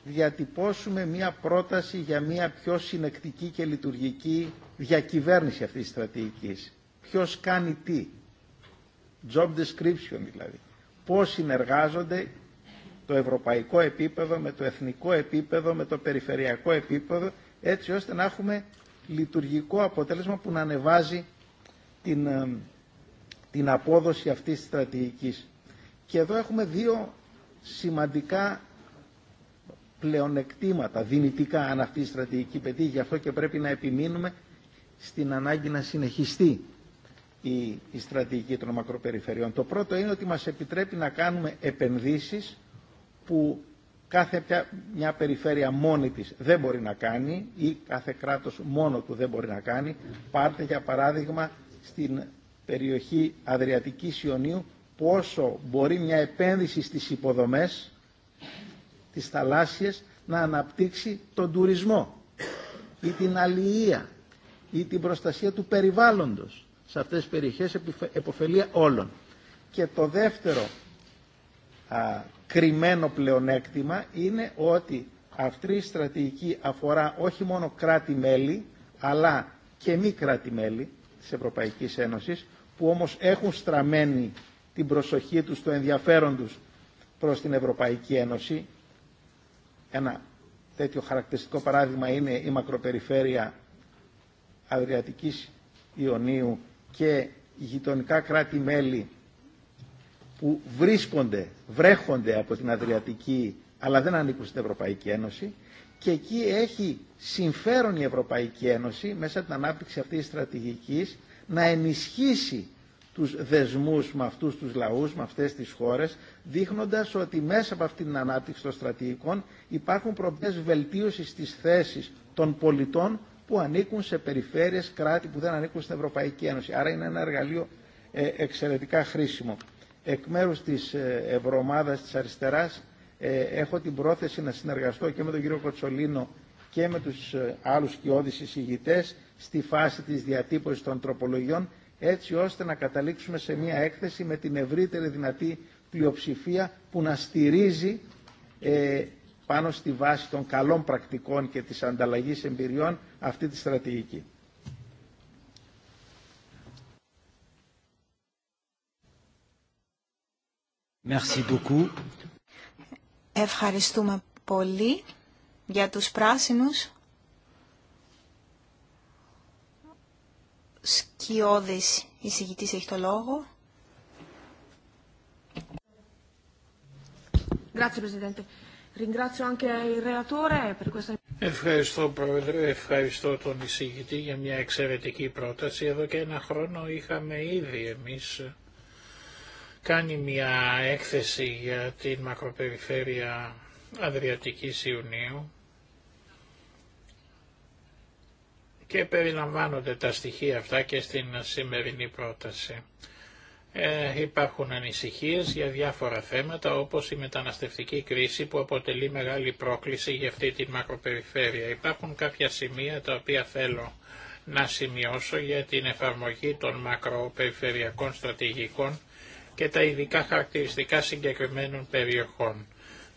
[SPEAKER 6] διατυπώσουμε μια πρόταση για μια πιο συνεκτική και λειτουργική διακυβέρνηση αυτής της στρατηγικής. Ποιος κάνει τι. Job description δηλαδή. Πώς συνεργάζονται το ευρωπαϊκό επίπεδο, με το εθνικό επίπεδο, με το περιφερειακό επίπεδο, έτσι ώστε να έχουμε λειτουργικό αποτέλεσμα που να ανεβάζει την, ε, την απόδοση αυτής της στρατηγικής. Και εδώ έχουμε δύο σημαντικά πλεονεκτήματα δυνητικά αν αυτή η στρατηγική πετύχει. Γι' αυτό και πρέπει να επιμείνουμε στην ανάγκη να συνεχιστεί η, η στρατηγική των μακροπεριφερειών. Το πρώτο είναι ότι μας επιτρέπει να κάνουμε επενδύσεις που κάθε μια περιφέρεια μόνη της δεν μπορεί να κάνει ή κάθε κράτος μόνο του δεν μπορεί να κάνει. Πάρτε για παράδειγμα στην περιοχή Αδριατική Ιωνίου πόσο μπορεί μια επένδυση στις υποδομές, τις θαλάσσιες, να αναπτύξει τον τουρισμό ή την αλληλεία ή την προστασία του περιβάλλοντος. Σε αυτές τις περιοχές επωφελία όλων. Και το δεύτερο α, κρυμμένο πλεονέκτημα είναι ότι αυτή η στρατηγική αφορά όχι μόνο κράτη-μέλη, αλλά και μη κράτη-μέλη της Ευρωπαϊκής Ένωσης, που όμως έχουν στραμμένη την προσοχή τους, το ενδιαφέρον τους προς την Ευρωπαϊκή Ένωση. Ένα τέτοιο χαρακτηριστικό παράδειγμα είναι η μακροπεριφέρεια Αδριατικής Ιωνίου και γειτονικά κράτη-μέλη που βρίσκονται, βρέχονται από την Αδριατική αλλά δεν ανήκουν στην Ευρωπαϊκή Ένωση και εκεί έχει συμφέρον η Ευρωπαϊκή Ένωση μέσα την ανάπτυξη αυτής της στρατηγικής να ενισχύσει τους δεσμούς με αυτούς τους λαούς, με αυτές τις χώρες, δείχνοντας ότι μέσα από αυτή την ανάπτυξη των στρατηγικών υπάρχουν προπές βελτίωσης της θέσης των πολιτών που ανήκουν σε περιφέρειες, κράτη που δεν ανήκουν στην Ευρωπαϊκή Ένωση. Άρα είναι ένα εργαλείο ε, εξαιρετικά χρήσιμο εκ μέρους της ε, Ευρωομάδας της Αριστεράς ε, έχω την πρόθεση να συνεργαστώ και με τον κύριο Κοτσολίνο και με τους ε, άλλους κοιόδη εισηγητές στη φάση της διατύπωση των τροπολογιών έτσι ώστε να καταλήξουμε σε μια έκθεση με την ευρύτερη δυνατή πλειοψηφία που να στηρίζει πάνω στη βάση των καλών πρακτικών και της ανταλλαγής εμπειριών αυτή τη στρατηγική.
[SPEAKER 1] Merci beaucoup.
[SPEAKER 5] Ευχαριστούμε πολύ για τους πράσινους. Σκιώδης εισηγητής έχει το λόγο.
[SPEAKER 2] Ευχαριστώ Πρόεδρε, ευχαριστώ τον εισηγητή για μια εξαιρετική πρόταση. Εδώ και ένα χρόνο είχαμε ήδη εμείς κάνει μια έκθεση για την μακροπεριφέρεια Αδριατικής Ιουνίου και περιλαμβάνονται τα στοιχεία αυτά και στην σημερινή πρόταση. Ε, υπάρχουν ανησυχίες για διάφορα θέματα όπως η μεταναστευτική κρίση που αποτελεί μεγάλη πρόκληση για αυτή τη μακροπεριφέρεια. Υπάρχουν κάποια σημεία τα οποία θέλω να σημειώσω για την εφαρμογή των μακροπεριφερειακών στρατηγικών και τα ειδικά χαρακτηριστικά συγκεκριμένων περιοχών.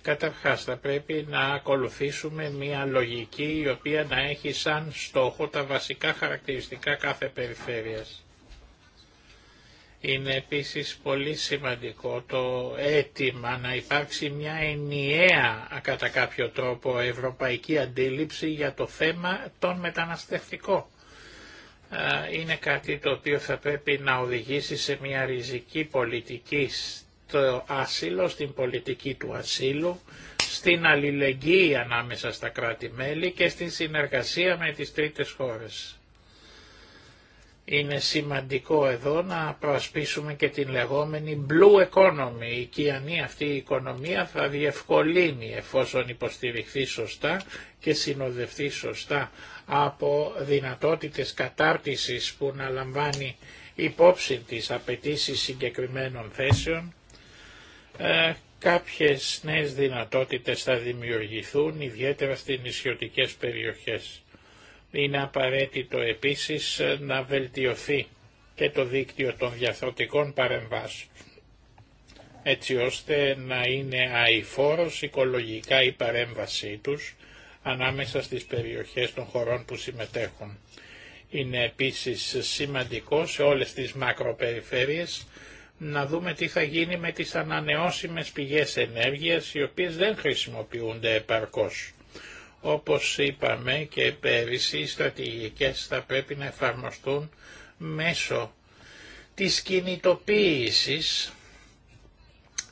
[SPEAKER 2] Καταρχάς θα πρέπει να ακολουθήσουμε μια λογική η οποία να έχει σαν στόχο τα βασικά χαρακτηριστικά κάθε περιφέρειας. Είναι επίσης πολύ σημαντικό το αίτημα να υπάρξει μια ενιαία κατά κάποιο τρόπο ευρωπαϊκή αντίληψη για το θέμα των μεταναστευτικών είναι κάτι το οποίο θα πρέπει να οδηγήσει σε μια ριζική πολιτική στο άσυλο, στην πολιτική του ασύλου, στην αλληλεγγύη ανάμεσα στα κράτη-μέλη και στην συνεργασία με τις τρίτες χώρες. Είναι σημαντικό εδώ να προασπίσουμε και την λεγόμενη blue economy. Η κιανή αυτή η οικονομία θα διευκολύνει εφόσον υποστηριχθεί σωστά και συνοδευτεί σωστά από δυνατότητες κατάρτισης που να λαμβάνει υπόψη της απαιτήσει συγκεκριμένων θέσεων, ε, κάποιες νέες δυνατότητες θα δημιουργηθούν, ιδιαίτερα στις νησιωτικές περιοχές. Είναι απαραίτητο επίσης ε, να βελτιωθεί και το δίκτυο των διαθροτικών παρεμβάσεων, έτσι ώστε να είναι αηφόρος οικολογικά η παρέμβασή τους ανάμεσα στις περιοχές των χωρών που συμμετέχουν. Είναι επίσης σημαντικό σε όλες τις μακροπεριφέρειες να δούμε τι θα γίνει με τις ανανεώσιμες πηγές ενέργειας οι οποίες δεν χρησιμοποιούνται επαρκώς. Όπως είπαμε και πέρυσι οι στρατηγικές θα πρέπει να εφαρμοστούν μέσω της κινητοποίησης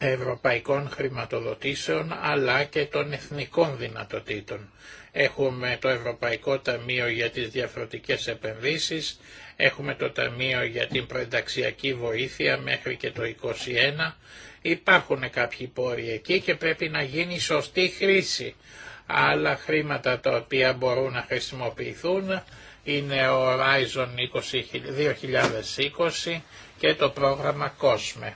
[SPEAKER 2] ευρωπαϊκών χρηματοδοτήσεων αλλά και των εθνικών δυνατοτήτων. Έχουμε το Ευρωπαϊκό Ταμείο για τις διαφορετικές επενδύσεις, έχουμε το Ταμείο για την προενταξιακή βοήθεια μέχρι και το 2021. Υπάρχουν κάποιοι πόροι εκεί και πρέπει να γίνει σωστή χρήση. Άλλα χρήματα τα οποία μπορούν να χρησιμοποιηθούν είναι ο Horizon 2020 και το πρόγραμμα COSME.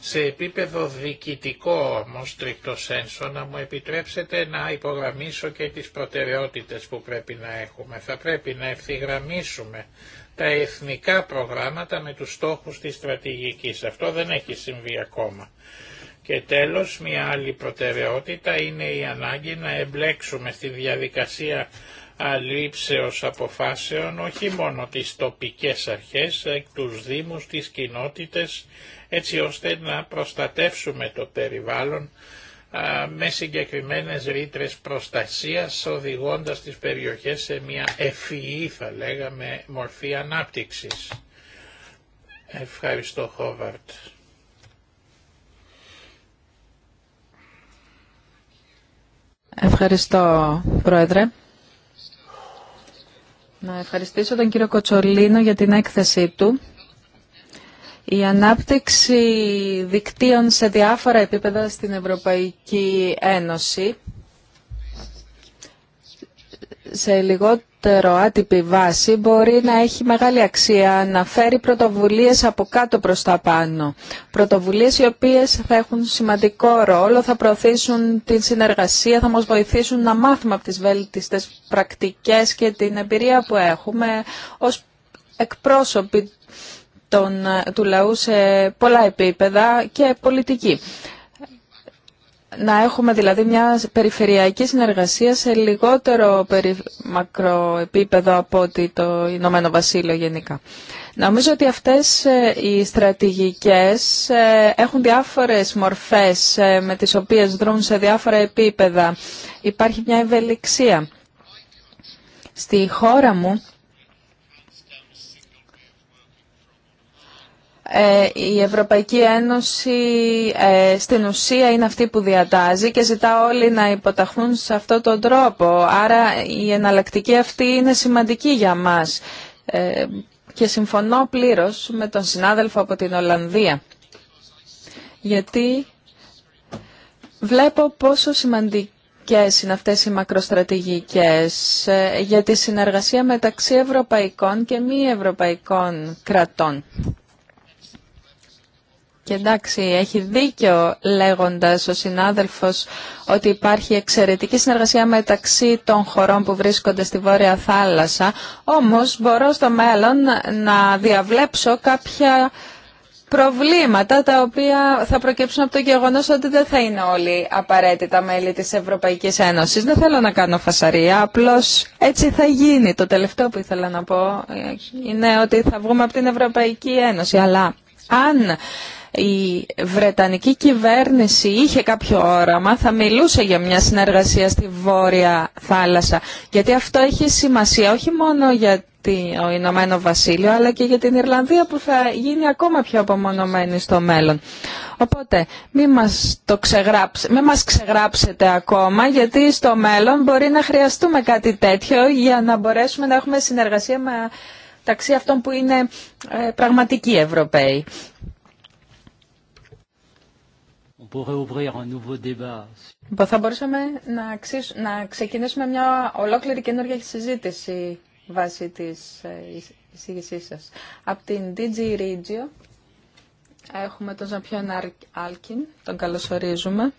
[SPEAKER 2] Σε επίπεδο διοικητικό όμως, τρικτό σένσο, να μου επιτρέψετε να υπογραμμίσω και τις προτεραιότητες που πρέπει να έχουμε. Θα πρέπει να ευθυγραμμίσουμε τα εθνικά προγράμματα με τους στόχους της στρατηγικής. Αυτό δεν έχει συμβεί ακόμα. Και τέλος, μια άλλη προτεραιότητα είναι η ανάγκη να εμπλέξουμε στη διαδικασία Αλήψεως αποφάσεων όχι μόνο τις τοπικές αρχές, τους δήμους, τις κοινότητες, έτσι ώστε να προστατεύσουμε το περιβάλλον με συγκεκριμένες ρήτρες προστασίας, οδηγώντας τις περιοχές σε μια ευφυή, θα λέγαμε, μορφή ανάπτυξης. Ευχαριστώ, Χόβαρτ.
[SPEAKER 4] Ευχαριστώ, Πρόεδρε. Να ευχαριστήσω τον κύριο Κοτσολίνο για την έκθεσή του. Η ανάπτυξη δικτύων σε διάφορα επίπεδα στην Ευρωπαϊκή Ένωση σε λιγότερο άτυπη βάση μπορεί να έχει μεγάλη αξία να φέρει πρωτοβουλίες από κάτω προς τα πάνω. Πρωτοβουλίες οι οποίες θα έχουν σημαντικό ρόλο, θα προωθήσουν την συνεργασία, θα μας βοηθήσουν να μάθουμε από τις βέλτιστες πρακτικές και την εμπειρία που έχουμε ως εκπρόσωποι των, του λαού σε πολλά επίπεδα και πολιτική να έχουμε δηλαδή μια περιφερειακή συνεργασία σε λιγότερο μακροεπίπεδο από ότι το Ηνωμένο Βασίλειο γενικά. Νομίζω ότι αυτές ε, οι στρατηγικές ε, έχουν διάφορες μορφές ε, με τις οποίες δρούν σε διάφορα επίπεδα. Υπάρχει μια ευελιξία. Στη χώρα μου Ε, η Ευρωπαϊκή Ένωση ε, στην ουσία είναι αυτή που διατάζει και ζητά όλοι να υποταχούν σε αυτόν τον τρόπο. Άρα η εναλλακτική αυτή είναι σημαντική για μας ε, και συμφωνώ πλήρως με τον συνάδελφο από την Ολλανδία. Γιατί βλέπω πόσο σημαντική είναι αυτές οι μακροστρατηγικές για τη συνεργασία μεταξύ ευρωπαϊκών και μη ευρωπαϊκών κρατών. Και εντάξει, έχει δίκιο λέγοντας ο συνάδελφος ότι υπάρχει εξαιρετική συνεργασία μεταξύ των χωρών που βρίσκονται στη Βόρεια Θάλασσα, όμως μπορώ στο μέλλον να διαβλέψω κάποια προβλήματα τα οποία θα προκύψουν από το γεγονός ότι δεν θα είναι όλοι απαραίτητα μέλη της Ευρωπαϊκής Ένωσης. Δεν θέλω να κάνω φασαρία, απλώς έτσι θα γίνει. Το τελευταίο που ήθελα να πω είναι ότι θα βγούμε από την Ευρωπαϊκή Ένωση, αλλά αν η Βρετανική κυβέρνηση είχε κάποιο όραμα, θα μιλούσε για μια συνεργασία στη Βόρεια Θάλασσα. Γιατί αυτό έχει σημασία όχι μόνο για το Ηνωμένο Βασίλειο, αλλά και για την Ιρλανδία που θα γίνει ακόμα πιο απομονωμένη στο μέλλον. Οπότε, μη μας, το μας ξεγράψετε ακόμα, γιατί στο μέλλον μπορεί να χρειαστούμε κάτι τέτοιο για να μπορέσουμε να έχουμε συνεργασία ταξί αυτών που είναι ε, πραγματικοί Ευρωπαίοι. Θα μπορούσαμε να, να ξεκινήσουμε μια ολόκληρη καινούργια συζήτηση βάσει της ε, εισήγησής σας. Από την DG Regio έχουμε τον Ζαμπιόν Άλκιν, τον καλωσορίζουμε.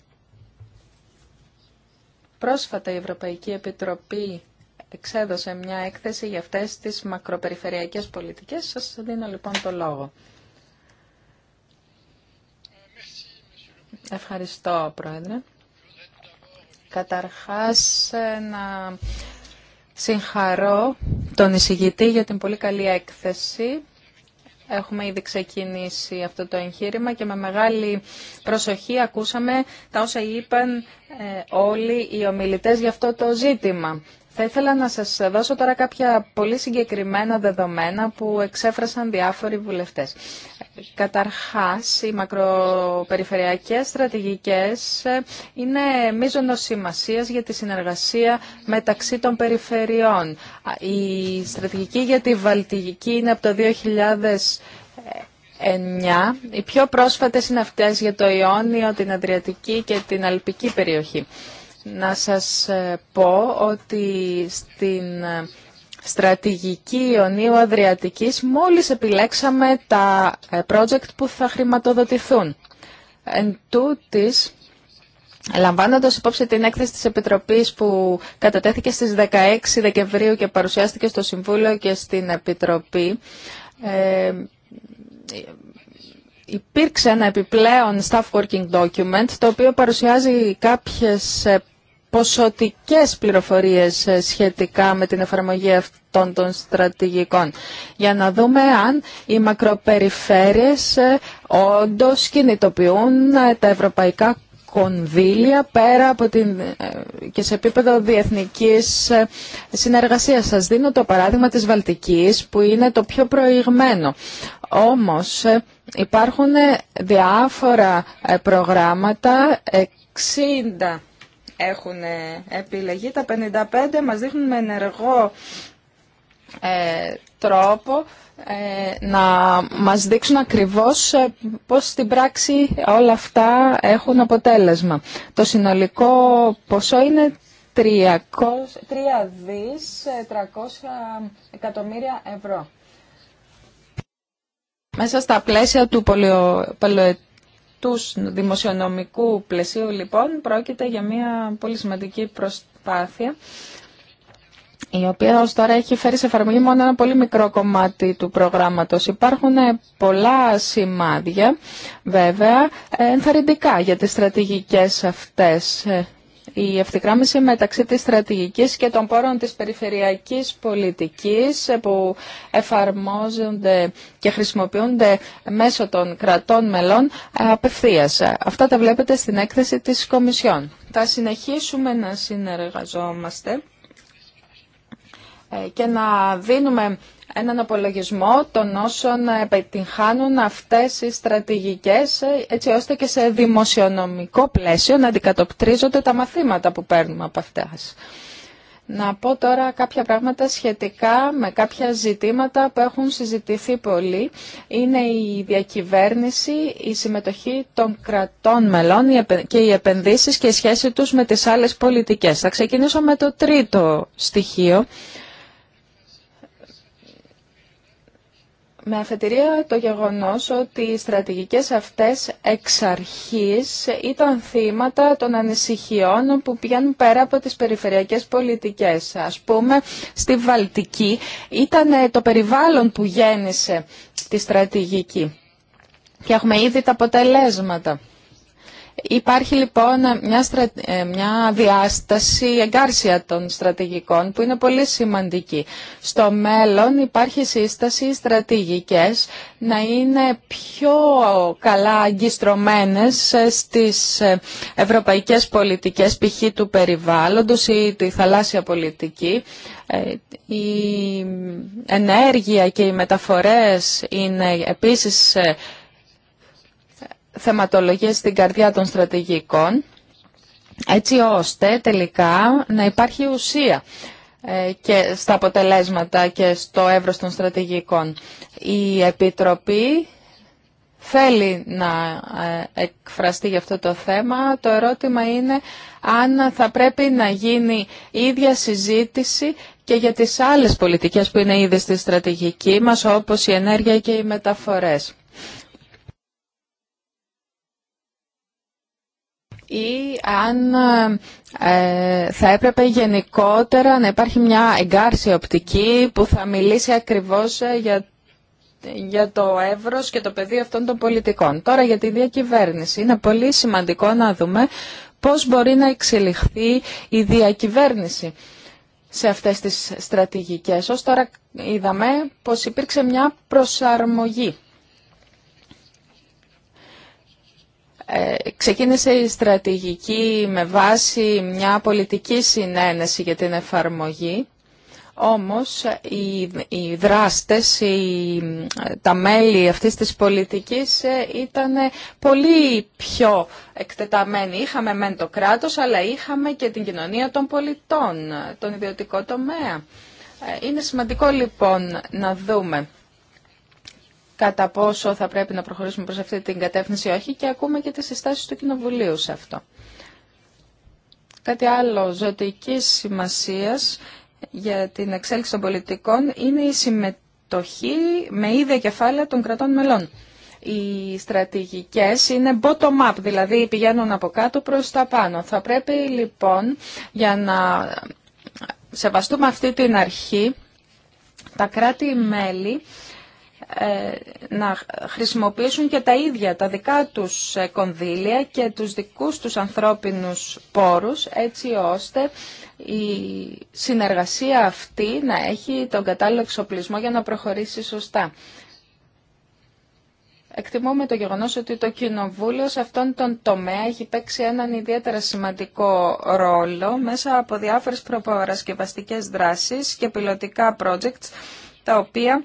[SPEAKER 4] Πρόσφατα η Ευρωπαϊκή Επιτροπή εξέδωσε μια έκθεση για αυτές τις μακροπεριφερειακές πολιτικές. Σας δίνω λοιπόν το λόγο. Ευχαριστώ, Πρόεδρε. Καταρχάς, να συγχαρώ τον εισηγητή για την πολύ καλή έκθεση. Έχουμε ήδη ξεκινήσει αυτό το εγχείρημα και με μεγάλη προσοχή ακούσαμε τα όσα είπαν ε, όλοι οι ομιλητές για αυτό το ζήτημα. Θα ήθελα να σας δώσω τώρα κάποια πολύ συγκεκριμένα δεδομένα που εξέφρασαν διάφοροι βουλευτές. Καταρχάς, οι μακροπεριφερειακές στρατηγικές ε, είναι μείζονος σημασία για τη συνεργασία μεταξύ των περιφερειών. Η στρατηγική για τη Βαλτιγική είναι από το 2009. Οι πιο πρόσφατες είναι αυτές για το Ιόνιο, την Αδριατική και την Αλπική περιοχή να σας ε, πω ότι στην ε, στρατηγική Ιωνίου Αδριατικής μόλις επιλέξαμε τα ε, project που θα χρηματοδοτηθούν. Εν τούτης, Λαμβάνοντας υπόψη την έκθεση της Επιτροπής που κατατέθηκε στις 16 Δεκεμβρίου και παρουσιάστηκε στο Συμβούλιο και στην Επιτροπή, ε, υπήρξε ένα επιπλέον staff working document το οποίο παρουσιάζει κάποιες ποσοτικές πληροφορίες ε, σχετικά με την εφαρμογή αυτών των στρατηγικών για να δούμε αν οι μακροπεριφέρειες ε, όντως κινητοποιούν ε, τα ευρωπαϊκά κονδύλια πέρα από την, και σε επίπεδο διεθνικής συνεργασίας. Σας δίνω το παράδειγμα της Βαλτικής που είναι το πιο προηγμένο. Όμως υπάρχουν διάφορα προγράμματα 60 έχουν ε, επιλεγεί. Τα 55 μας δείχνουν με ενεργό ε, τρόπο ε, να μας δείξουν ακριβώς πώς στην πράξη όλα αυτά έχουν αποτέλεσμα. Το συνολικό ποσό είναι 3 300 εκατομμύρια ευρώ. Μέσα στα πλαίσια του πολυετού του δημοσιονομικού πλαισίου λοιπόν πρόκειται για μια πολύ σημαντική προσπάθεια η οποία ως τώρα έχει φέρει σε εφαρμογή μόνο ένα πολύ μικρό κομμάτι του προγράμματος. Υπάρχουν ε, πολλά σημάδια, βέβαια, ενθαρρυντικά για τις στρατηγικές αυτές. Ε, η ευθυγράμμιση μεταξύ της στρατηγικής και των πόρων της περιφερειακής πολιτικής που εφαρμόζονται και χρησιμοποιούνται μέσω των κρατών μελών απευθείας. Αυτά τα βλέπετε στην έκθεση της Κομισιόν. Θα συνεχίσουμε να συνεργαζόμαστε ε, και να δίνουμε έναν απολογισμό των όσων επιτυγχάνουν αυτές οι στρατηγικές έτσι ώστε και σε δημοσιονομικό πλαίσιο να αντικατοπτρίζονται τα μαθήματα που παίρνουμε από αυτές. Να πω τώρα κάποια πράγματα σχετικά με κάποια ζητήματα που έχουν συζητηθεί πολύ. Είναι η διακυβέρνηση, η συμμετοχή των κρατών μελών και οι επενδύσεις και η σχέση τους με τις άλλες πολιτικές. Θα ξεκινήσω με το τρίτο στοιχείο με αφετηρία το γεγονός ότι οι στρατηγικές αυτές εξ αρχής ήταν θύματα των ανησυχιών που πηγαίνουν πέρα από τις περιφερειακές πολιτικές. Ας πούμε, στη Βαλτική ήταν ε, το περιβάλλον που γέννησε τη στρατηγική και έχουμε ήδη τα αποτελέσματα. Υπάρχει λοιπόν μια, ε, μια διάσταση εγκάρσια των στρατηγικών που είναι πολύ σημαντική. Στο μέλλον υπάρχει σύσταση οι στρατηγικές να είναι πιο καλά αγκιστρωμένες στις ευρωπαϊκές πολιτικές π.χ. του περιβάλλοντος ή τη θαλάσσια πολιτική. Ε, η ενέργεια και οι μεταφορές είναι επίσης ε, θεματολογίες στην καρδιά των στρατηγικών, έτσι ώστε τελικά να υπάρχει ουσία ε, και στα αποτελέσματα και στο εύρος των στρατηγικών. Η Επιτροπή θέλει να ε, εκφραστεί για αυτό το θέμα. Το ερώτημα είναι αν θα πρέπει να γίνει ίδια συζήτηση και για τις άλλες πολιτικές που είναι ήδη στη στρατηγική μας, όπως η ενέργεια και οι μεταφορές. ή αν ε, θα έπρεπε γενικότερα να υπάρχει μια εγκάρση οπτική που θα μιλήσει ακριβώς ε, για για το εύρος και το πεδίο αυτών των πολιτικών. Τώρα για τη διακυβέρνηση είναι πολύ σημαντικό να δούμε πώς μπορεί να εξελιχθεί η διακυβέρνηση σε αυτές τις στρατηγικές. Ως τώρα είδαμε πως υπήρξε μια προσαρμογή Ε, ξεκίνησε η στρατηγική με βάση μια πολιτική συνένεση για την εφαρμογή, όμως οι, οι δράστες, οι, τα μέλη αυτής της πολιτικής ε, ήταν πολύ πιο εκτεταμένοι. Είχαμε μεν το κράτος, αλλά είχαμε και την κοινωνία των πολιτών, τον ιδιωτικό τομέα. Ε, είναι σημαντικό λοιπόν να δούμε κατά πόσο θα πρέπει να προχωρήσουμε προς αυτή την κατεύθυνση ή όχι και ακούμε και τις συστάσεις του Κοινοβουλίου σε αυτό. Κάτι άλλο ζωτικής σημασίας για την εξέλιξη των πολιτικών είναι η συμμετοχή με ίδια κεφάλαια των κρατών μελών. Οι στρατηγικές είναι bottom-up, δηλαδή πηγαίνουν από κάτω προς τα πάνω. Θα πρέπει λοιπόν για να σεβαστούμε αυτή την αρχή τα κράτη-μέλη ε, να χρησιμοποιήσουν και τα ίδια τα δικά τους ε, κονδύλια και τους δικούς τους ανθρώπινους πόρους έτσι ώστε η συνεργασία αυτή να έχει τον κατάλληλο εξοπλισμό για να προχωρήσει σωστά. Εκτιμούμε το γεγονός ότι το Κοινοβούλιο σε αυτόν τον τομέα έχει παίξει έναν ιδιαίτερα σημαντικό ρόλο μέσα από διάφορες προπαρασκευαστικές δράσεις και πιλωτικά projects τα οποία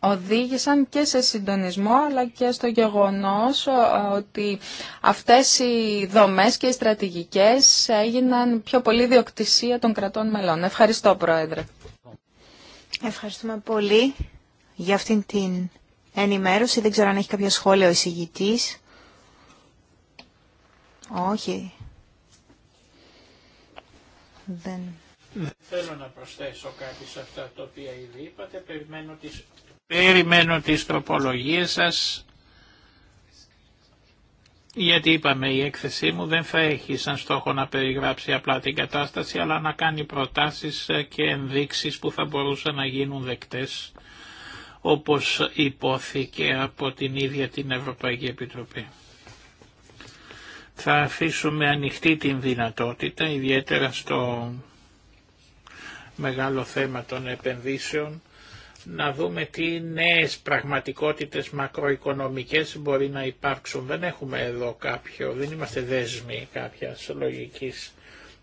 [SPEAKER 4] οδήγησαν και σε συντονισμό αλλά και στο γεγονός ε, ότι αυτές οι δομές και οι στρατηγικές έγιναν πιο πολύ διοκτησία των κρατών μελών. Ευχαριστώ Πρόεδρε.
[SPEAKER 5] Ευχαριστούμε πολύ για αυτήν την ενημέρωση. Δεν ξέρω αν έχει κάποια σχόλια ο εισηγητής. Όχι. Δεν...
[SPEAKER 2] θέλω να προσθέσω κάτι σε αυτά τα οποία ήδη είπατε. Περιμένω τις
[SPEAKER 5] Περιμένω τις τροπολογίες
[SPEAKER 2] σας, γιατί είπαμε η έκθεσή μου δεν θα έχει σαν στόχο να περιγράψει απλά την κατάσταση, αλλά να κάνει προτάσεις και ενδείξεις που θα μπορούσαν να γίνουν δεκτές, όπως υπόθηκε από την ίδια την Ευρωπαϊκή Επιτροπή. Θα αφήσουμε ανοιχτή την δυνατότητα, ιδιαίτερα στο μεγάλο θέμα των επενδύσεων, να δούμε τι νέες πραγματικότητες μακροοικονομικές μπορεί να υπάρξουν. Δεν έχουμε εδώ κάποιο, δεν είμαστε δέσμοι κάποιας λογικής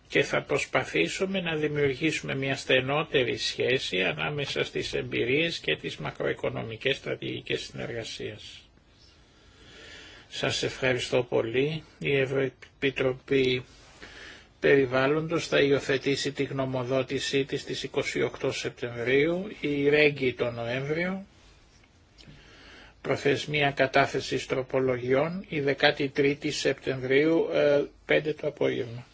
[SPEAKER 2] και θα προσπαθήσουμε να δημιουργήσουμε μια στενότερη σχέση ανάμεσα στις εμπειρίες και τις μακροοικονομικές στρατηγικές συνεργασίες. Σας ευχαριστώ πολύ. Η Ευρωεπιτροπή περιβάλλοντος θα υιοθετήσει τη γνωμοδότησή της στις 28 Σεπτεμβρίου, η Ρέγγι το Νοέμβριο, προθεσμία κατάθεσης τροπολογιών, η 13η Σεπτεμβρίου, 5 ε, το απόγευμα.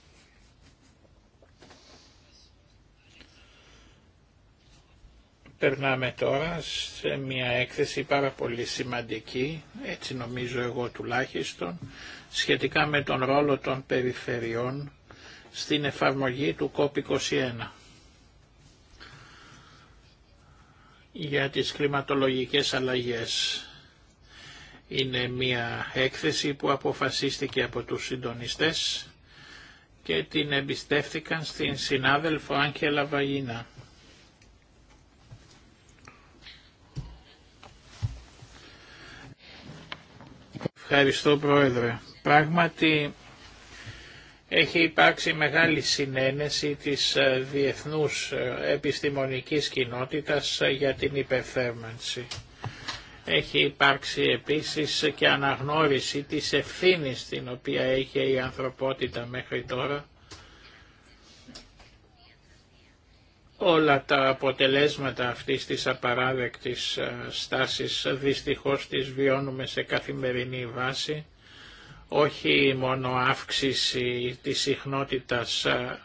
[SPEAKER 2] Περνάμε τώρα σε μια έκθεση πάρα πολύ σημαντική, έτσι νομίζω εγώ τουλάχιστον, σχετικά με τον ρόλο των περιφερειών στην εφαρμογή του COP21 για τις κλιματολογικές αλλαγές. Είναι μια έκθεση που αποφασίστηκε από τους συντονιστές και την εμπιστεύτηκαν στην συνάδελφο Άγγελα Βαγίνα. Ευχαριστώ Πρόεδρε. Πράγματι έχει υπάρξει μεγάλη συνένεση της ε, διεθνούς ε, επιστημονικής κοινότητας ε, για την υπερθέρμανση. Έχει υπάρξει επίσης και αναγνώριση της ευθύνης την οποία έχει η ανθρωπότητα μέχρι τώρα όλα τα αποτελέσματα αυτής της απαράδεκτης στάσης δυστυχώς τις βιώνουμε σε καθημερινή βάση όχι μόνο αύξηση της συχνότητας ε,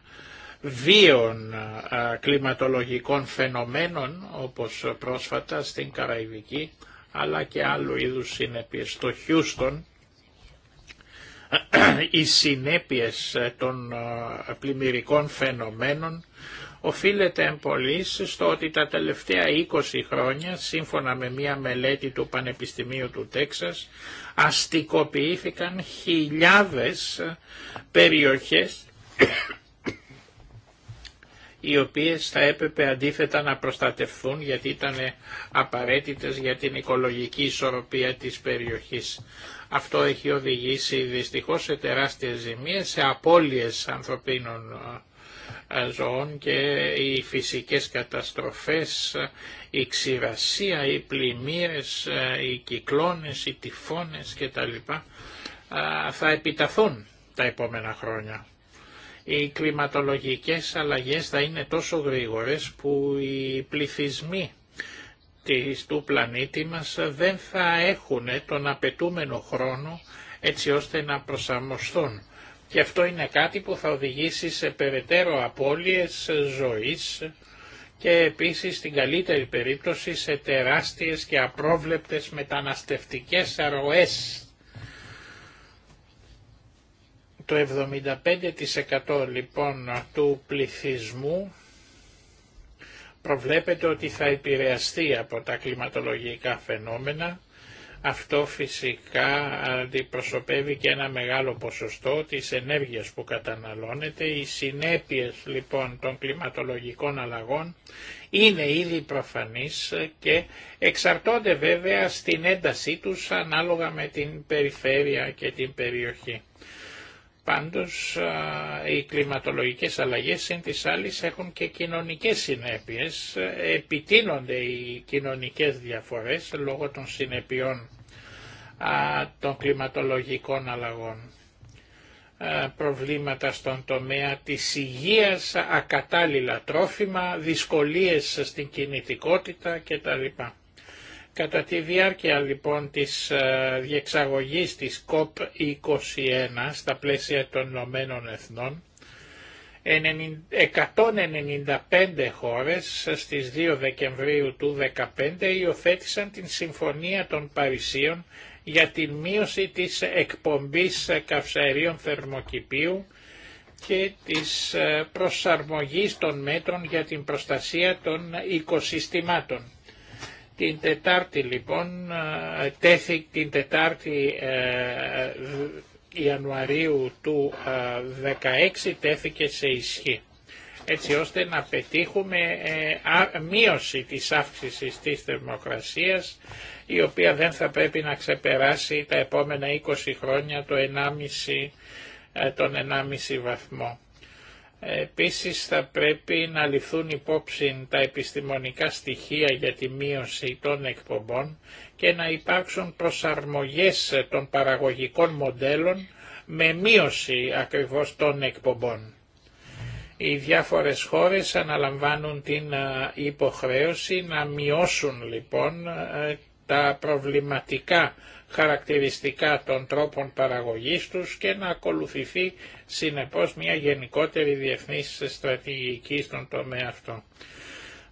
[SPEAKER 2] βίων ε, κλιματολογικών φαινομένων όπως πρόσφατα στην Καραϊβική αλλά και άλλου είδους συνέπειες. Στο Χιούστον οι συνέπειες ε, των πλημμυρικών φαινομένων οφείλεται εμπολής στο ότι τα τελευταία 20 χρόνια, σύμφωνα με μία μελέτη του Πανεπιστημίου του Τέξας, αστικοποιήθηκαν χιλιάδες περιοχές οι οποίες θα έπρεπε αντίθετα να προστατευθούν γιατί ήταν απαραίτητες για την οικολογική ισορροπία της περιοχής. Αυτό έχει οδηγήσει δυστυχώς σε τεράστιες ζημίες, σε απώλειες ανθρωπίνων ζώων και οι φυσικές καταστροφές, η ξηρασία, οι πλημμύρες, ε, οι κυκλώνες, οι τυφώνες κτλ. θα επιταθούν τα επόμενα χρόνια. Οι κλιματολογικές αλλαγές θα είναι τόσο γρήγορες που οι πληθυσμοί του πλανήτη μας δεν θα έχουν τον απαιτούμενο χρόνο έτσι ώστε να προσαρμοστούν και αυτό είναι κάτι που θα οδηγήσει σε περαιτέρω απώλειες ζωής και επίσης στην καλύτερη περίπτωση σε τεράστιες και απρόβλεπτες μεταναστευτικές αρωές. Το 75% λοιπόν του πληθυσμού προβλέπεται ότι θα επηρεαστεί από τα κλιματολογικά φαινόμενα αυτό φυσικά αντιπροσωπεύει και ένα μεγάλο ποσοστό της ενέργειας που καταναλώνεται. Οι συνέπειες λοιπόν των κλιματολογικών αλλαγών είναι ήδη προφανείς και εξαρτώνται βέβαια στην έντασή τους ανάλογα με την περιφέρεια και την περιοχή. Πάντως οι κλιματολογικές αλλαγές σύν της άλλης έχουν και κοινωνικές συνέπειες, επιτείνονται οι κοινωνικές διαφορές λόγω των συνεπειών των κλιματολογικών αλλαγών. Προβλήματα στον τομέα της υγείας, ακατάλληλα τρόφιμα, δυσκολίες στην κινητικότητα κτλ. Κατά τη διάρκεια λοιπόν της διεξαγωγής της COP21 στα πλαίσια των Ηνωμένων Εθνών, 195 χώρες στις 2 Δεκεμβρίου του 2015 υιοθέτησαν την Συμφωνία των Παρισίων για την μείωση της εκπομπής καυσαερίων θερμοκηπίου και της ε, προσαρμογής των μέτρων για την προστασία των οικοσυστημάτων. Την Τετάρτη λοιπόν, ε, τέθη την Τετάρτη ε, Ιανουαρίου του 2016 τέθηκε σε ισχύ έτσι ώστε να πετύχουμε ε, μείωση της αύξησης της θερμοκρασίας η οποία δεν θα πρέπει να ξεπεράσει τα επόμενα 20 χρόνια το 1,5, ε, τον 1,5 βαθμό. Επίσης θα πρέπει να ληφθούν υπόψη τα επιστημονικά στοιχεία για τη μείωση των εκπομπών και να υπάρξουν προσαρμογές των παραγωγικών μοντέλων με μείωση ακριβώς των εκπομπών. Οι διάφορες χώρες αναλαμβάνουν την ε, υποχρέωση να μειώσουν λοιπόν ε, τα προβληματικά χαρακτηριστικά των τρόπων παραγωγής τους και να ακολουθηθεί συνεπώς μια γενικότερη διεθνής στρατηγική στον τομέα αυτό.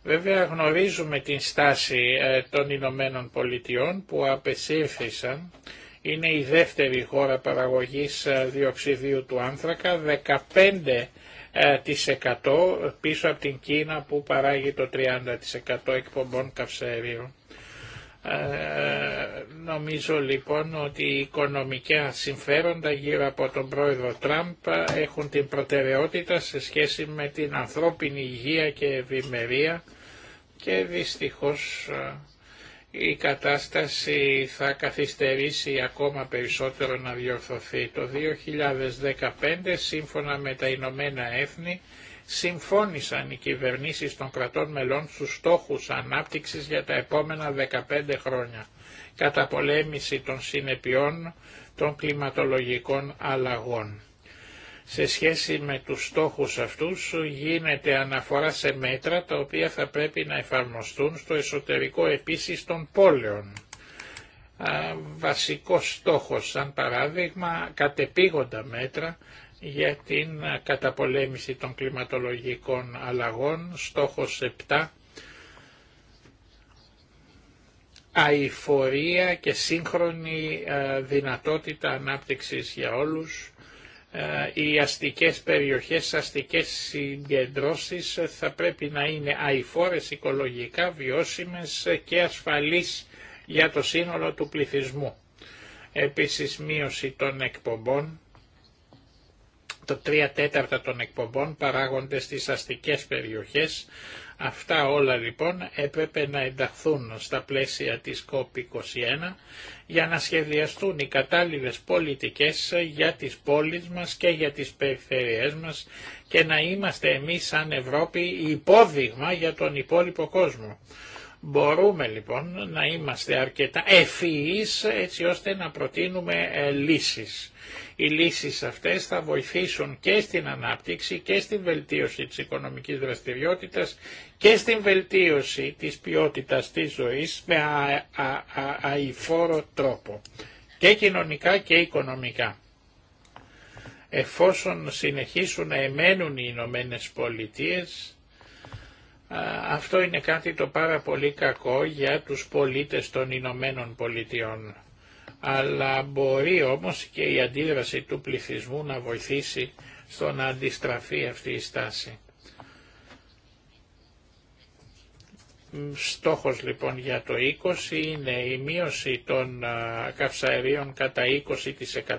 [SPEAKER 2] Βέβαια γνωρίζουμε την στάση ε, των Ηνωμένων Πολιτειών που απεσύρθησαν. Είναι η δεύτερη χώρα παραγωγής διοξιδίου του άνθρακα, 15 100 πίσω από την Κίνα που παράγει το 30% εκπομπών καυσαερίων. Ε, νομίζω λοιπόν ότι οι οικονομικά συμφέροντα γύρω από τον πρόεδρο Τραμπ έχουν την προτεραιότητα σε σχέση με την ανθρώπινη υγεία και ευημερία και δυστυχώς ε, η κατάσταση θα καθυστερήσει ακόμα περισσότερο να διορθωθεί. Το 2015 σύμφωνα με τα Ηνωμένα Έθνη συμφώνησαν οι κυβερνήσεις των κρατών μελών στους στόχους ανάπτυξης για τα επόμενα 15 χρόνια. πολέμηση των συνεπειών των κλιματολογικών αλλαγών σε σχέση με τους στόχους αυτούς γίνεται αναφορά σε μέτρα τα οποία θα πρέπει να εφαρμοστούν στο εσωτερικό επίσης των πόλεων. Βασικό στόχος, σαν παράδειγμα, κατεπήγοντα μέτρα για την καταπολέμηση των κλιματολογικών αλλαγών, στόχος 7, αηφορία και σύγχρονη δυνατότητα ανάπτυξης για όλους, ε, οι αστικές περιοχές, αστικές συγκεντρώσεις θα πρέπει να είναι αηφόρες οικολογικά, βιώσιμες και ασφαλείς για το σύνολο του πληθυσμού. Επίσης μείωση των εκπομπών, το 3 τέταρτα των εκπομπών παράγονται στις αστικές περιοχές, Αυτά όλα λοιπόν έπρεπε να ενταχθούν στα πλαίσια της COP21 για να σχεδιαστούν οι κατάλληλες πολιτικές για τις πόλεις μας και για τις περιφερειές μας και να είμαστε εμείς σαν Ευρώπη υπόδειγμα για τον υπόλοιπο κόσμο. Μπορούμε λοιπόν να είμαστε αρκετά ευφυείς έτσι ώστε να προτείνουμε ε, λύσεις. Οι λύσεις αυτές θα βοηθήσουν και στην ανάπτυξη και στην βελτίωση της οικονομικής δραστηριότητας και στην βελτίωση της ποιότητας της ζωής με αηφόρο τρόπο και κοινωνικά και οικονομικά. Εφόσον συνεχίσουν να εμένουν οι Ηνωμένε Πολιτείες, αυτό είναι κάτι το πάρα πολύ κακό για τους πολίτες των Ηνωμένων Πολιτειών. Αλλά μπορεί όμως και η αντίδραση του πληθυσμού να βοηθήσει στο να αντιστραφεί αυτή η στάση. Στόχος λοιπόν για το 20 είναι η μείωση των καυσαερίων κατά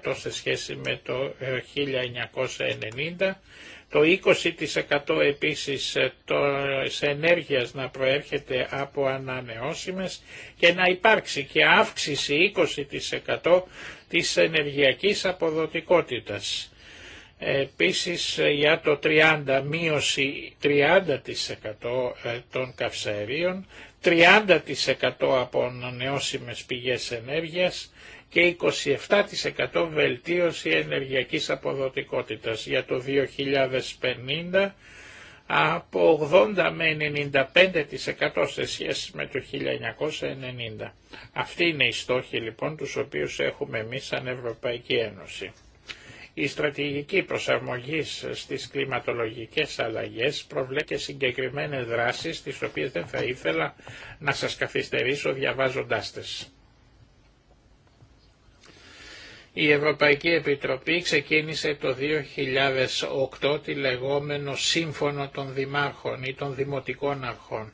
[SPEAKER 2] 20% σε σχέση με το 1990 ε, το 20% επίσης ε, της ενέργειας να προέρχεται από ανανεώσιμες και να υπάρξει και αύξηση 20% της ενεργειακής αποδοτικότητας. Επίσης ε, για το 30 μείωση 30% ε, των καυσαερίων, 30% από ανανεώσιμες πηγές ενέργειας και 27% βελτίωση ενεργειακής αποδοτικότητας για το 2050 από 80 με 95% σε σχέση με το 1990. Αυτή είναι η στόχη λοιπόν τους οποίους έχουμε εμείς σαν Ευρωπαϊκή Ένωση. Η στρατηγική προσαρμογή στις κλιματολογικές αλλαγές προβλέπει και συγκεκριμένες δράσεις τις οποίες δεν θα ήθελα να σας καθυστερήσω διαβάζοντάς τις. Η Ευρωπαϊκή Επιτροπή ξεκίνησε το 2008 τη λεγόμενο σύμφωνο των δημάρχων ή των δημοτικών αρχών.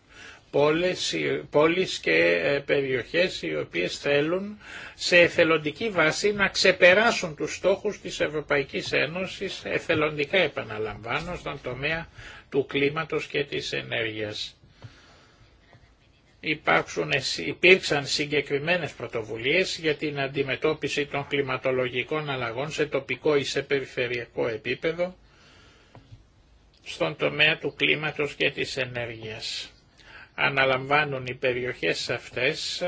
[SPEAKER 2] Πόλες, πόλεις και ε, περιοχές οι οποίες θέλουν σε εθελοντική βάση να ξεπεράσουν τους στόχους της Ευρωπαϊκής Ένωσης εθελοντικά επαναλαμβάνω στον τομέα του κλίματος και της ενέργειας υπάρξουν, υπήρξαν συγκεκριμένες πρωτοβουλίες για την αντιμετώπιση των κλιματολογικών αλλαγών σε τοπικό ή σε περιφερειακό επίπεδο στον τομέα του κλίματος και της ενέργειας. Αναλαμβάνουν οι περιοχές αυτές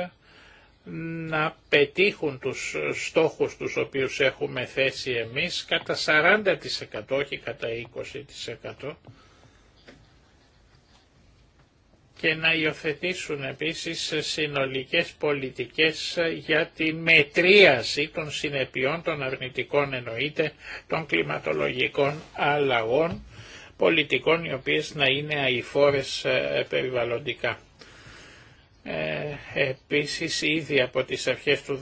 [SPEAKER 2] να πετύχουν τους στόχους τους οποίους έχουμε θέσει εμείς κατά 40% όχι κατά 20% και να υιοθετήσουν επίσης συνολικές πολιτικές για τη μετρίαση των συνεπειών των αρνητικών εννοείται των κλιματολογικών αλλαγών πολιτικών οι οποίες να είναι αηφόρες ε, περιβαλλοντικά. Ε, επίσης ήδη από τις αρχές του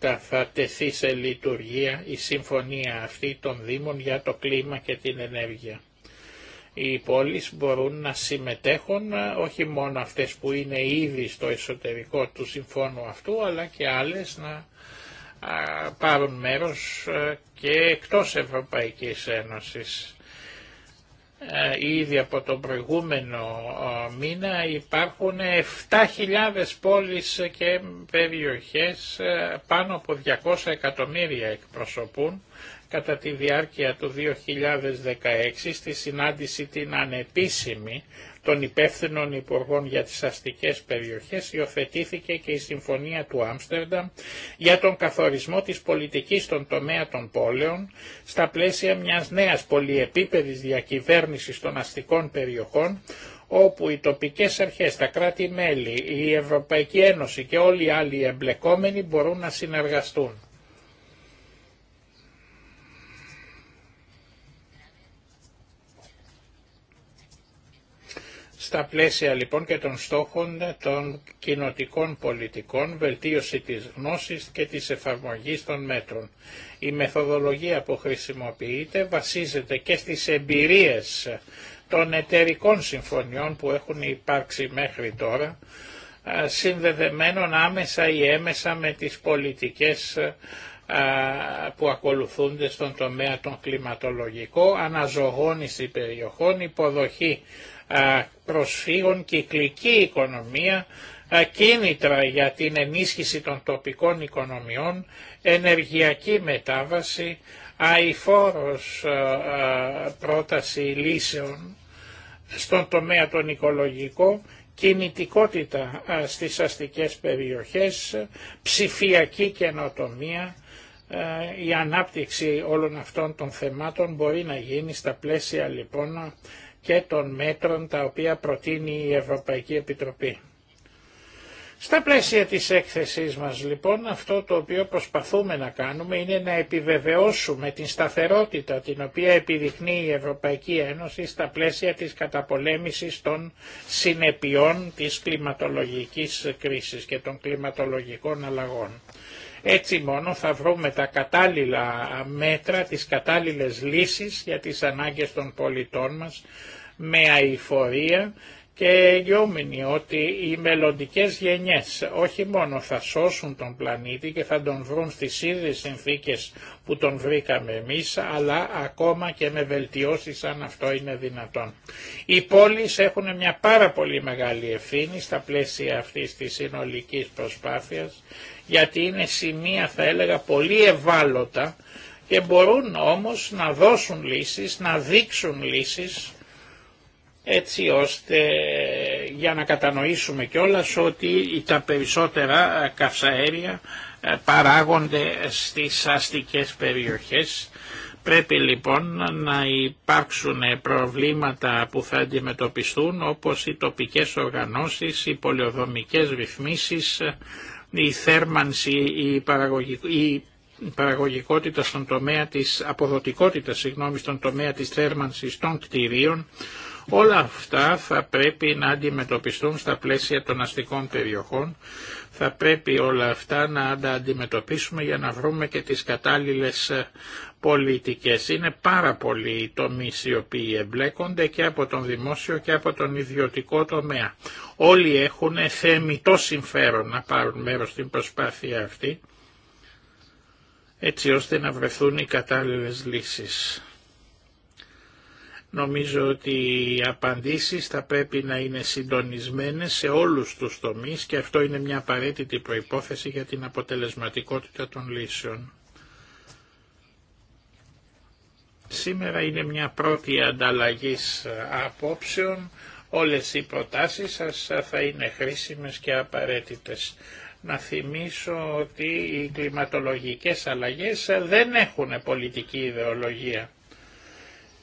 [SPEAKER 2] 2017 θα τεθεί σε λειτουργία η συμφωνία αυτή των Δήμων για το κλίμα και την ενέργεια οι πόλεις μπορούν να συμμετέχουν ε, όχι μόνο αυτές που είναι ήδη στο εσωτερικό του συμφώνου αυτού αλλά και άλλες να πάρουν μέρος ε, και εκτός Ευρωπαϊκής Ένωσης. Ε, ήδη από τον προηγούμενο μήνα υπάρχουν 7.000 πόλεις και περιοχές πάνω από 200 εκατομμύρια εκπροσωπούν κατά τη διάρκεια του 2016 στη συνάντηση την ανεπίσημη των υπεύθυνων υπουργών για τις αστικές περιοχές υιοθετήθηκε και η Συμφωνία του Άμστερνταμ για τον καθορισμό της πολιτικής στον τομέα των πόλεων στα πλαίσια μιας νέας πολυεπίπεδης διακυβέρνησης των αστικών περιοχών όπου οι τοπικές αρχές, τα κράτη-μέλη, η Ευρωπαϊκή Ένωση και όλοι οι άλλοι εμπλεκόμενοι μπορούν να συνεργαστούν. Στα πλαίσια λοιπόν και των στόχων των κοινοτικών πολιτικών, βελτίωση της γνώσης και της εφαρμογής των μέτρων. Η μεθοδολογία που χρησιμοποιείται βασίζεται και στις εμπειρίες των εταιρικών συμφωνιών που έχουν υπάρξει μέχρι τώρα, συνδεδεμένων άμεσα ή έμεσα με τις πολιτικές που ακολουθούνται στον τομέα των κλιματολογικών, αναζωγόνηση περιοχών, υποδοχή ε, προσφύγων, κυκλική οικονομία, ε, κίνητρα για την ενίσχυση των τοπικών οικονομιών, ενεργειακή μετάβαση, αηφόρος ε, πρόταση λύσεων στον τομέα των οικολογικό, κινητικότητα στις αστικές περιοχές, ψηφιακή καινοτομία, η ανάπτυξη όλων αυτών των θεμάτων μπορεί να γίνει στα πλαίσια λοιπόν και των μέτρων τα οποία προτείνει η Ευρωπαϊκή Επιτροπή. Στα πλαίσια της έκθεσής μας λοιπόν αυτό το οποίο προσπαθούμε να κάνουμε είναι να επιβεβαιώσουμε την σταθερότητα την οποία επιδεικνύει η Ευρωπαϊκή Ένωση στα πλαίσια της καταπολέμησης των συνεπειών της κλιματολογικής κρίσης και των κλιματολογικών αλλαγών. Έτσι μόνο θα βρούμε τα κατάλληλα μέτρα, τις κατάλληλες λύσεις για τις ανάγκες των πολιτών μας με αηφορία και εγγυόμενοι ότι οι μελλοντικέ γενιές όχι μόνο θα σώσουν τον πλανήτη και θα τον βρουν στις ίδιες συνθήκες που τον βρήκαμε εμείς, αλλά ακόμα και με βελτιώσεις αν αυτό είναι δυνατόν. Οι πόλεις έχουν μια πάρα πολύ μεγάλη ευθύνη στα πλαίσια αυτής της συνολικής προσπάθειας, γιατί είναι σημεία θα έλεγα πολύ ευάλωτα και μπορούν όμως να δώσουν λύσεις, να δείξουν λύσεις, έτσι ώστε για να κατανοήσουμε κιόλας ότι τα περισσότερα καυσαέρια ε, παράγονται στις αστικές περιοχές. Πρέπει λοιπόν να υπάρξουν προβλήματα που θα αντιμετωπιστούν όπως οι τοπικές οργανώσεις, οι πολεοδομικές ρυθμίσεις, η θέρμανση, η, η παραγωγικότητα στον τομέα της αποδοτικότητα, συγγνώμη, στον τομέα της θέρμανσης των κτηρίων, Όλα αυτά θα πρέπει να αντιμετωπιστούν στα πλαίσια των αστικών περιοχών. Θα πρέπει όλα αυτά να τα αντιμετωπίσουμε για να βρούμε και τις κατάλληλες ε, πολιτικές. Είναι πάρα πολλοί οι τομείς οι οποίοι εμπλέκονται και από τον δημόσιο και από τον ιδιωτικό τομέα. Όλοι έχουν θεμητό συμφέρον να πάρουν μέρος στην προσπάθεια αυτή έτσι ώστε να βρεθούν οι κατάλληλες λύσεις. Νομίζω ότι οι απαντήσεις θα πρέπει να είναι συντονισμένες σε όλους τους τομείς και αυτό είναι μια απαραίτητη προϋπόθεση για την αποτελεσματικότητα των λύσεων. Σήμερα είναι μια πρώτη ανταλλαγή απόψεων. Όλες οι προτάσεις σας θα είναι χρήσιμες και απαραίτητες. Να θυμίσω ότι οι κλιματολογικές αλλαγές δεν έχουν πολιτική ιδεολογία.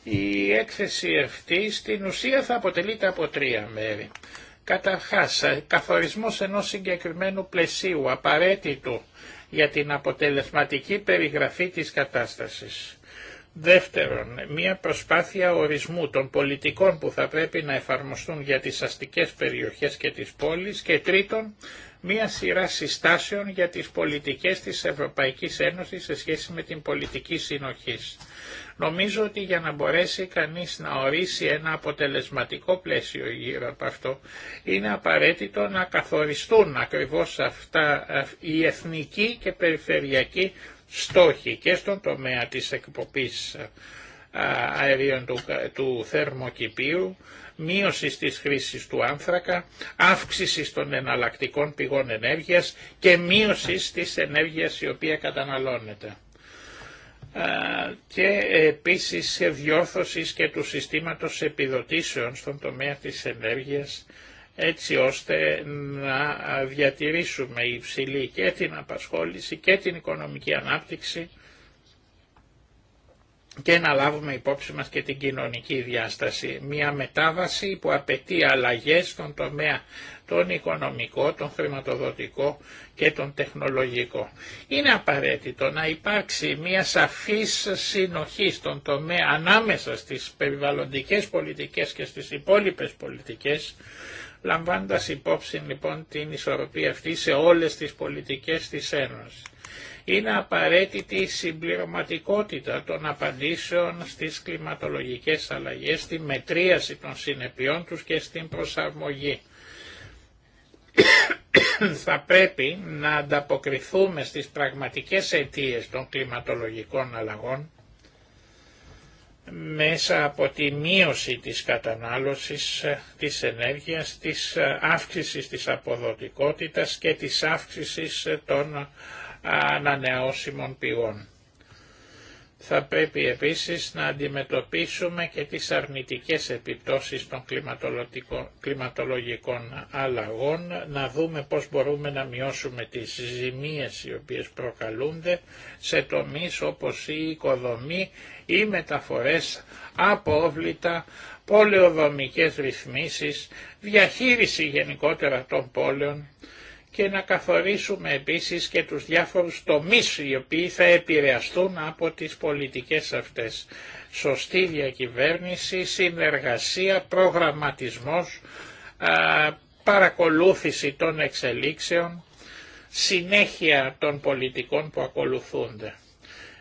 [SPEAKER 2] Η έκθεση αυτή στην ουσία θα αποτελείται από τρία μέρη. Καταρχάς, ε, καθορισμός ενός συγκεκριμένου πλαισίου απαραίτητου για την αποτελεσματική περιγραφή της κατάστασης. Δεύτερον, μια προσπάθεια ορισμού των πολιτικών που θα πρέπει να εφαρμοστούν για τις αστικές περιοχές και τις πόλεις και τρίτον, μια σειρά συστάσεων για τις πολιτικές της Ευρωπαϊκής Ένωσης σε σχέση με την πολιτική συνοχής. Νομίζω ότι για να μπορέσει κανείς να ορίσει ένα αποτελεσματικό πλαίσιο γύρω από αυτό, είναι απαραίτητο να καθοριστούν ακριβώς αυτά οι εθνικοί και περιφερειακοί στόχοι και στον τομέα της εκποπής αερίων του, του θερμοκηπίου, μείωση της χρήσης του άνθρακα, αύξηση των εναλλακτικών πηγών ενέργειας και μείωση της ενέργειας η οποία καταναλώνεται και επίσης διόρθωση και του συστήματος επιδοτήσεων στον τομέα της ενέργειας έτσι ώστε να διατηρήσουμε υψηλή και την απασχόληση και την οικονομική ανάπτυξη και να λάβουμε υπόψη μας και την κοινωνική διάσταση. Μια μετάβαση που απαιτεί αλλαγές στον τομέα τον οικονομικό, τον χρηματοδοτικό και τον τεχνολογικό. Είναι απαραίτητο να υπάρξει μια σαφής συνοχή στον τομέα ανάμεσα στις περιβαλλοντικές πολιτικές και στις υπόλοιπες πολιτικές, λαμβάνοντας υπόψη λοιπόν την ισορροπία αυτή σε όλες τις πολιτικές της Ένωσης είναι απαραίτητη η συμπληρωματικότητα των απαντήσεων στις κλιματολογικές αλλαγές, στη μετρίαση των συνεπειών τους και στην προσαρμογή. Θα πρέπει να ανταποκριθούμε στις πραγματικές αιτίες των κλιματολογικών αλλαγών μέσα από τη μείωση της κατανάλωσης της ενέργειας, της αύξησης της αποδοτικότητας και της αύξησης των ανανεώσιμων πηγών. Θα πρέπει επίσης να αντιμετωπίσουμε και τις αρνητικές επιπτώσεις των κλιματολογικών αλλαγών, να δούμε πώς μπορούμε να μειώσουμε τις ζημίες οι οποίες προκαλούνται σε τομείς όπως η οικοδομή ή μεταφορές, απόβλητα, πολεοδομικές ρυθμίσεις, διαχείριση γενικότερα των πόλεων, και να καθορίσουμε επίσης και τους διάφορους τομείς οι οποίοι θα επηρεαστούν από τις πολιτικές αυτές. Σωστή διακυβέρνηση, συνεργασία, προγραμματισμός, παρακολούθηση των εξελίξεων, συνέχεια των πολιτικών που ακολουθούνται.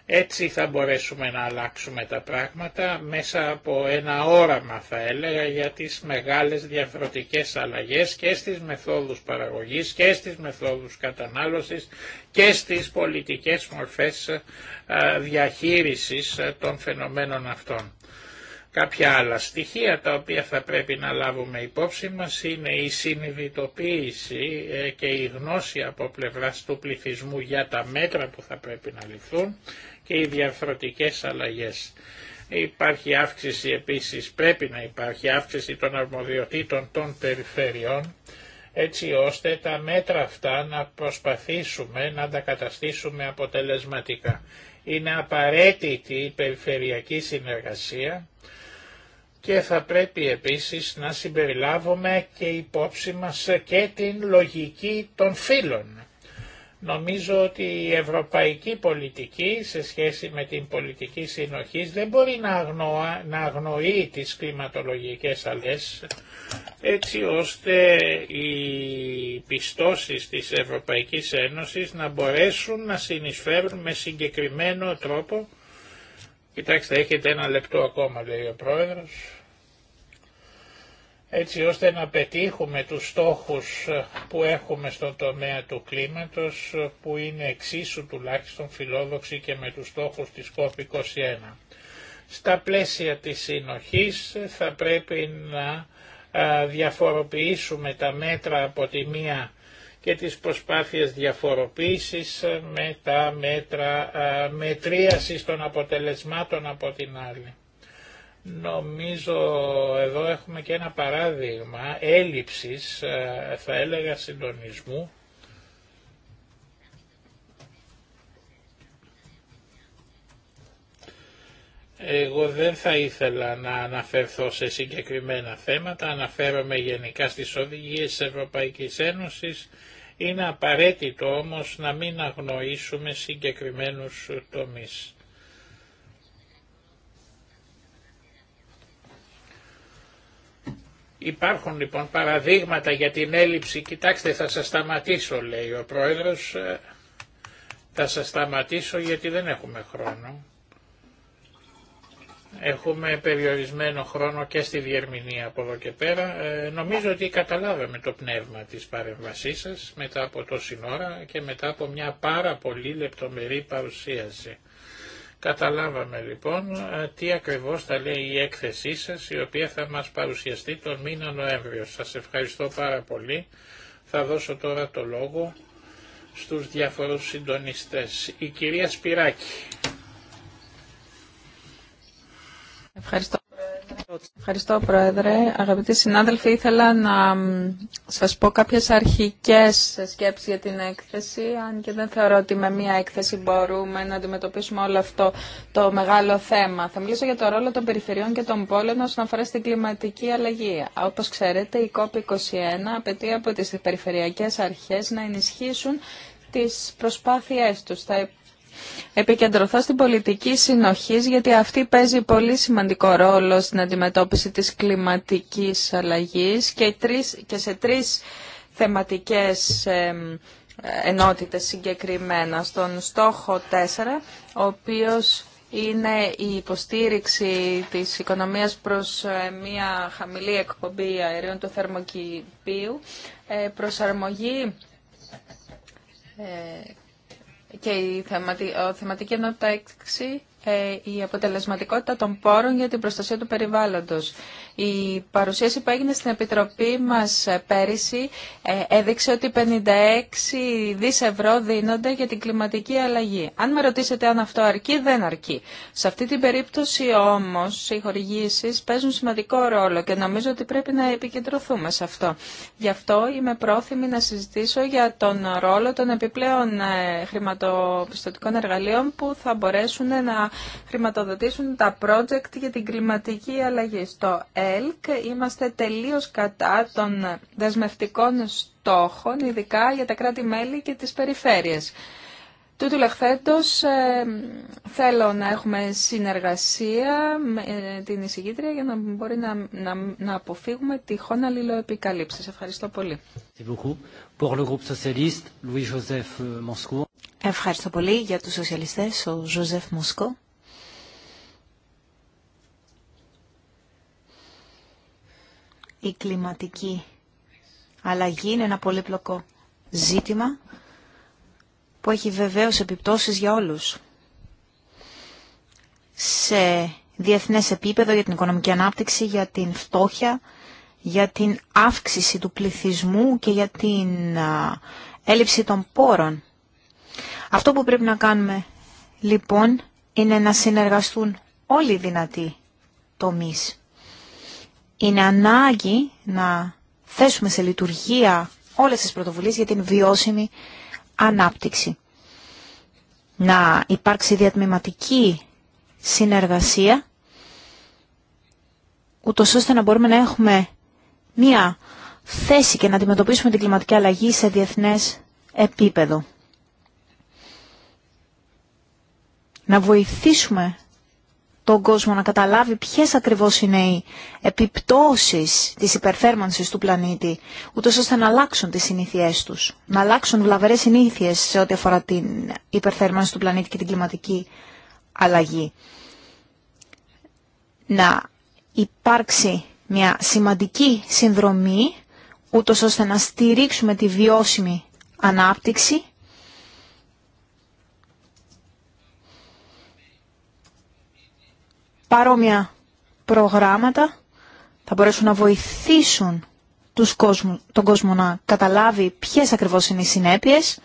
[SPEAKER 2] Έτσι θα μπορέσουμε να αλλάξουμε τα πράγματα μέσα από ένα όραμα θα έλεγα για τις μεγάλες διαφορετικές αλλαγές και στις μεθόδους παραγωγής και στις μεθόδους κατανάλωσης και στις πολιτικές μορφές ε, διαχείρισης ε, των φαινομένων αυτών. Κάποια άλλα στοιχεία τα οποία θα πρέπει να λάβουμε υπόψη μας είναι η συνειδητοποίηση ε, και η γνώση από πλευράς του πληθυσμού για τα μέτρα που θα πρέπει να ληφθούν, και οι διαφορετικές αλλαγές. Υπάρχει αύξηση επίσης, πρέπει να υπάρχει αύξηση των αρμοδιοτήτων των περιφερειών, έτσι ώστε τα μέτρα αυτά να προσπαθήσουμε να τα καταστήσουμε αποτελεσματικά. Είναι απαραίτητη η περιφερειακή συνεργασία και θα πρέπει επίσης να συμπεριλάβουμε και υπόψη μας και την λογική των φύλων. Νομίζω ότι η ευρωπαϊκή πολιτική σε σχέση με την πολιτική συνοχής δεν μπορεί να, αγνοεί, να αγνοεί τις κλιματολογικές αλές. έτσι ώστε οι πιστώσεις της Ευρωπαϊκής Ένωσης να μπορέσουν να συνεισφέρουν με συγκεκριμένο τρόπο Κοιτάξτε έχετε ένα λεπτό ακόμα λέει ο πρόεδρος έτσι ώστε να πετύχουμε τους στόχους ε, που έχουμε στον τομέα του κλίματος, ε, που είναι εξίσου τουλάχιστον φιλόδοξοι και με τους στόχους της COP21. Στα πλαίσια της συνοχής ε, θα πρέπει να διαφοροποιήσουμε τα μέτρα από τη μία και τις προσπάθειες διαφοροποίησης με τα μέτρα μετρίασης των αποτελεσμάτων από την άλλη. Νομίζω εδώ έχουμε και ένα παράδειγμα έλλειψης, ε, θα έλεγα, συντονισμού Εγώ δεν θα ήθελα να αναφερθώ σε συγκεκριμένα θέματα, αναφέρομαι γενικά στις οδηγίες της Ευρωπαϊκής Ένωσης. Είναι απαραίτητο όμως να μην αγνοήσουμε συγκεκριμένους τομείς. Υπάρχουν λοιπόν παραδείγματα για την έλλειψη, κοιτάξτε θα σας σταματήσω λέει ο πρόεδρος, ε, θα σας σταματήσω γιατί δεν έχουμε χρόνο. Έχουμε περιορισμένο χρόνο και στη διερμηνία από εδώ και πέρα. Ε, νομίζω ότι καταλάβαμε το πνεύμα της παρέμβασής σας μετά από το σύνορα και μετά από μια πάρα πολύ λεπτομερή παρουσίαση. Καταλάβαμε λοιπόν τι ακριβώς θα λέει η έκθεσή σας η οποία θα μας παρουσιαστεί τον μήνα Νοέμβριο. Σας ευχαριστώ πάρα πολύ. Θα δώσω τώρα το λόγο στους διάφορους συντονιστές. Η κυρία Σπυράκη.
[SPEAKER 4] Ευχαριστώ, Πρόεδρε. Αγαπητοί συνάδελφοι, ήθελα να σας πω κάποιες αρχικές σκέψεις για την έκθεση, αν και δεν θεωρώ ότι με μία έκθεση μπορούμε να αντιμετωπίσουμε όλο αυτό το μεγάλο θέμα. Θα μιλήσω για το ρόλο των περιφερειών και των πόλεων όσον αφορά στην κλιματική αλλαγή. Όπως ξέρετε, η COP21 απαιτεί από τις περιφερειακές αρχές να ενισχύσουν τις προσπάθειές τους επικεντρωθώ στην πολιτική συνοχής γιατί αυτή παίζει πολύ σημαντικό ρόλο στην αντιμετώπιση της κλιματικής αλλαγής και, και σε τρεις θεματικές ενότητες συγκεκριμένα. Στον στόχο 4, ο οποίος είναι η υποστήριξη της οικονομίας προς ε, μια χαμηλή εκπομπή αερίων του θερμοκηπίου, ε, προσαρμογή ε, και η θεματική ενότητα 6 ε, η αποτελεσματικότητα των πόρων για την προστασία του περιβάλλοντος. Η παρουσίαση που έγινε στην Επιτροπή μας ε, πέρυσι ε, έδειξε ότι 56 δις ευρώ δίνονται για την κλιματική αλλαγή. Αν με ρωτήσετε αν αυτό αρκεί, δεν αρκεί. Σε αυτή την περίπτωση όμως οι χορηγήσεις παίζουν σημαντικό ρόλο και νομίζω ότι πρέπει να επικεντρωθούμε σε αυτό. Γι' αυτό είμαι πρόθυμη να συζητήσω για τον ρόλο των επιπλέον χρηματοπιστωτικών εργαλείων που θα μπορέσουν να χρηματοδοτήσουν τα project για την κλιματική αλλαγή. Στο ΕΛΚ είμαστε τελείως κατά των δεσμευτικών στόχων, ειδικά για τα κράτη-μέλη και τις περιφέρειες. Τούτου λεχθέντος ε, θέλω να έχουμε συνεργασία με την εισηγήτρια για να μπορεί να, να, να αποφύγουμε τυχόν αλληλοεπικαλύψεις.
[SPEAKER 1] Ευχαριστώ πολύ. Euh,
[SPEAKER 5] Ευχαριστώ πολύ για τους σοσιαλιστές, ο Ζωζεφ Μοσκό. η κλιματική αλλαγή είναι ένα πολύπλοκο ζήτημα που έχει βεβαίως επιπτώσεις για όλους. Σε διεθνές επίπεδο για την οικονομική ανάπτυξη, για την φτώχεια, για την αύξηση του πληθυσμού και για την έλλειψη των πόρων. Αυτό που πρέπει να κάνουμε λοιπόν είναι να συνεργαστούν όλοι οι δυνατοί τομείς είναι ανάγκη να θέσουμε σε λειτουργία όλες τις πρωτοβουλίες για την βιώσιμη ανάπτυξη. Να υπάρξει διατμηματική συνεργασία, ούτω ώστε να μπορούμε να έχουμε μία θέση και να αντιμετωπίσουμε την κλιματική αλλαγή σε διεθνές επίπεδο. Να βοηθήσουμε τον κόσμο να καταλάβει ποιες ακριβώς είναι οι επιπτώσεις της υπερθέρμανσης του πλανήτη, ούτως ώστε να αλλάξουν τις συνήθειές τους, να αλλάξουν βλαβερές συνήθειες σε ό,τι αφορά την υπερθέρμανση του πλανήτη και την κλιματική αλλαγή. Να υπάρξει μια σημαντική συνδρομή, ούτως ώστε να στηρίξουμε τη βιώσιμη ανάπτυξη παρόμοια προγράμματα θα μπορέσουν να βοηθήσουν τους κόσμου, τον κόσμο να καταλάβει ποιες ακριβώς είναι οι συνέπειες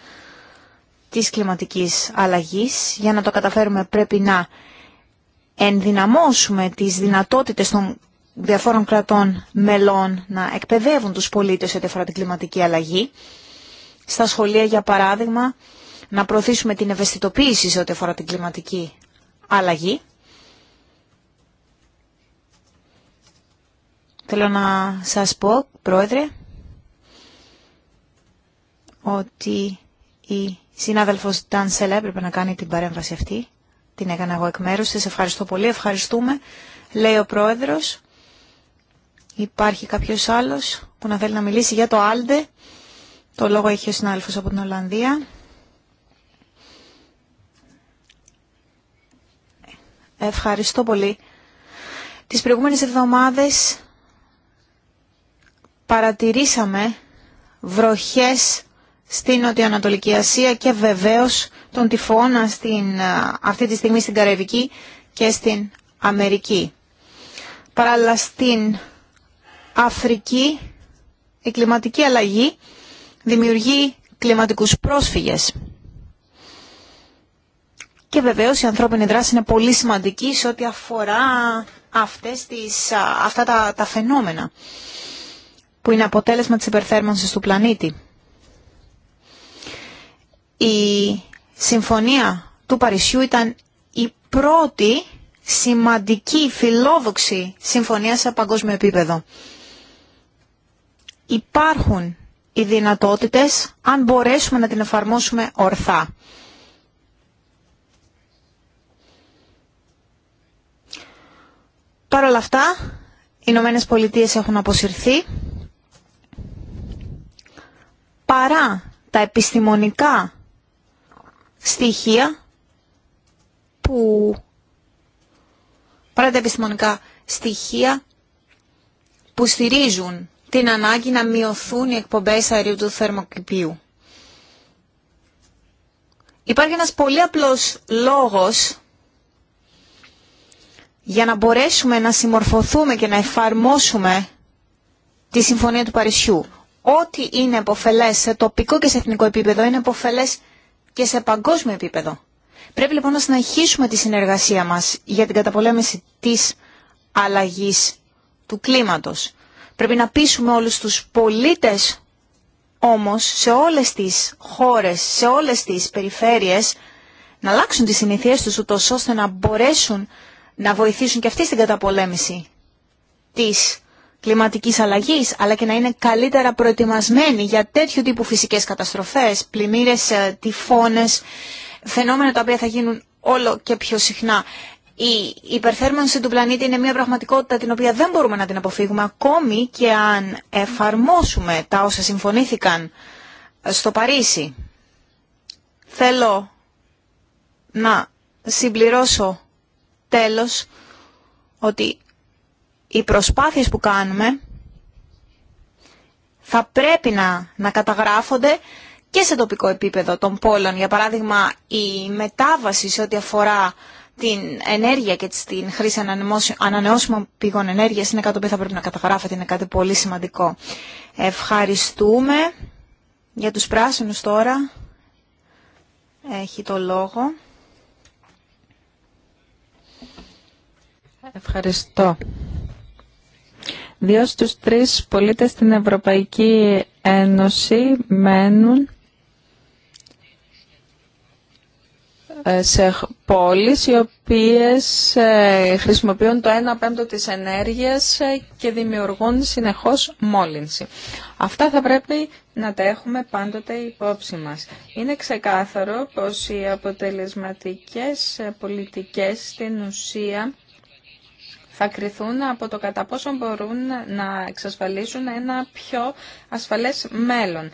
[SPEAKER 5] της κλιματικής αλλαγής. Για να το καταφέρουμε πρέπει να ενδυναμώσουμε τις δυνατότητες των διαφόρων κρατών μελών να εκπαιδεύουν τους πολίτες ό,τι αφορά την κλιματική αλλαγή. Στα σχολεία, για παράδειγμα, να προωθήσουμε την ευαισθητοποίηση σε ό,τι αφορά την κλιματική αλλαγή. Θέλω να σας πω, Πρόεδρε, ότι η συνάδελφος Τανσέλα έπρεπε να κάνει την παρέμβαση αυτή. Την έκανα εγώ εκ μέρους της. Ευχαριστώ πολύ. Ευχαριστούμε. Λέει ο Πρόεδρος. Υπάρχει κάποιος άλλος που να θέλει να μιλήσει για το Άλντε. Το λόγο έχει ο συνάδελφος από την Ολλανδία. Ευχαριστώ πολύ. Τις προηγούμενες εβδομάδες παρατηρήσαμε βροχές στην Νοτιοανατολική Ασία και βεβαίως τον τυφώνα στην, αυτή τη στιγμή στην Καραϊβική και στην Αμερική. Παράλληλα στην Αφρική η κλιματική αλλαγή δημιουργεί κλιματικούς πρόσφυγες. Και βεβαίως η ανθρώπινη δράση είναι πολύ σημαντική σε ό,τι αφορά αυτές τις, αυτά τα, τα φαινόμενα που είναι αποτέλεσμα της υπερθέρμανσης του πλανήτη. Η συμφωνία του Παρισιού ήταν η πρώτη σημαντική, φιλόδοξη συμφωνία σε παγκόσμιο επίπεδο. Υπάρχουν οι δυνατότητες αν μπορέσουμε να την εφαρμόσουμε ορθά. Παρ' όλα αυτά, οι Ηνωμένε Πολιτείε έχουν αποσυρθεί παρά τα επιστημονικά στοιχεία που παρά τα επιστημονικά στοιχεία που στηρίζουν την ανάγκη να μειωθούν οι εκπομπές αερίου του θερμοκηπίου. Υπάρχει ένας πολύ απλός λόγος για να μπορέσουμε να συμμορφωθούμε και να εφαρμόσουμε τη Συμφωνία του Παρισιού ό,τι είναι εποφελές σε τοπικό και σε εθνικό επίπεδο είναι εποφελές και σε παγκόσμιο επίπεδο. Πρέπει λοιπόν να συνεχίσουμε τη συνεργασία μας για την καταπολέμηση της αλλαγής του κλίματος. Πρέπει να πείσουμε όλους τους πολίτες όμως σε όλες τις χώρες, σε όλες τις περιφέρειες να αλλάξουν τις συνήθειές τους ούτως ώστε να μπορέσουν να βοηθήσουν και αυτοί στην καταπολέμηση της κλιματικής αλλαγής, αλλά και να είναι καλύτερα προετοιμασμένοι για τέτοιου τύπου φυσικές καταστροφές, πλημμύρες, ε, τυφώνες, φαινόμενα τα οποία θα γίνουν όλο και πιο συχνά. Η υπερθέρμανση του πλανήτη είναι μια πραγματικότητα την οποία δεν μπορούμε να την αποφύγουμε ακόμη και αν εφαρμόσουμε τα όσα συμφωνήθηκαν ε, στο Παρίσι. Θέλω να συμπληρώσω τέλος ότι οι προσπάθειες που κάνουμε θα πρέπει να, να καταγράφονται και σε τοπικό επίπεδο των πόλων. Για παράδειγμα, η μετάβαση σε ό,τι αφορά την ενέργεια και την χρήση ανανεώσιμων πηγών ενέργειας είναι κάτι που θα πρέπει να καταγράφεται, είναι κάτι πολύ σημαντικό. Ευχαριστούμε για τους πράσινους τώρα. Έχει το λόγο. Ευχαριστώ.
[SPEAKER 4] Δύο στους τρεις πολίτες στην Ευρωπαϊκή Ένωση μένουν ε, σε πόλεις οι οποίες ε, χρησιμοποιούν το 1 πέμπτο της ενέργειας ε, και δημιουργούν συνεχώς μόλυνση. Αυτά θα πρέπει να τα έχουμε πάντοτε υπόψη μας. Είναι ξεκάθαρο πως οι αποτελεσματικές πολιτικές στην ουσία θα κριθούν από το κατά πόσο μπορούν να εξασφαλίσουν ένα πιο ασφαλές μέλλον.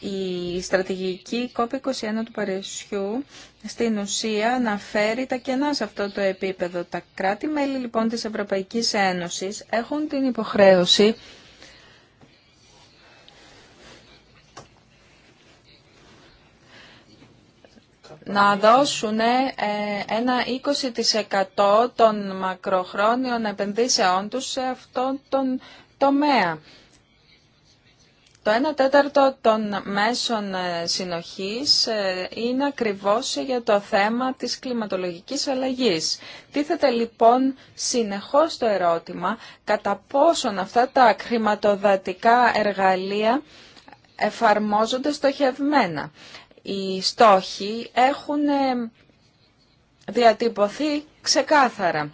[SPEAKER 4] Η στρατηγική COP21 του Παρισιού στην ουσία αναφέρει τα κενά σε αυτό το επίπεδο. Τα κράτη-μέλη λοιπόν της Ευρωπαϊκής Ένωσης έχουν την υποχρέωση να δώσουν ε, ένα 20% των μακροχρόνιων επενδύσεών τους σε αυτόν τον τομέα. Το 1 τέταρτο των μέσων ε, συνοχής ε, είναι ακριβώς για το θέμα της κλιματολογικής αλλαγής. Τίθεται λοιπόν συνεχώς το ερώτημα κατά πόσον αυτά τα χρηματοδατικά εργαλεία εφαρμόζονται στοχευμένα οι στόχοι έχουν ε, διατυπωθεί ξεκάθαρα.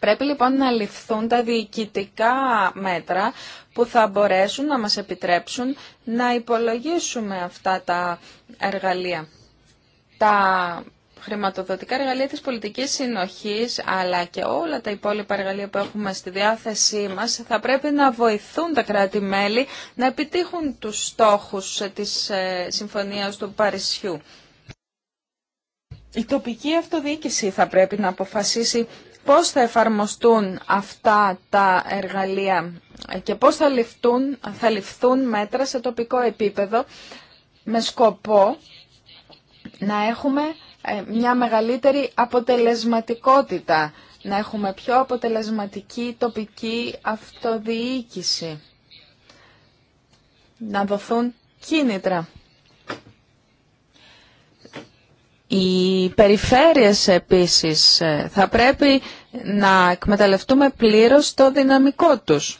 [SPEAKER 4] Πρέπει λοιπόν να ληφθούν τα διοικητικά μέτρα που θα μπορέσουν να μας επιτρέψουν να υπολογίσουμε αυτά τα εργαλεία χρηματοδοτικά εργαλεία της πολιτικής συνοχής αλλά και όλα τα υπόλοιπα εργαλεία που έχουμε στη διάθεσή μας θα πρέπει να βοηθούν τα κράτη-μέλη να επιτύχουν τους στόχους ε, της ε, Συμφωνίας του Παρισιού. Η τοπική αυτοδιοίκηση θα πρέπει να αποφασίσει πώς θα εφαρμοστούν αυτά τα εργαλεία ε, και πώς θα ληφθούν, θα μέτρα σε τοπικό επίπεδο με σκοπό να έχουμε ε, μια μεγαλύτερη αποτελεσματικότητα, να έχουμε πιο αποτελεσματική τοπική αυτοδιοίκηση, να δοθούν κίνητρα. Οι περιφέρειες επίσης ε, θα πρέπει να εκμεταλλευτούμε πλήρως το δυναμικό τους.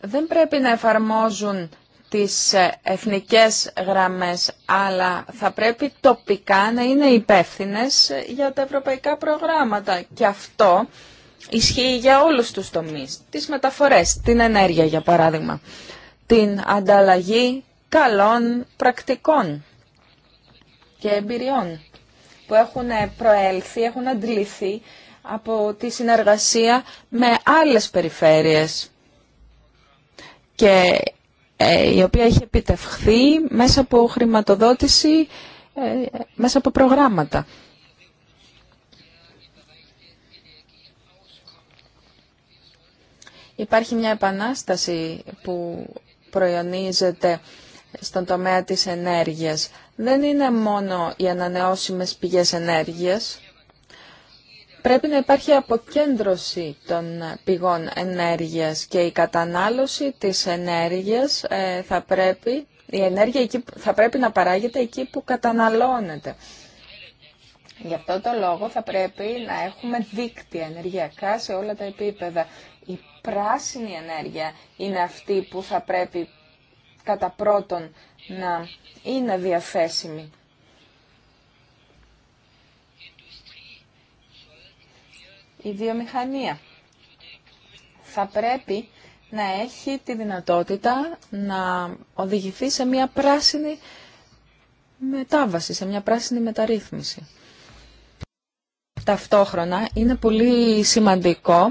[SPEAKER 4] Δεν πρέπει να εφαρμόζουν τις ε, εθνικές γραμμές, αλλά θα πρέπει τοπικά να είναι υπεύθυνε για τα ευρωπαϊκά προγράμματα. Και αυτό ισχύει για όλους τους τομείς. Τις μεταφορές, την ενέργεια για παράδειγμα, την ανταλλαγή καλών πρακτικών και εμπειριών που έχουν προέλθει, έχουν αντιληφθεί από τη συνεργασία με άλλες περιφέρειες. Και ε, η οποία έχει επιτευχθεί μέσα από χρηματοδότηση, ε, μέσα από προγράμματα. Υπάρχει μια επανάσταση που προϊονίζεται στον τομέα της ενέργειας. Δεν είναι μόνο οι ανανεώσιμες πηγές ενέργειας, πρέπει να υπάρχει αποκέντρωση των πηγών ενέργειας και η κατανάλωση της ενέργειας ε, θα πρέπει, η ενέργεια θα πρέπει να παράγεται εκεί που καταναλώνεται. Γι' αυτό το λόγο θα πρέπει να έχουμε δίκτυα ενεργειακά σε όλα τα επίπεδα. Η πράσινη ενέργεια είναι αυτή που θα πρέπει κατά πρώτον να είναι διαθέσιμη η βιομηχανία. Θα πρέπει να έχει τη δυνατότητα να οδηγηθεί σε μια πράσινη μετάβαση, σε μια πράσινη μεταρρύθμιση. Ταυτόχρονα είναι πολύ σημαντικό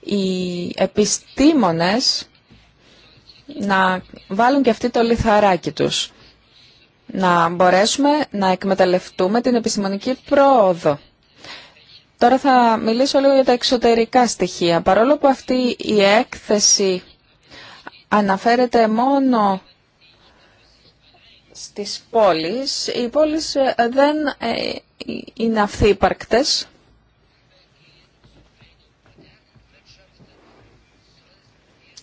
[SPEAKER 4] οι επιστήμονες να βάλουν και αυτοί το λιθαράκι τους. Να μπορέσουμε να εκμεταλλευτούμε την επιστημονική πρόοδο. Τώρα θα μιλήσω λίγο για τα εξωτερικά στοιχεία. Παρόλο που αυτή η έκθεση αναφέρεται μόνο στις πόλεις, οι πόλεις ε, δεν ε, είναι αυθύπαρκτες.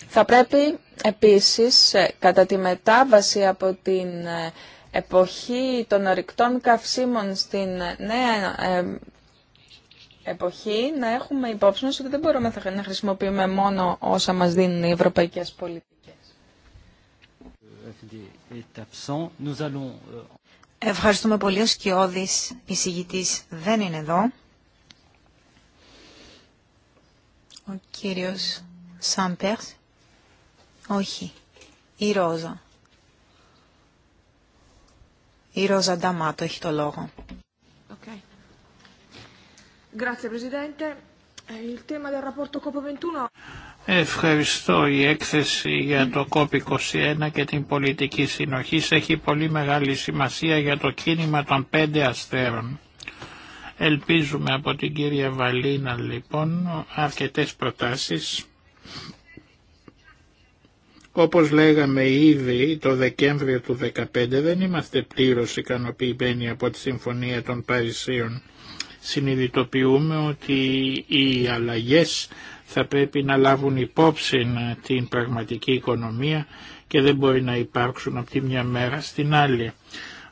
[SPEAKER 4] Θα πρέπει επίσης ε, κατά τη μετάβαση από την εποχή των ορυκτών καυσίμων στην νέα εποχή να έχουμε υπόψη μας ότι δεν μπορούμε να χρησιμοποιούμε μόνο όσα μας δίνουν οι ευρωπαϊκές πολιτικές.
[SPEAKER 5] Ευχαριστούμε πολύ. Ο Σκιώδης εισηγητής δεν είναι εδώ. Ο κύριος Σάμπερς. Όχι. Η Ρόζα. Η Ρόζα Νταμάτο έχει το λόγο.
[SPEAKER 4] Grazie Presidente. Eh, il tema
[SPEAKER 2] Ευχαριστώ. Η έκθεση για το COP21 και την πολιτική συνοχή έχει πολύ μεγάλη σημασία για το κίνημα των πέντε αστέρων. Ελπίζουμε από την κυρία Βαλίνα λοιπόν αρκετές προτάσεις. Όπως λέγαμε ήδη το Δεκέμβριο του 2015 δεν είμαστε πλήρως ικανοποιημένοι από τη Συμφωνία των Παρισίων συνειδητοποιούμε ότι οι αλλαγές θα πρέπει να λάβουν υπόψη την πραγματική οικονομία και δεν μπορεί να υπάρξουν από τη μια μέρα στην άλλη.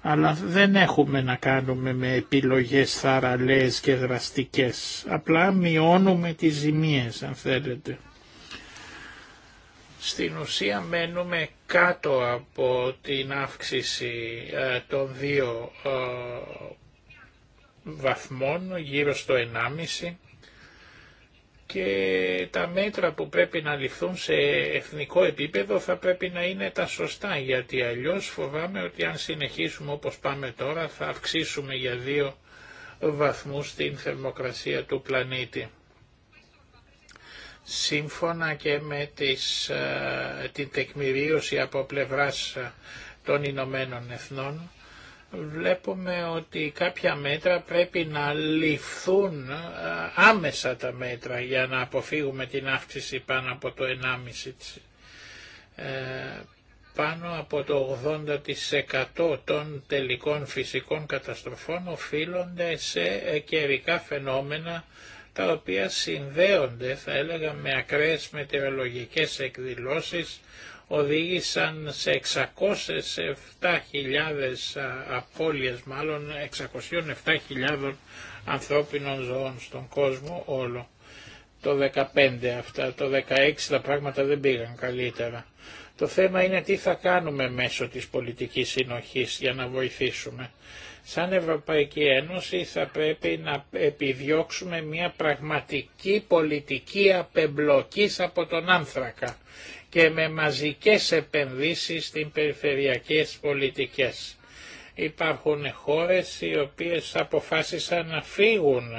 [SPEAKER 2] Αλλά δεν έχουμε να κάνουμε με επιλογές θαραλέες και δραστικές. Απλά μειώνουμε τις ζημίες αν θέλετε. Στην ουσία μένουμε κάτω από την αύξηση ε, των δύο ε, βαθμών, γύρω στο 1,5
[SPEAKER 1] και
[SPEAKER 2] τα μέτρα που πρέπει να ληφθούν σε εθνικό επίπεδο θα πρέπει να είναι τα σωστά γιατί αλλιώς φοβάμαι ότι αν συνεχίσουμε όπως πάμε τώρα θα αυξήσουμε για δύο βαθμούς την θερμοκρασία του πλανήτη. Σύμφωνα και με τις, ε, την τεκμηρίωση από πλευράς ε, των Ηνωμένων Εθνών βλέπουμε ότι κάποια μέτρα πρέπει να ληφθούν ε, άμεσα τα μέτρα για να αποφύγουμε την αύξηση πάνω από το 1,5%. Ε, πάνω από το 80% των τελικών φυσικών καταστροφών οφείλονται σε καιρικά φαινόμενα τα οποία συνδέονται θα έλεγα με ακραίες μετεωρολογικές εκδηλώσεις οδήγησαν σε 607.000 απώλειες, μάλλον 607.000 ανθρώπινων ζωών στον κόσμο όλο. Το 15 αυτά, το 16 τα πράγματα δεν πήγαν καλύτερα. Το θέμα είναι τι θα κάνουμε μέσω της πολιτικής συνοχής για να βοηθήσουμε. Σαν Ευρωπαϊκή Ένωση θα πρέπει να επιδιώξουμε μια πραγματική πολιτική απεμπλοκής από τον άνθρακα και με μαζικές επενδύσεις στην περιφερειακές πολιτικές. Υπάρχουν χώρες οι οποίες αποφάσισαν να φύγουν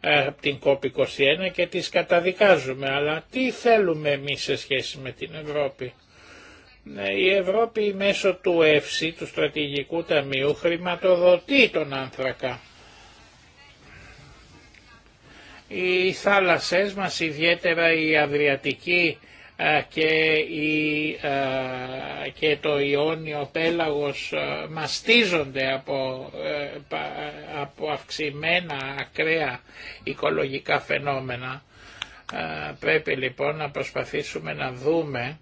[SPEAKER 2] ε, από την COP21 και τις καταδικάζουμε. Αλλά τι θέλουμε εμείς σε σχέση με την Ευρώπη. Ναι, η Ευρώπη μέσω του ΕΦΣΥ, του Στρατηγικού Ταμείου, χρηματοδοτεί τον άνθρακα. Οι θάλασσές μας, ιδιαίτερα η Αδριατική, ε, ε, και, το Ιόνιο πέλαγος ε, μαστίζονται από, αυξημένα ακραία οικολογικά φαινόμενα. Πρέπει λοιπόν να προσπαθήσουμε να δούμε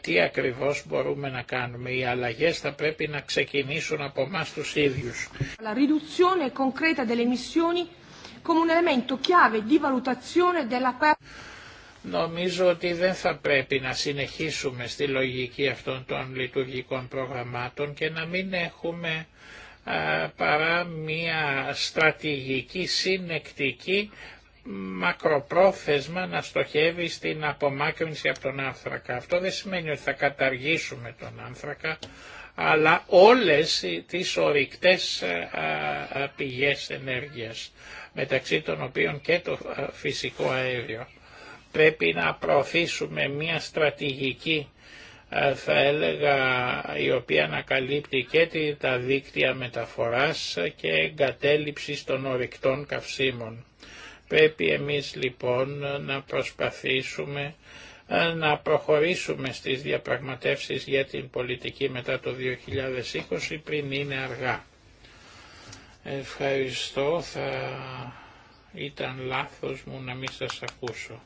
[SPEAKER 2] τι ακριβώς μπορούμε να κάνουμε. Οι αλλαγές θα πρέπει να ξεκινήσουν από εμά τους ίδιους.
[SPEAKER 4] La riduzione concreta delle emissioni come un elemento chiave di valutazione della
[SPEAKER 2] Νομίζω ότι δεν θα πρέπει να συνεχίσουμε στη λογική αυτών των λειτουργικών προγραμμάτων και να μην έχουμε παρά μια στρατηγική συνεκτική μακροπρόθεσμα να στοχεύει στην απομάκρυνση από τον άνθρακα. Αυτό δεν σημαίνει ότι θα καταργήσουμε τον άνθρακα, αλλά όλες τις ορυκτές πηγές ενέργειας, μεταξύ των οποίων και το φυσικό αέριο πρέπει να προωθήσουμε μια στρατηγική θα έλεγα η οποία ανακαλύπτει και τα δίκτυα μεταφοράς και εγκατέλειψης των ορυκτών καυσίμων. Πρέπει εμείς λοιπόν να προσπαθήσουμε να προχωρήσουμε στις διαπραγματεύσεις για την πολιτική μετά το 2020 πριν είναι αργά. Ευχαριστώ, θα ήταν λάθος μου να μην σας ακούσω.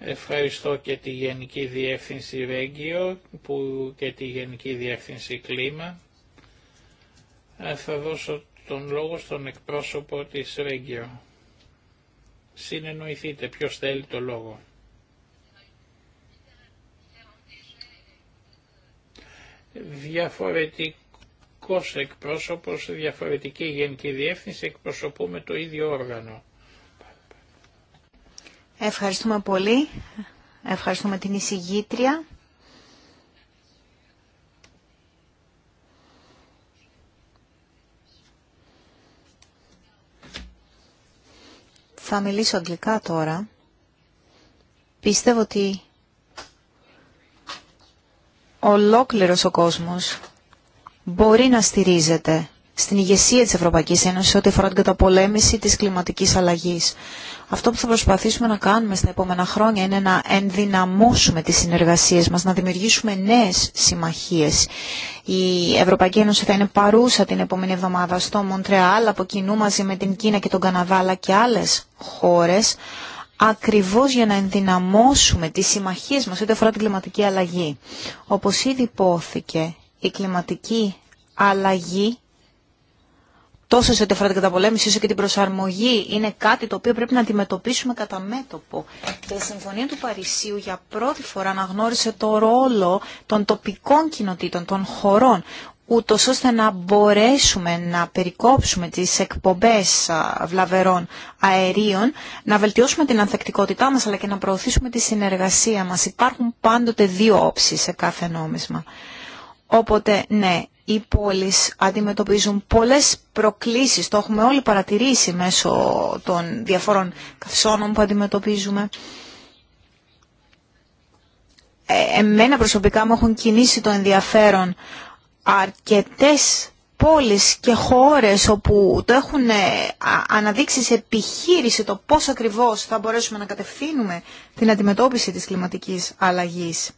[SPEAKER 2] Ευχαριστώ και τη Γενική Διεύθυνση Ρέγγιο που και τη Γενική Διεύθυνση Κλίμα. Ε, θα δώσω τον λόγο στον εκπρόσωπο της Ρέγγιο. Συνεννοηθείτε ποιος θέλει το λόγο. Διαφορετικός εκπρόσωπος, διαφορετική γενική διεύθυνση, εκπροσωπούμε το ίδιο όργανο.
[SPEAKER 5] Ευχαριστούμε πολύ. Ευχαριστούμε την εισηγήτρια. Θα μιλήσω αγγλικά τώρα. Πίστευω ότι ολόκληρος ο κόσμος μπορεί να στηρίζεται στην ηγεσία της Ευρωπαϊκής Ένωσης ό,τι αφορά την καταπολέμηση της κλιματικής αλλαγής. Αυτό που θα προσπαθήσουμε να κάνουμε στα επόμενα χρόνια είναι να ενδυναμώσουμε τις συνεργασίες μας, να δημιουργήσουμε νέες συμμαχίες. Η Ευρωπαϊκή Ένωση θα είναι παρούσα την επόμενη εβδομάδα στο Μοντρεάλ, από κοινού μαζί με την Κίνα και τον Καναδά, αλλά και άλλες χώρες, ακριβώς για να ενδυναμώσουμε τις συμμαχίες μας ό,τι αφορά την κλιματική αλλαγή. Όπως ήδη υπόθηκε, η κλιματική αλλαγή τόσο σε ό,τι αφορά την καταπολέμηση όσο και την προσαρμογή είναι κάτι το οποίο πρέπει να αντιμετωπίσουμε κατά μέτωπο. Και η Συμφωνία του Παρισίου για πρώτη φορά αναγνώρισε το ρόλο των τοπικών κοινοτήτων, των χωρών, ούτω ώστε να μπορέσουμε να περικόψουμε τις εκπομπές βλαβερών αερίων, να βελτιώσουμε την ανθεκτικότητά μας αλλά και να προωθήσουμε τη συνεργασία μας. Υπάρχουν πάντοτε δύο όψεις σε κάθε νόμισμα. Οπότε, ναι, οι πόλεις αντιμετωπίζουν πολλές προκλήσεις, το έχουμε όλοι παρατηρήσει μέσω των διαφόρων καυσώνων που αντιμετωπίζουμε. Ε, εμένα προσωπικά μου έχουν κινήσει το ενδιαφέρον αρκετές πόλεις και χώρες όπου το έχουν ε, αναδείξει σε επιχείρηση το πώς ακριβώς θα μπορέσουμε να κατευθύνουμε την αντιμετώπιση της κλιματικής αλλαγής.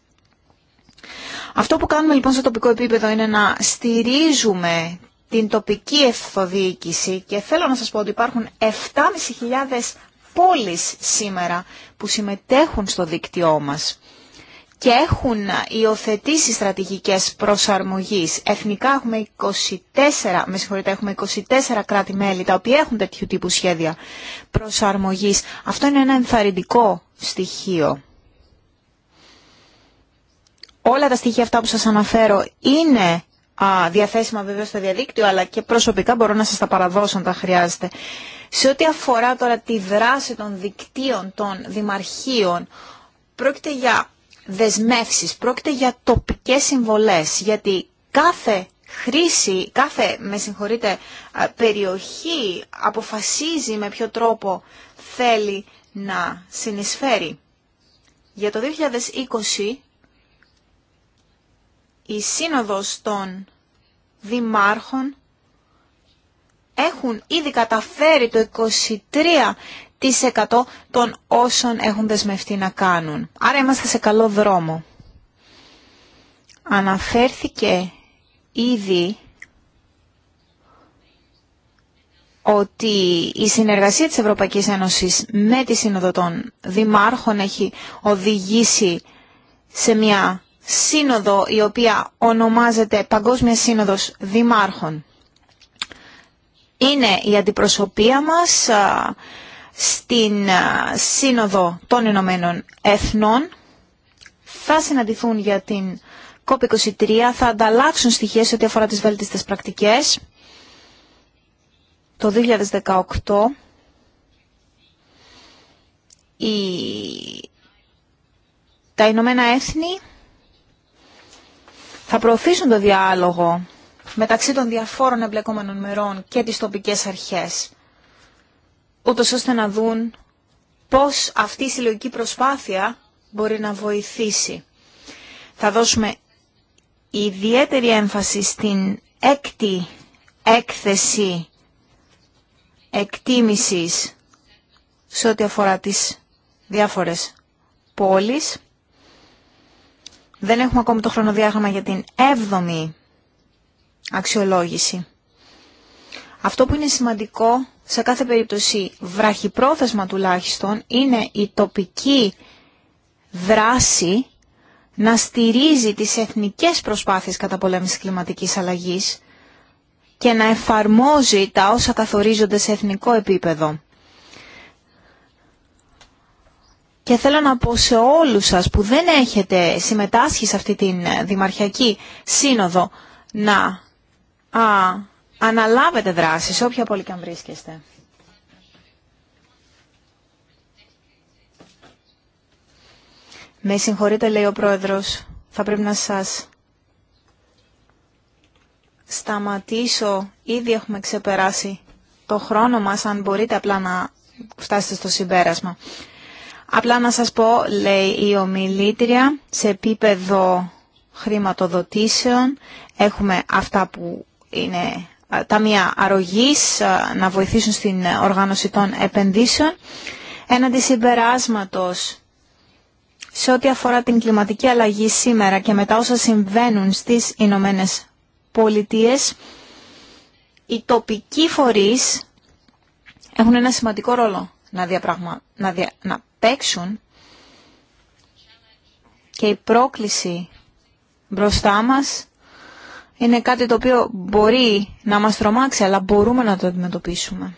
[SPEAKER 5] Αυτό που κάνουμε λοιπόν στο τοπικό επίπεδο είναι να στηρίζουμε την τοπική ευθοδιοίκηση και θέλω να σας πω ότι υπάρχουν 7.500 πόλεις σήμερα που συμμετέχουν στο δίκτυό μας και έχουν υιοθετήσει στρατηγικές προσαρμογής. Εθνικά έχουμε 24, με έχουμε 24 κράτη-μέλη τα οποία έχουν τέτοιου τύπου σχέδια προσαρμογής. Αυτό είναι ένα ενθαρρυντικό στοιχείο όλα τα στοιχεία αυτά που σας αναφέρω είναι α, διαθέσιμα βέβαια στο διαδίκτυο, αλλά και προσωπικά μπορώ να σας τα παραδώσω αν τα χρειάζεται. Σε ό,τι αφορά τώρα τη δράση των δικτύων των δημαρχείων, πρόκειται για δεσμεύσεις, πρόκειται για τοπικές συμβολές, γιατί κάθε χρήση, κάθε, με συγχωρείτε, περιοχή αποφασίζει με ποιο τρόπο θέλει να συνεισφέρει. Για το 2020 η σύνοδος των δημάρχων έχουν ήδη καταφέρει το 23% των όσων έχουν δεσμευτεί να κάνουν. Άρα είμαστε σε καλό δρόμο. Αναφέρθηκε ήδη ότι η συνεργασία της Ευρωπαϊκής Ένωσης με τη Σύνοδο των Δημάρχων έχει οδηγήσει σε μια σύνοδο η οποία ονομάζεται Παγκόσμια Σύνοδος Δημάρχων. Είναι η αντιπροσωπεία μας στην Σύνοδο των Ηνωμένων Εθνών. Θα συναντηθούν για την COP23, θα ανταλλάξουν στοιχεία σε ό,τι αφορά τις βέλτιστες πρακτικές. Το 2018 η... τα Ηνωμένα Έθνη θα προωθήσουν το διάλογο μεταξύ των διαφόρων εμπλεκόμενων μερών και τις τοπικές αρχές, ούτως ώστε να δουν πώς αυτή η συλλογική προσπάθεια μπορεί να βοηθήσει. Θα δώσουμε ιδιαίτερη έμφαση στην έκτη έκθεση εκτίμησης σε ό,τι αφορά τις διάφορες πόλεις δεν έχουμε ακόμη το χρονοδιάγραμμα για την έβδομη τοπική δράση να στηρίζει τις εθνικές προσπάθειες καταπολέμησης κλιματικής αλλαγής και να εφαρμόζει τα όσα καθορίζονται σε εθνικό επίπεδο. Και θέλω να πω σε όλους σας που δεν έχετε συμμετάσχει σε αυτή την ε, Δημαρχιακή Σύνοδο να α, αναλάβετε δράσεις, όποια πόλη και αν βρίσκεστε. Με συγχωρείτε, λέει ο πρόεδρος, θα πρέπει να σας σταματήσω. Ήδη έχουμε ξεπεράσει το χρόνο μας, αν μπορείτε απλά να φτάσετε στο συμπέρασμα. Απλά να σας πω, λέει η ομιλήτρια, σε επίπεδο χρηματοδοτήσεων έχουμε αυτά που είναι ταμεία αρρωγής να βοηθήσουν στην οργάνωση των επενδύσεων. Έναντι συμπεράσματος σε ό,τι αφορά την κλιματική αλλαγή σήμερα και μετά όσα συμβαίνουν στις Ηνωμένε Πολιτείε, οι τοπικοί φορείς έχουν ένα σημαντικό ρόλο να, διαπραγμα... να, δια... να παίξουν και η πρόκληση μπροστά μας είναι κάτι το οποίο μπορεί να μας τρομάξει, αλλά μπορούμε να το αντιμετωπίσουμε.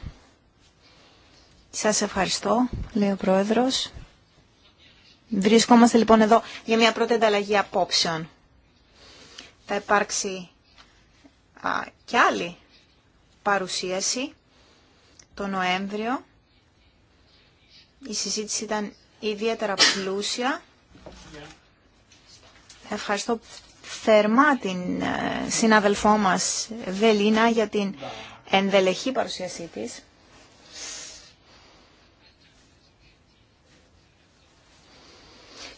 [SPEAKER 5] Σας ευχαριστώ, λέει ο Πρόεδρος. Βρισκόμαστε λοιπόν εδώ για μια πρώτη ανταλλαγή απόψεων. Θα υπάρξει α, και άλλη παρουσίαση το Νοέμβριο η συζήτηση ήταν ιδιαίτερα πλούσια. Ευχαριστώ θερμά την ε, συναδελφό μας Βελίνα για την ενδελεχή παρουσίασή της.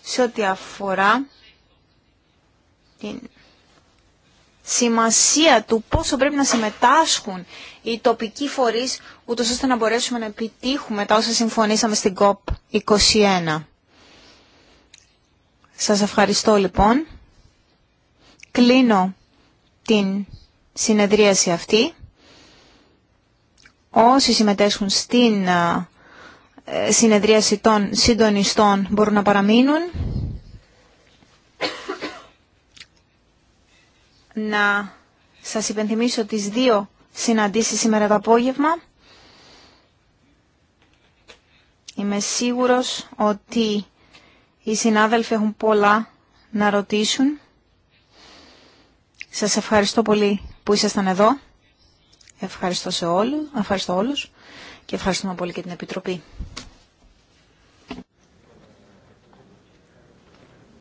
[SPEAKER 5] Σε ό,τι αφορά την σημασία του πόσο πρέπει να συμμετάσχουν οι τοπικοί φορείς, ούτως ώστε να μπορέσουμε να επιτύχουμε τα όσα συμφωνήσαμε στην COP21. Σας ευχαριστώ λοιπόν. Κλείνω την συνεδρίαση αυτή. Όσοι συμμετέσχουν στην ε, συνεδρίαση των συντονιστών μπορούν να παραμείνουν. να σας υπενθυμίσω τις δύο συναντήσεις σήμερα το απόγευμα. Είμαι σίγουρος ότι οι συνάδελφοι έχουν πολλά να ρωτήσουν. Σας ευχαριστώ πολύ που ήσασταν εδώ. Ευχαριστώ σε όλους, ευχαριστώ όλους και ευχαριστούμε πολύ και την Επιτροπή.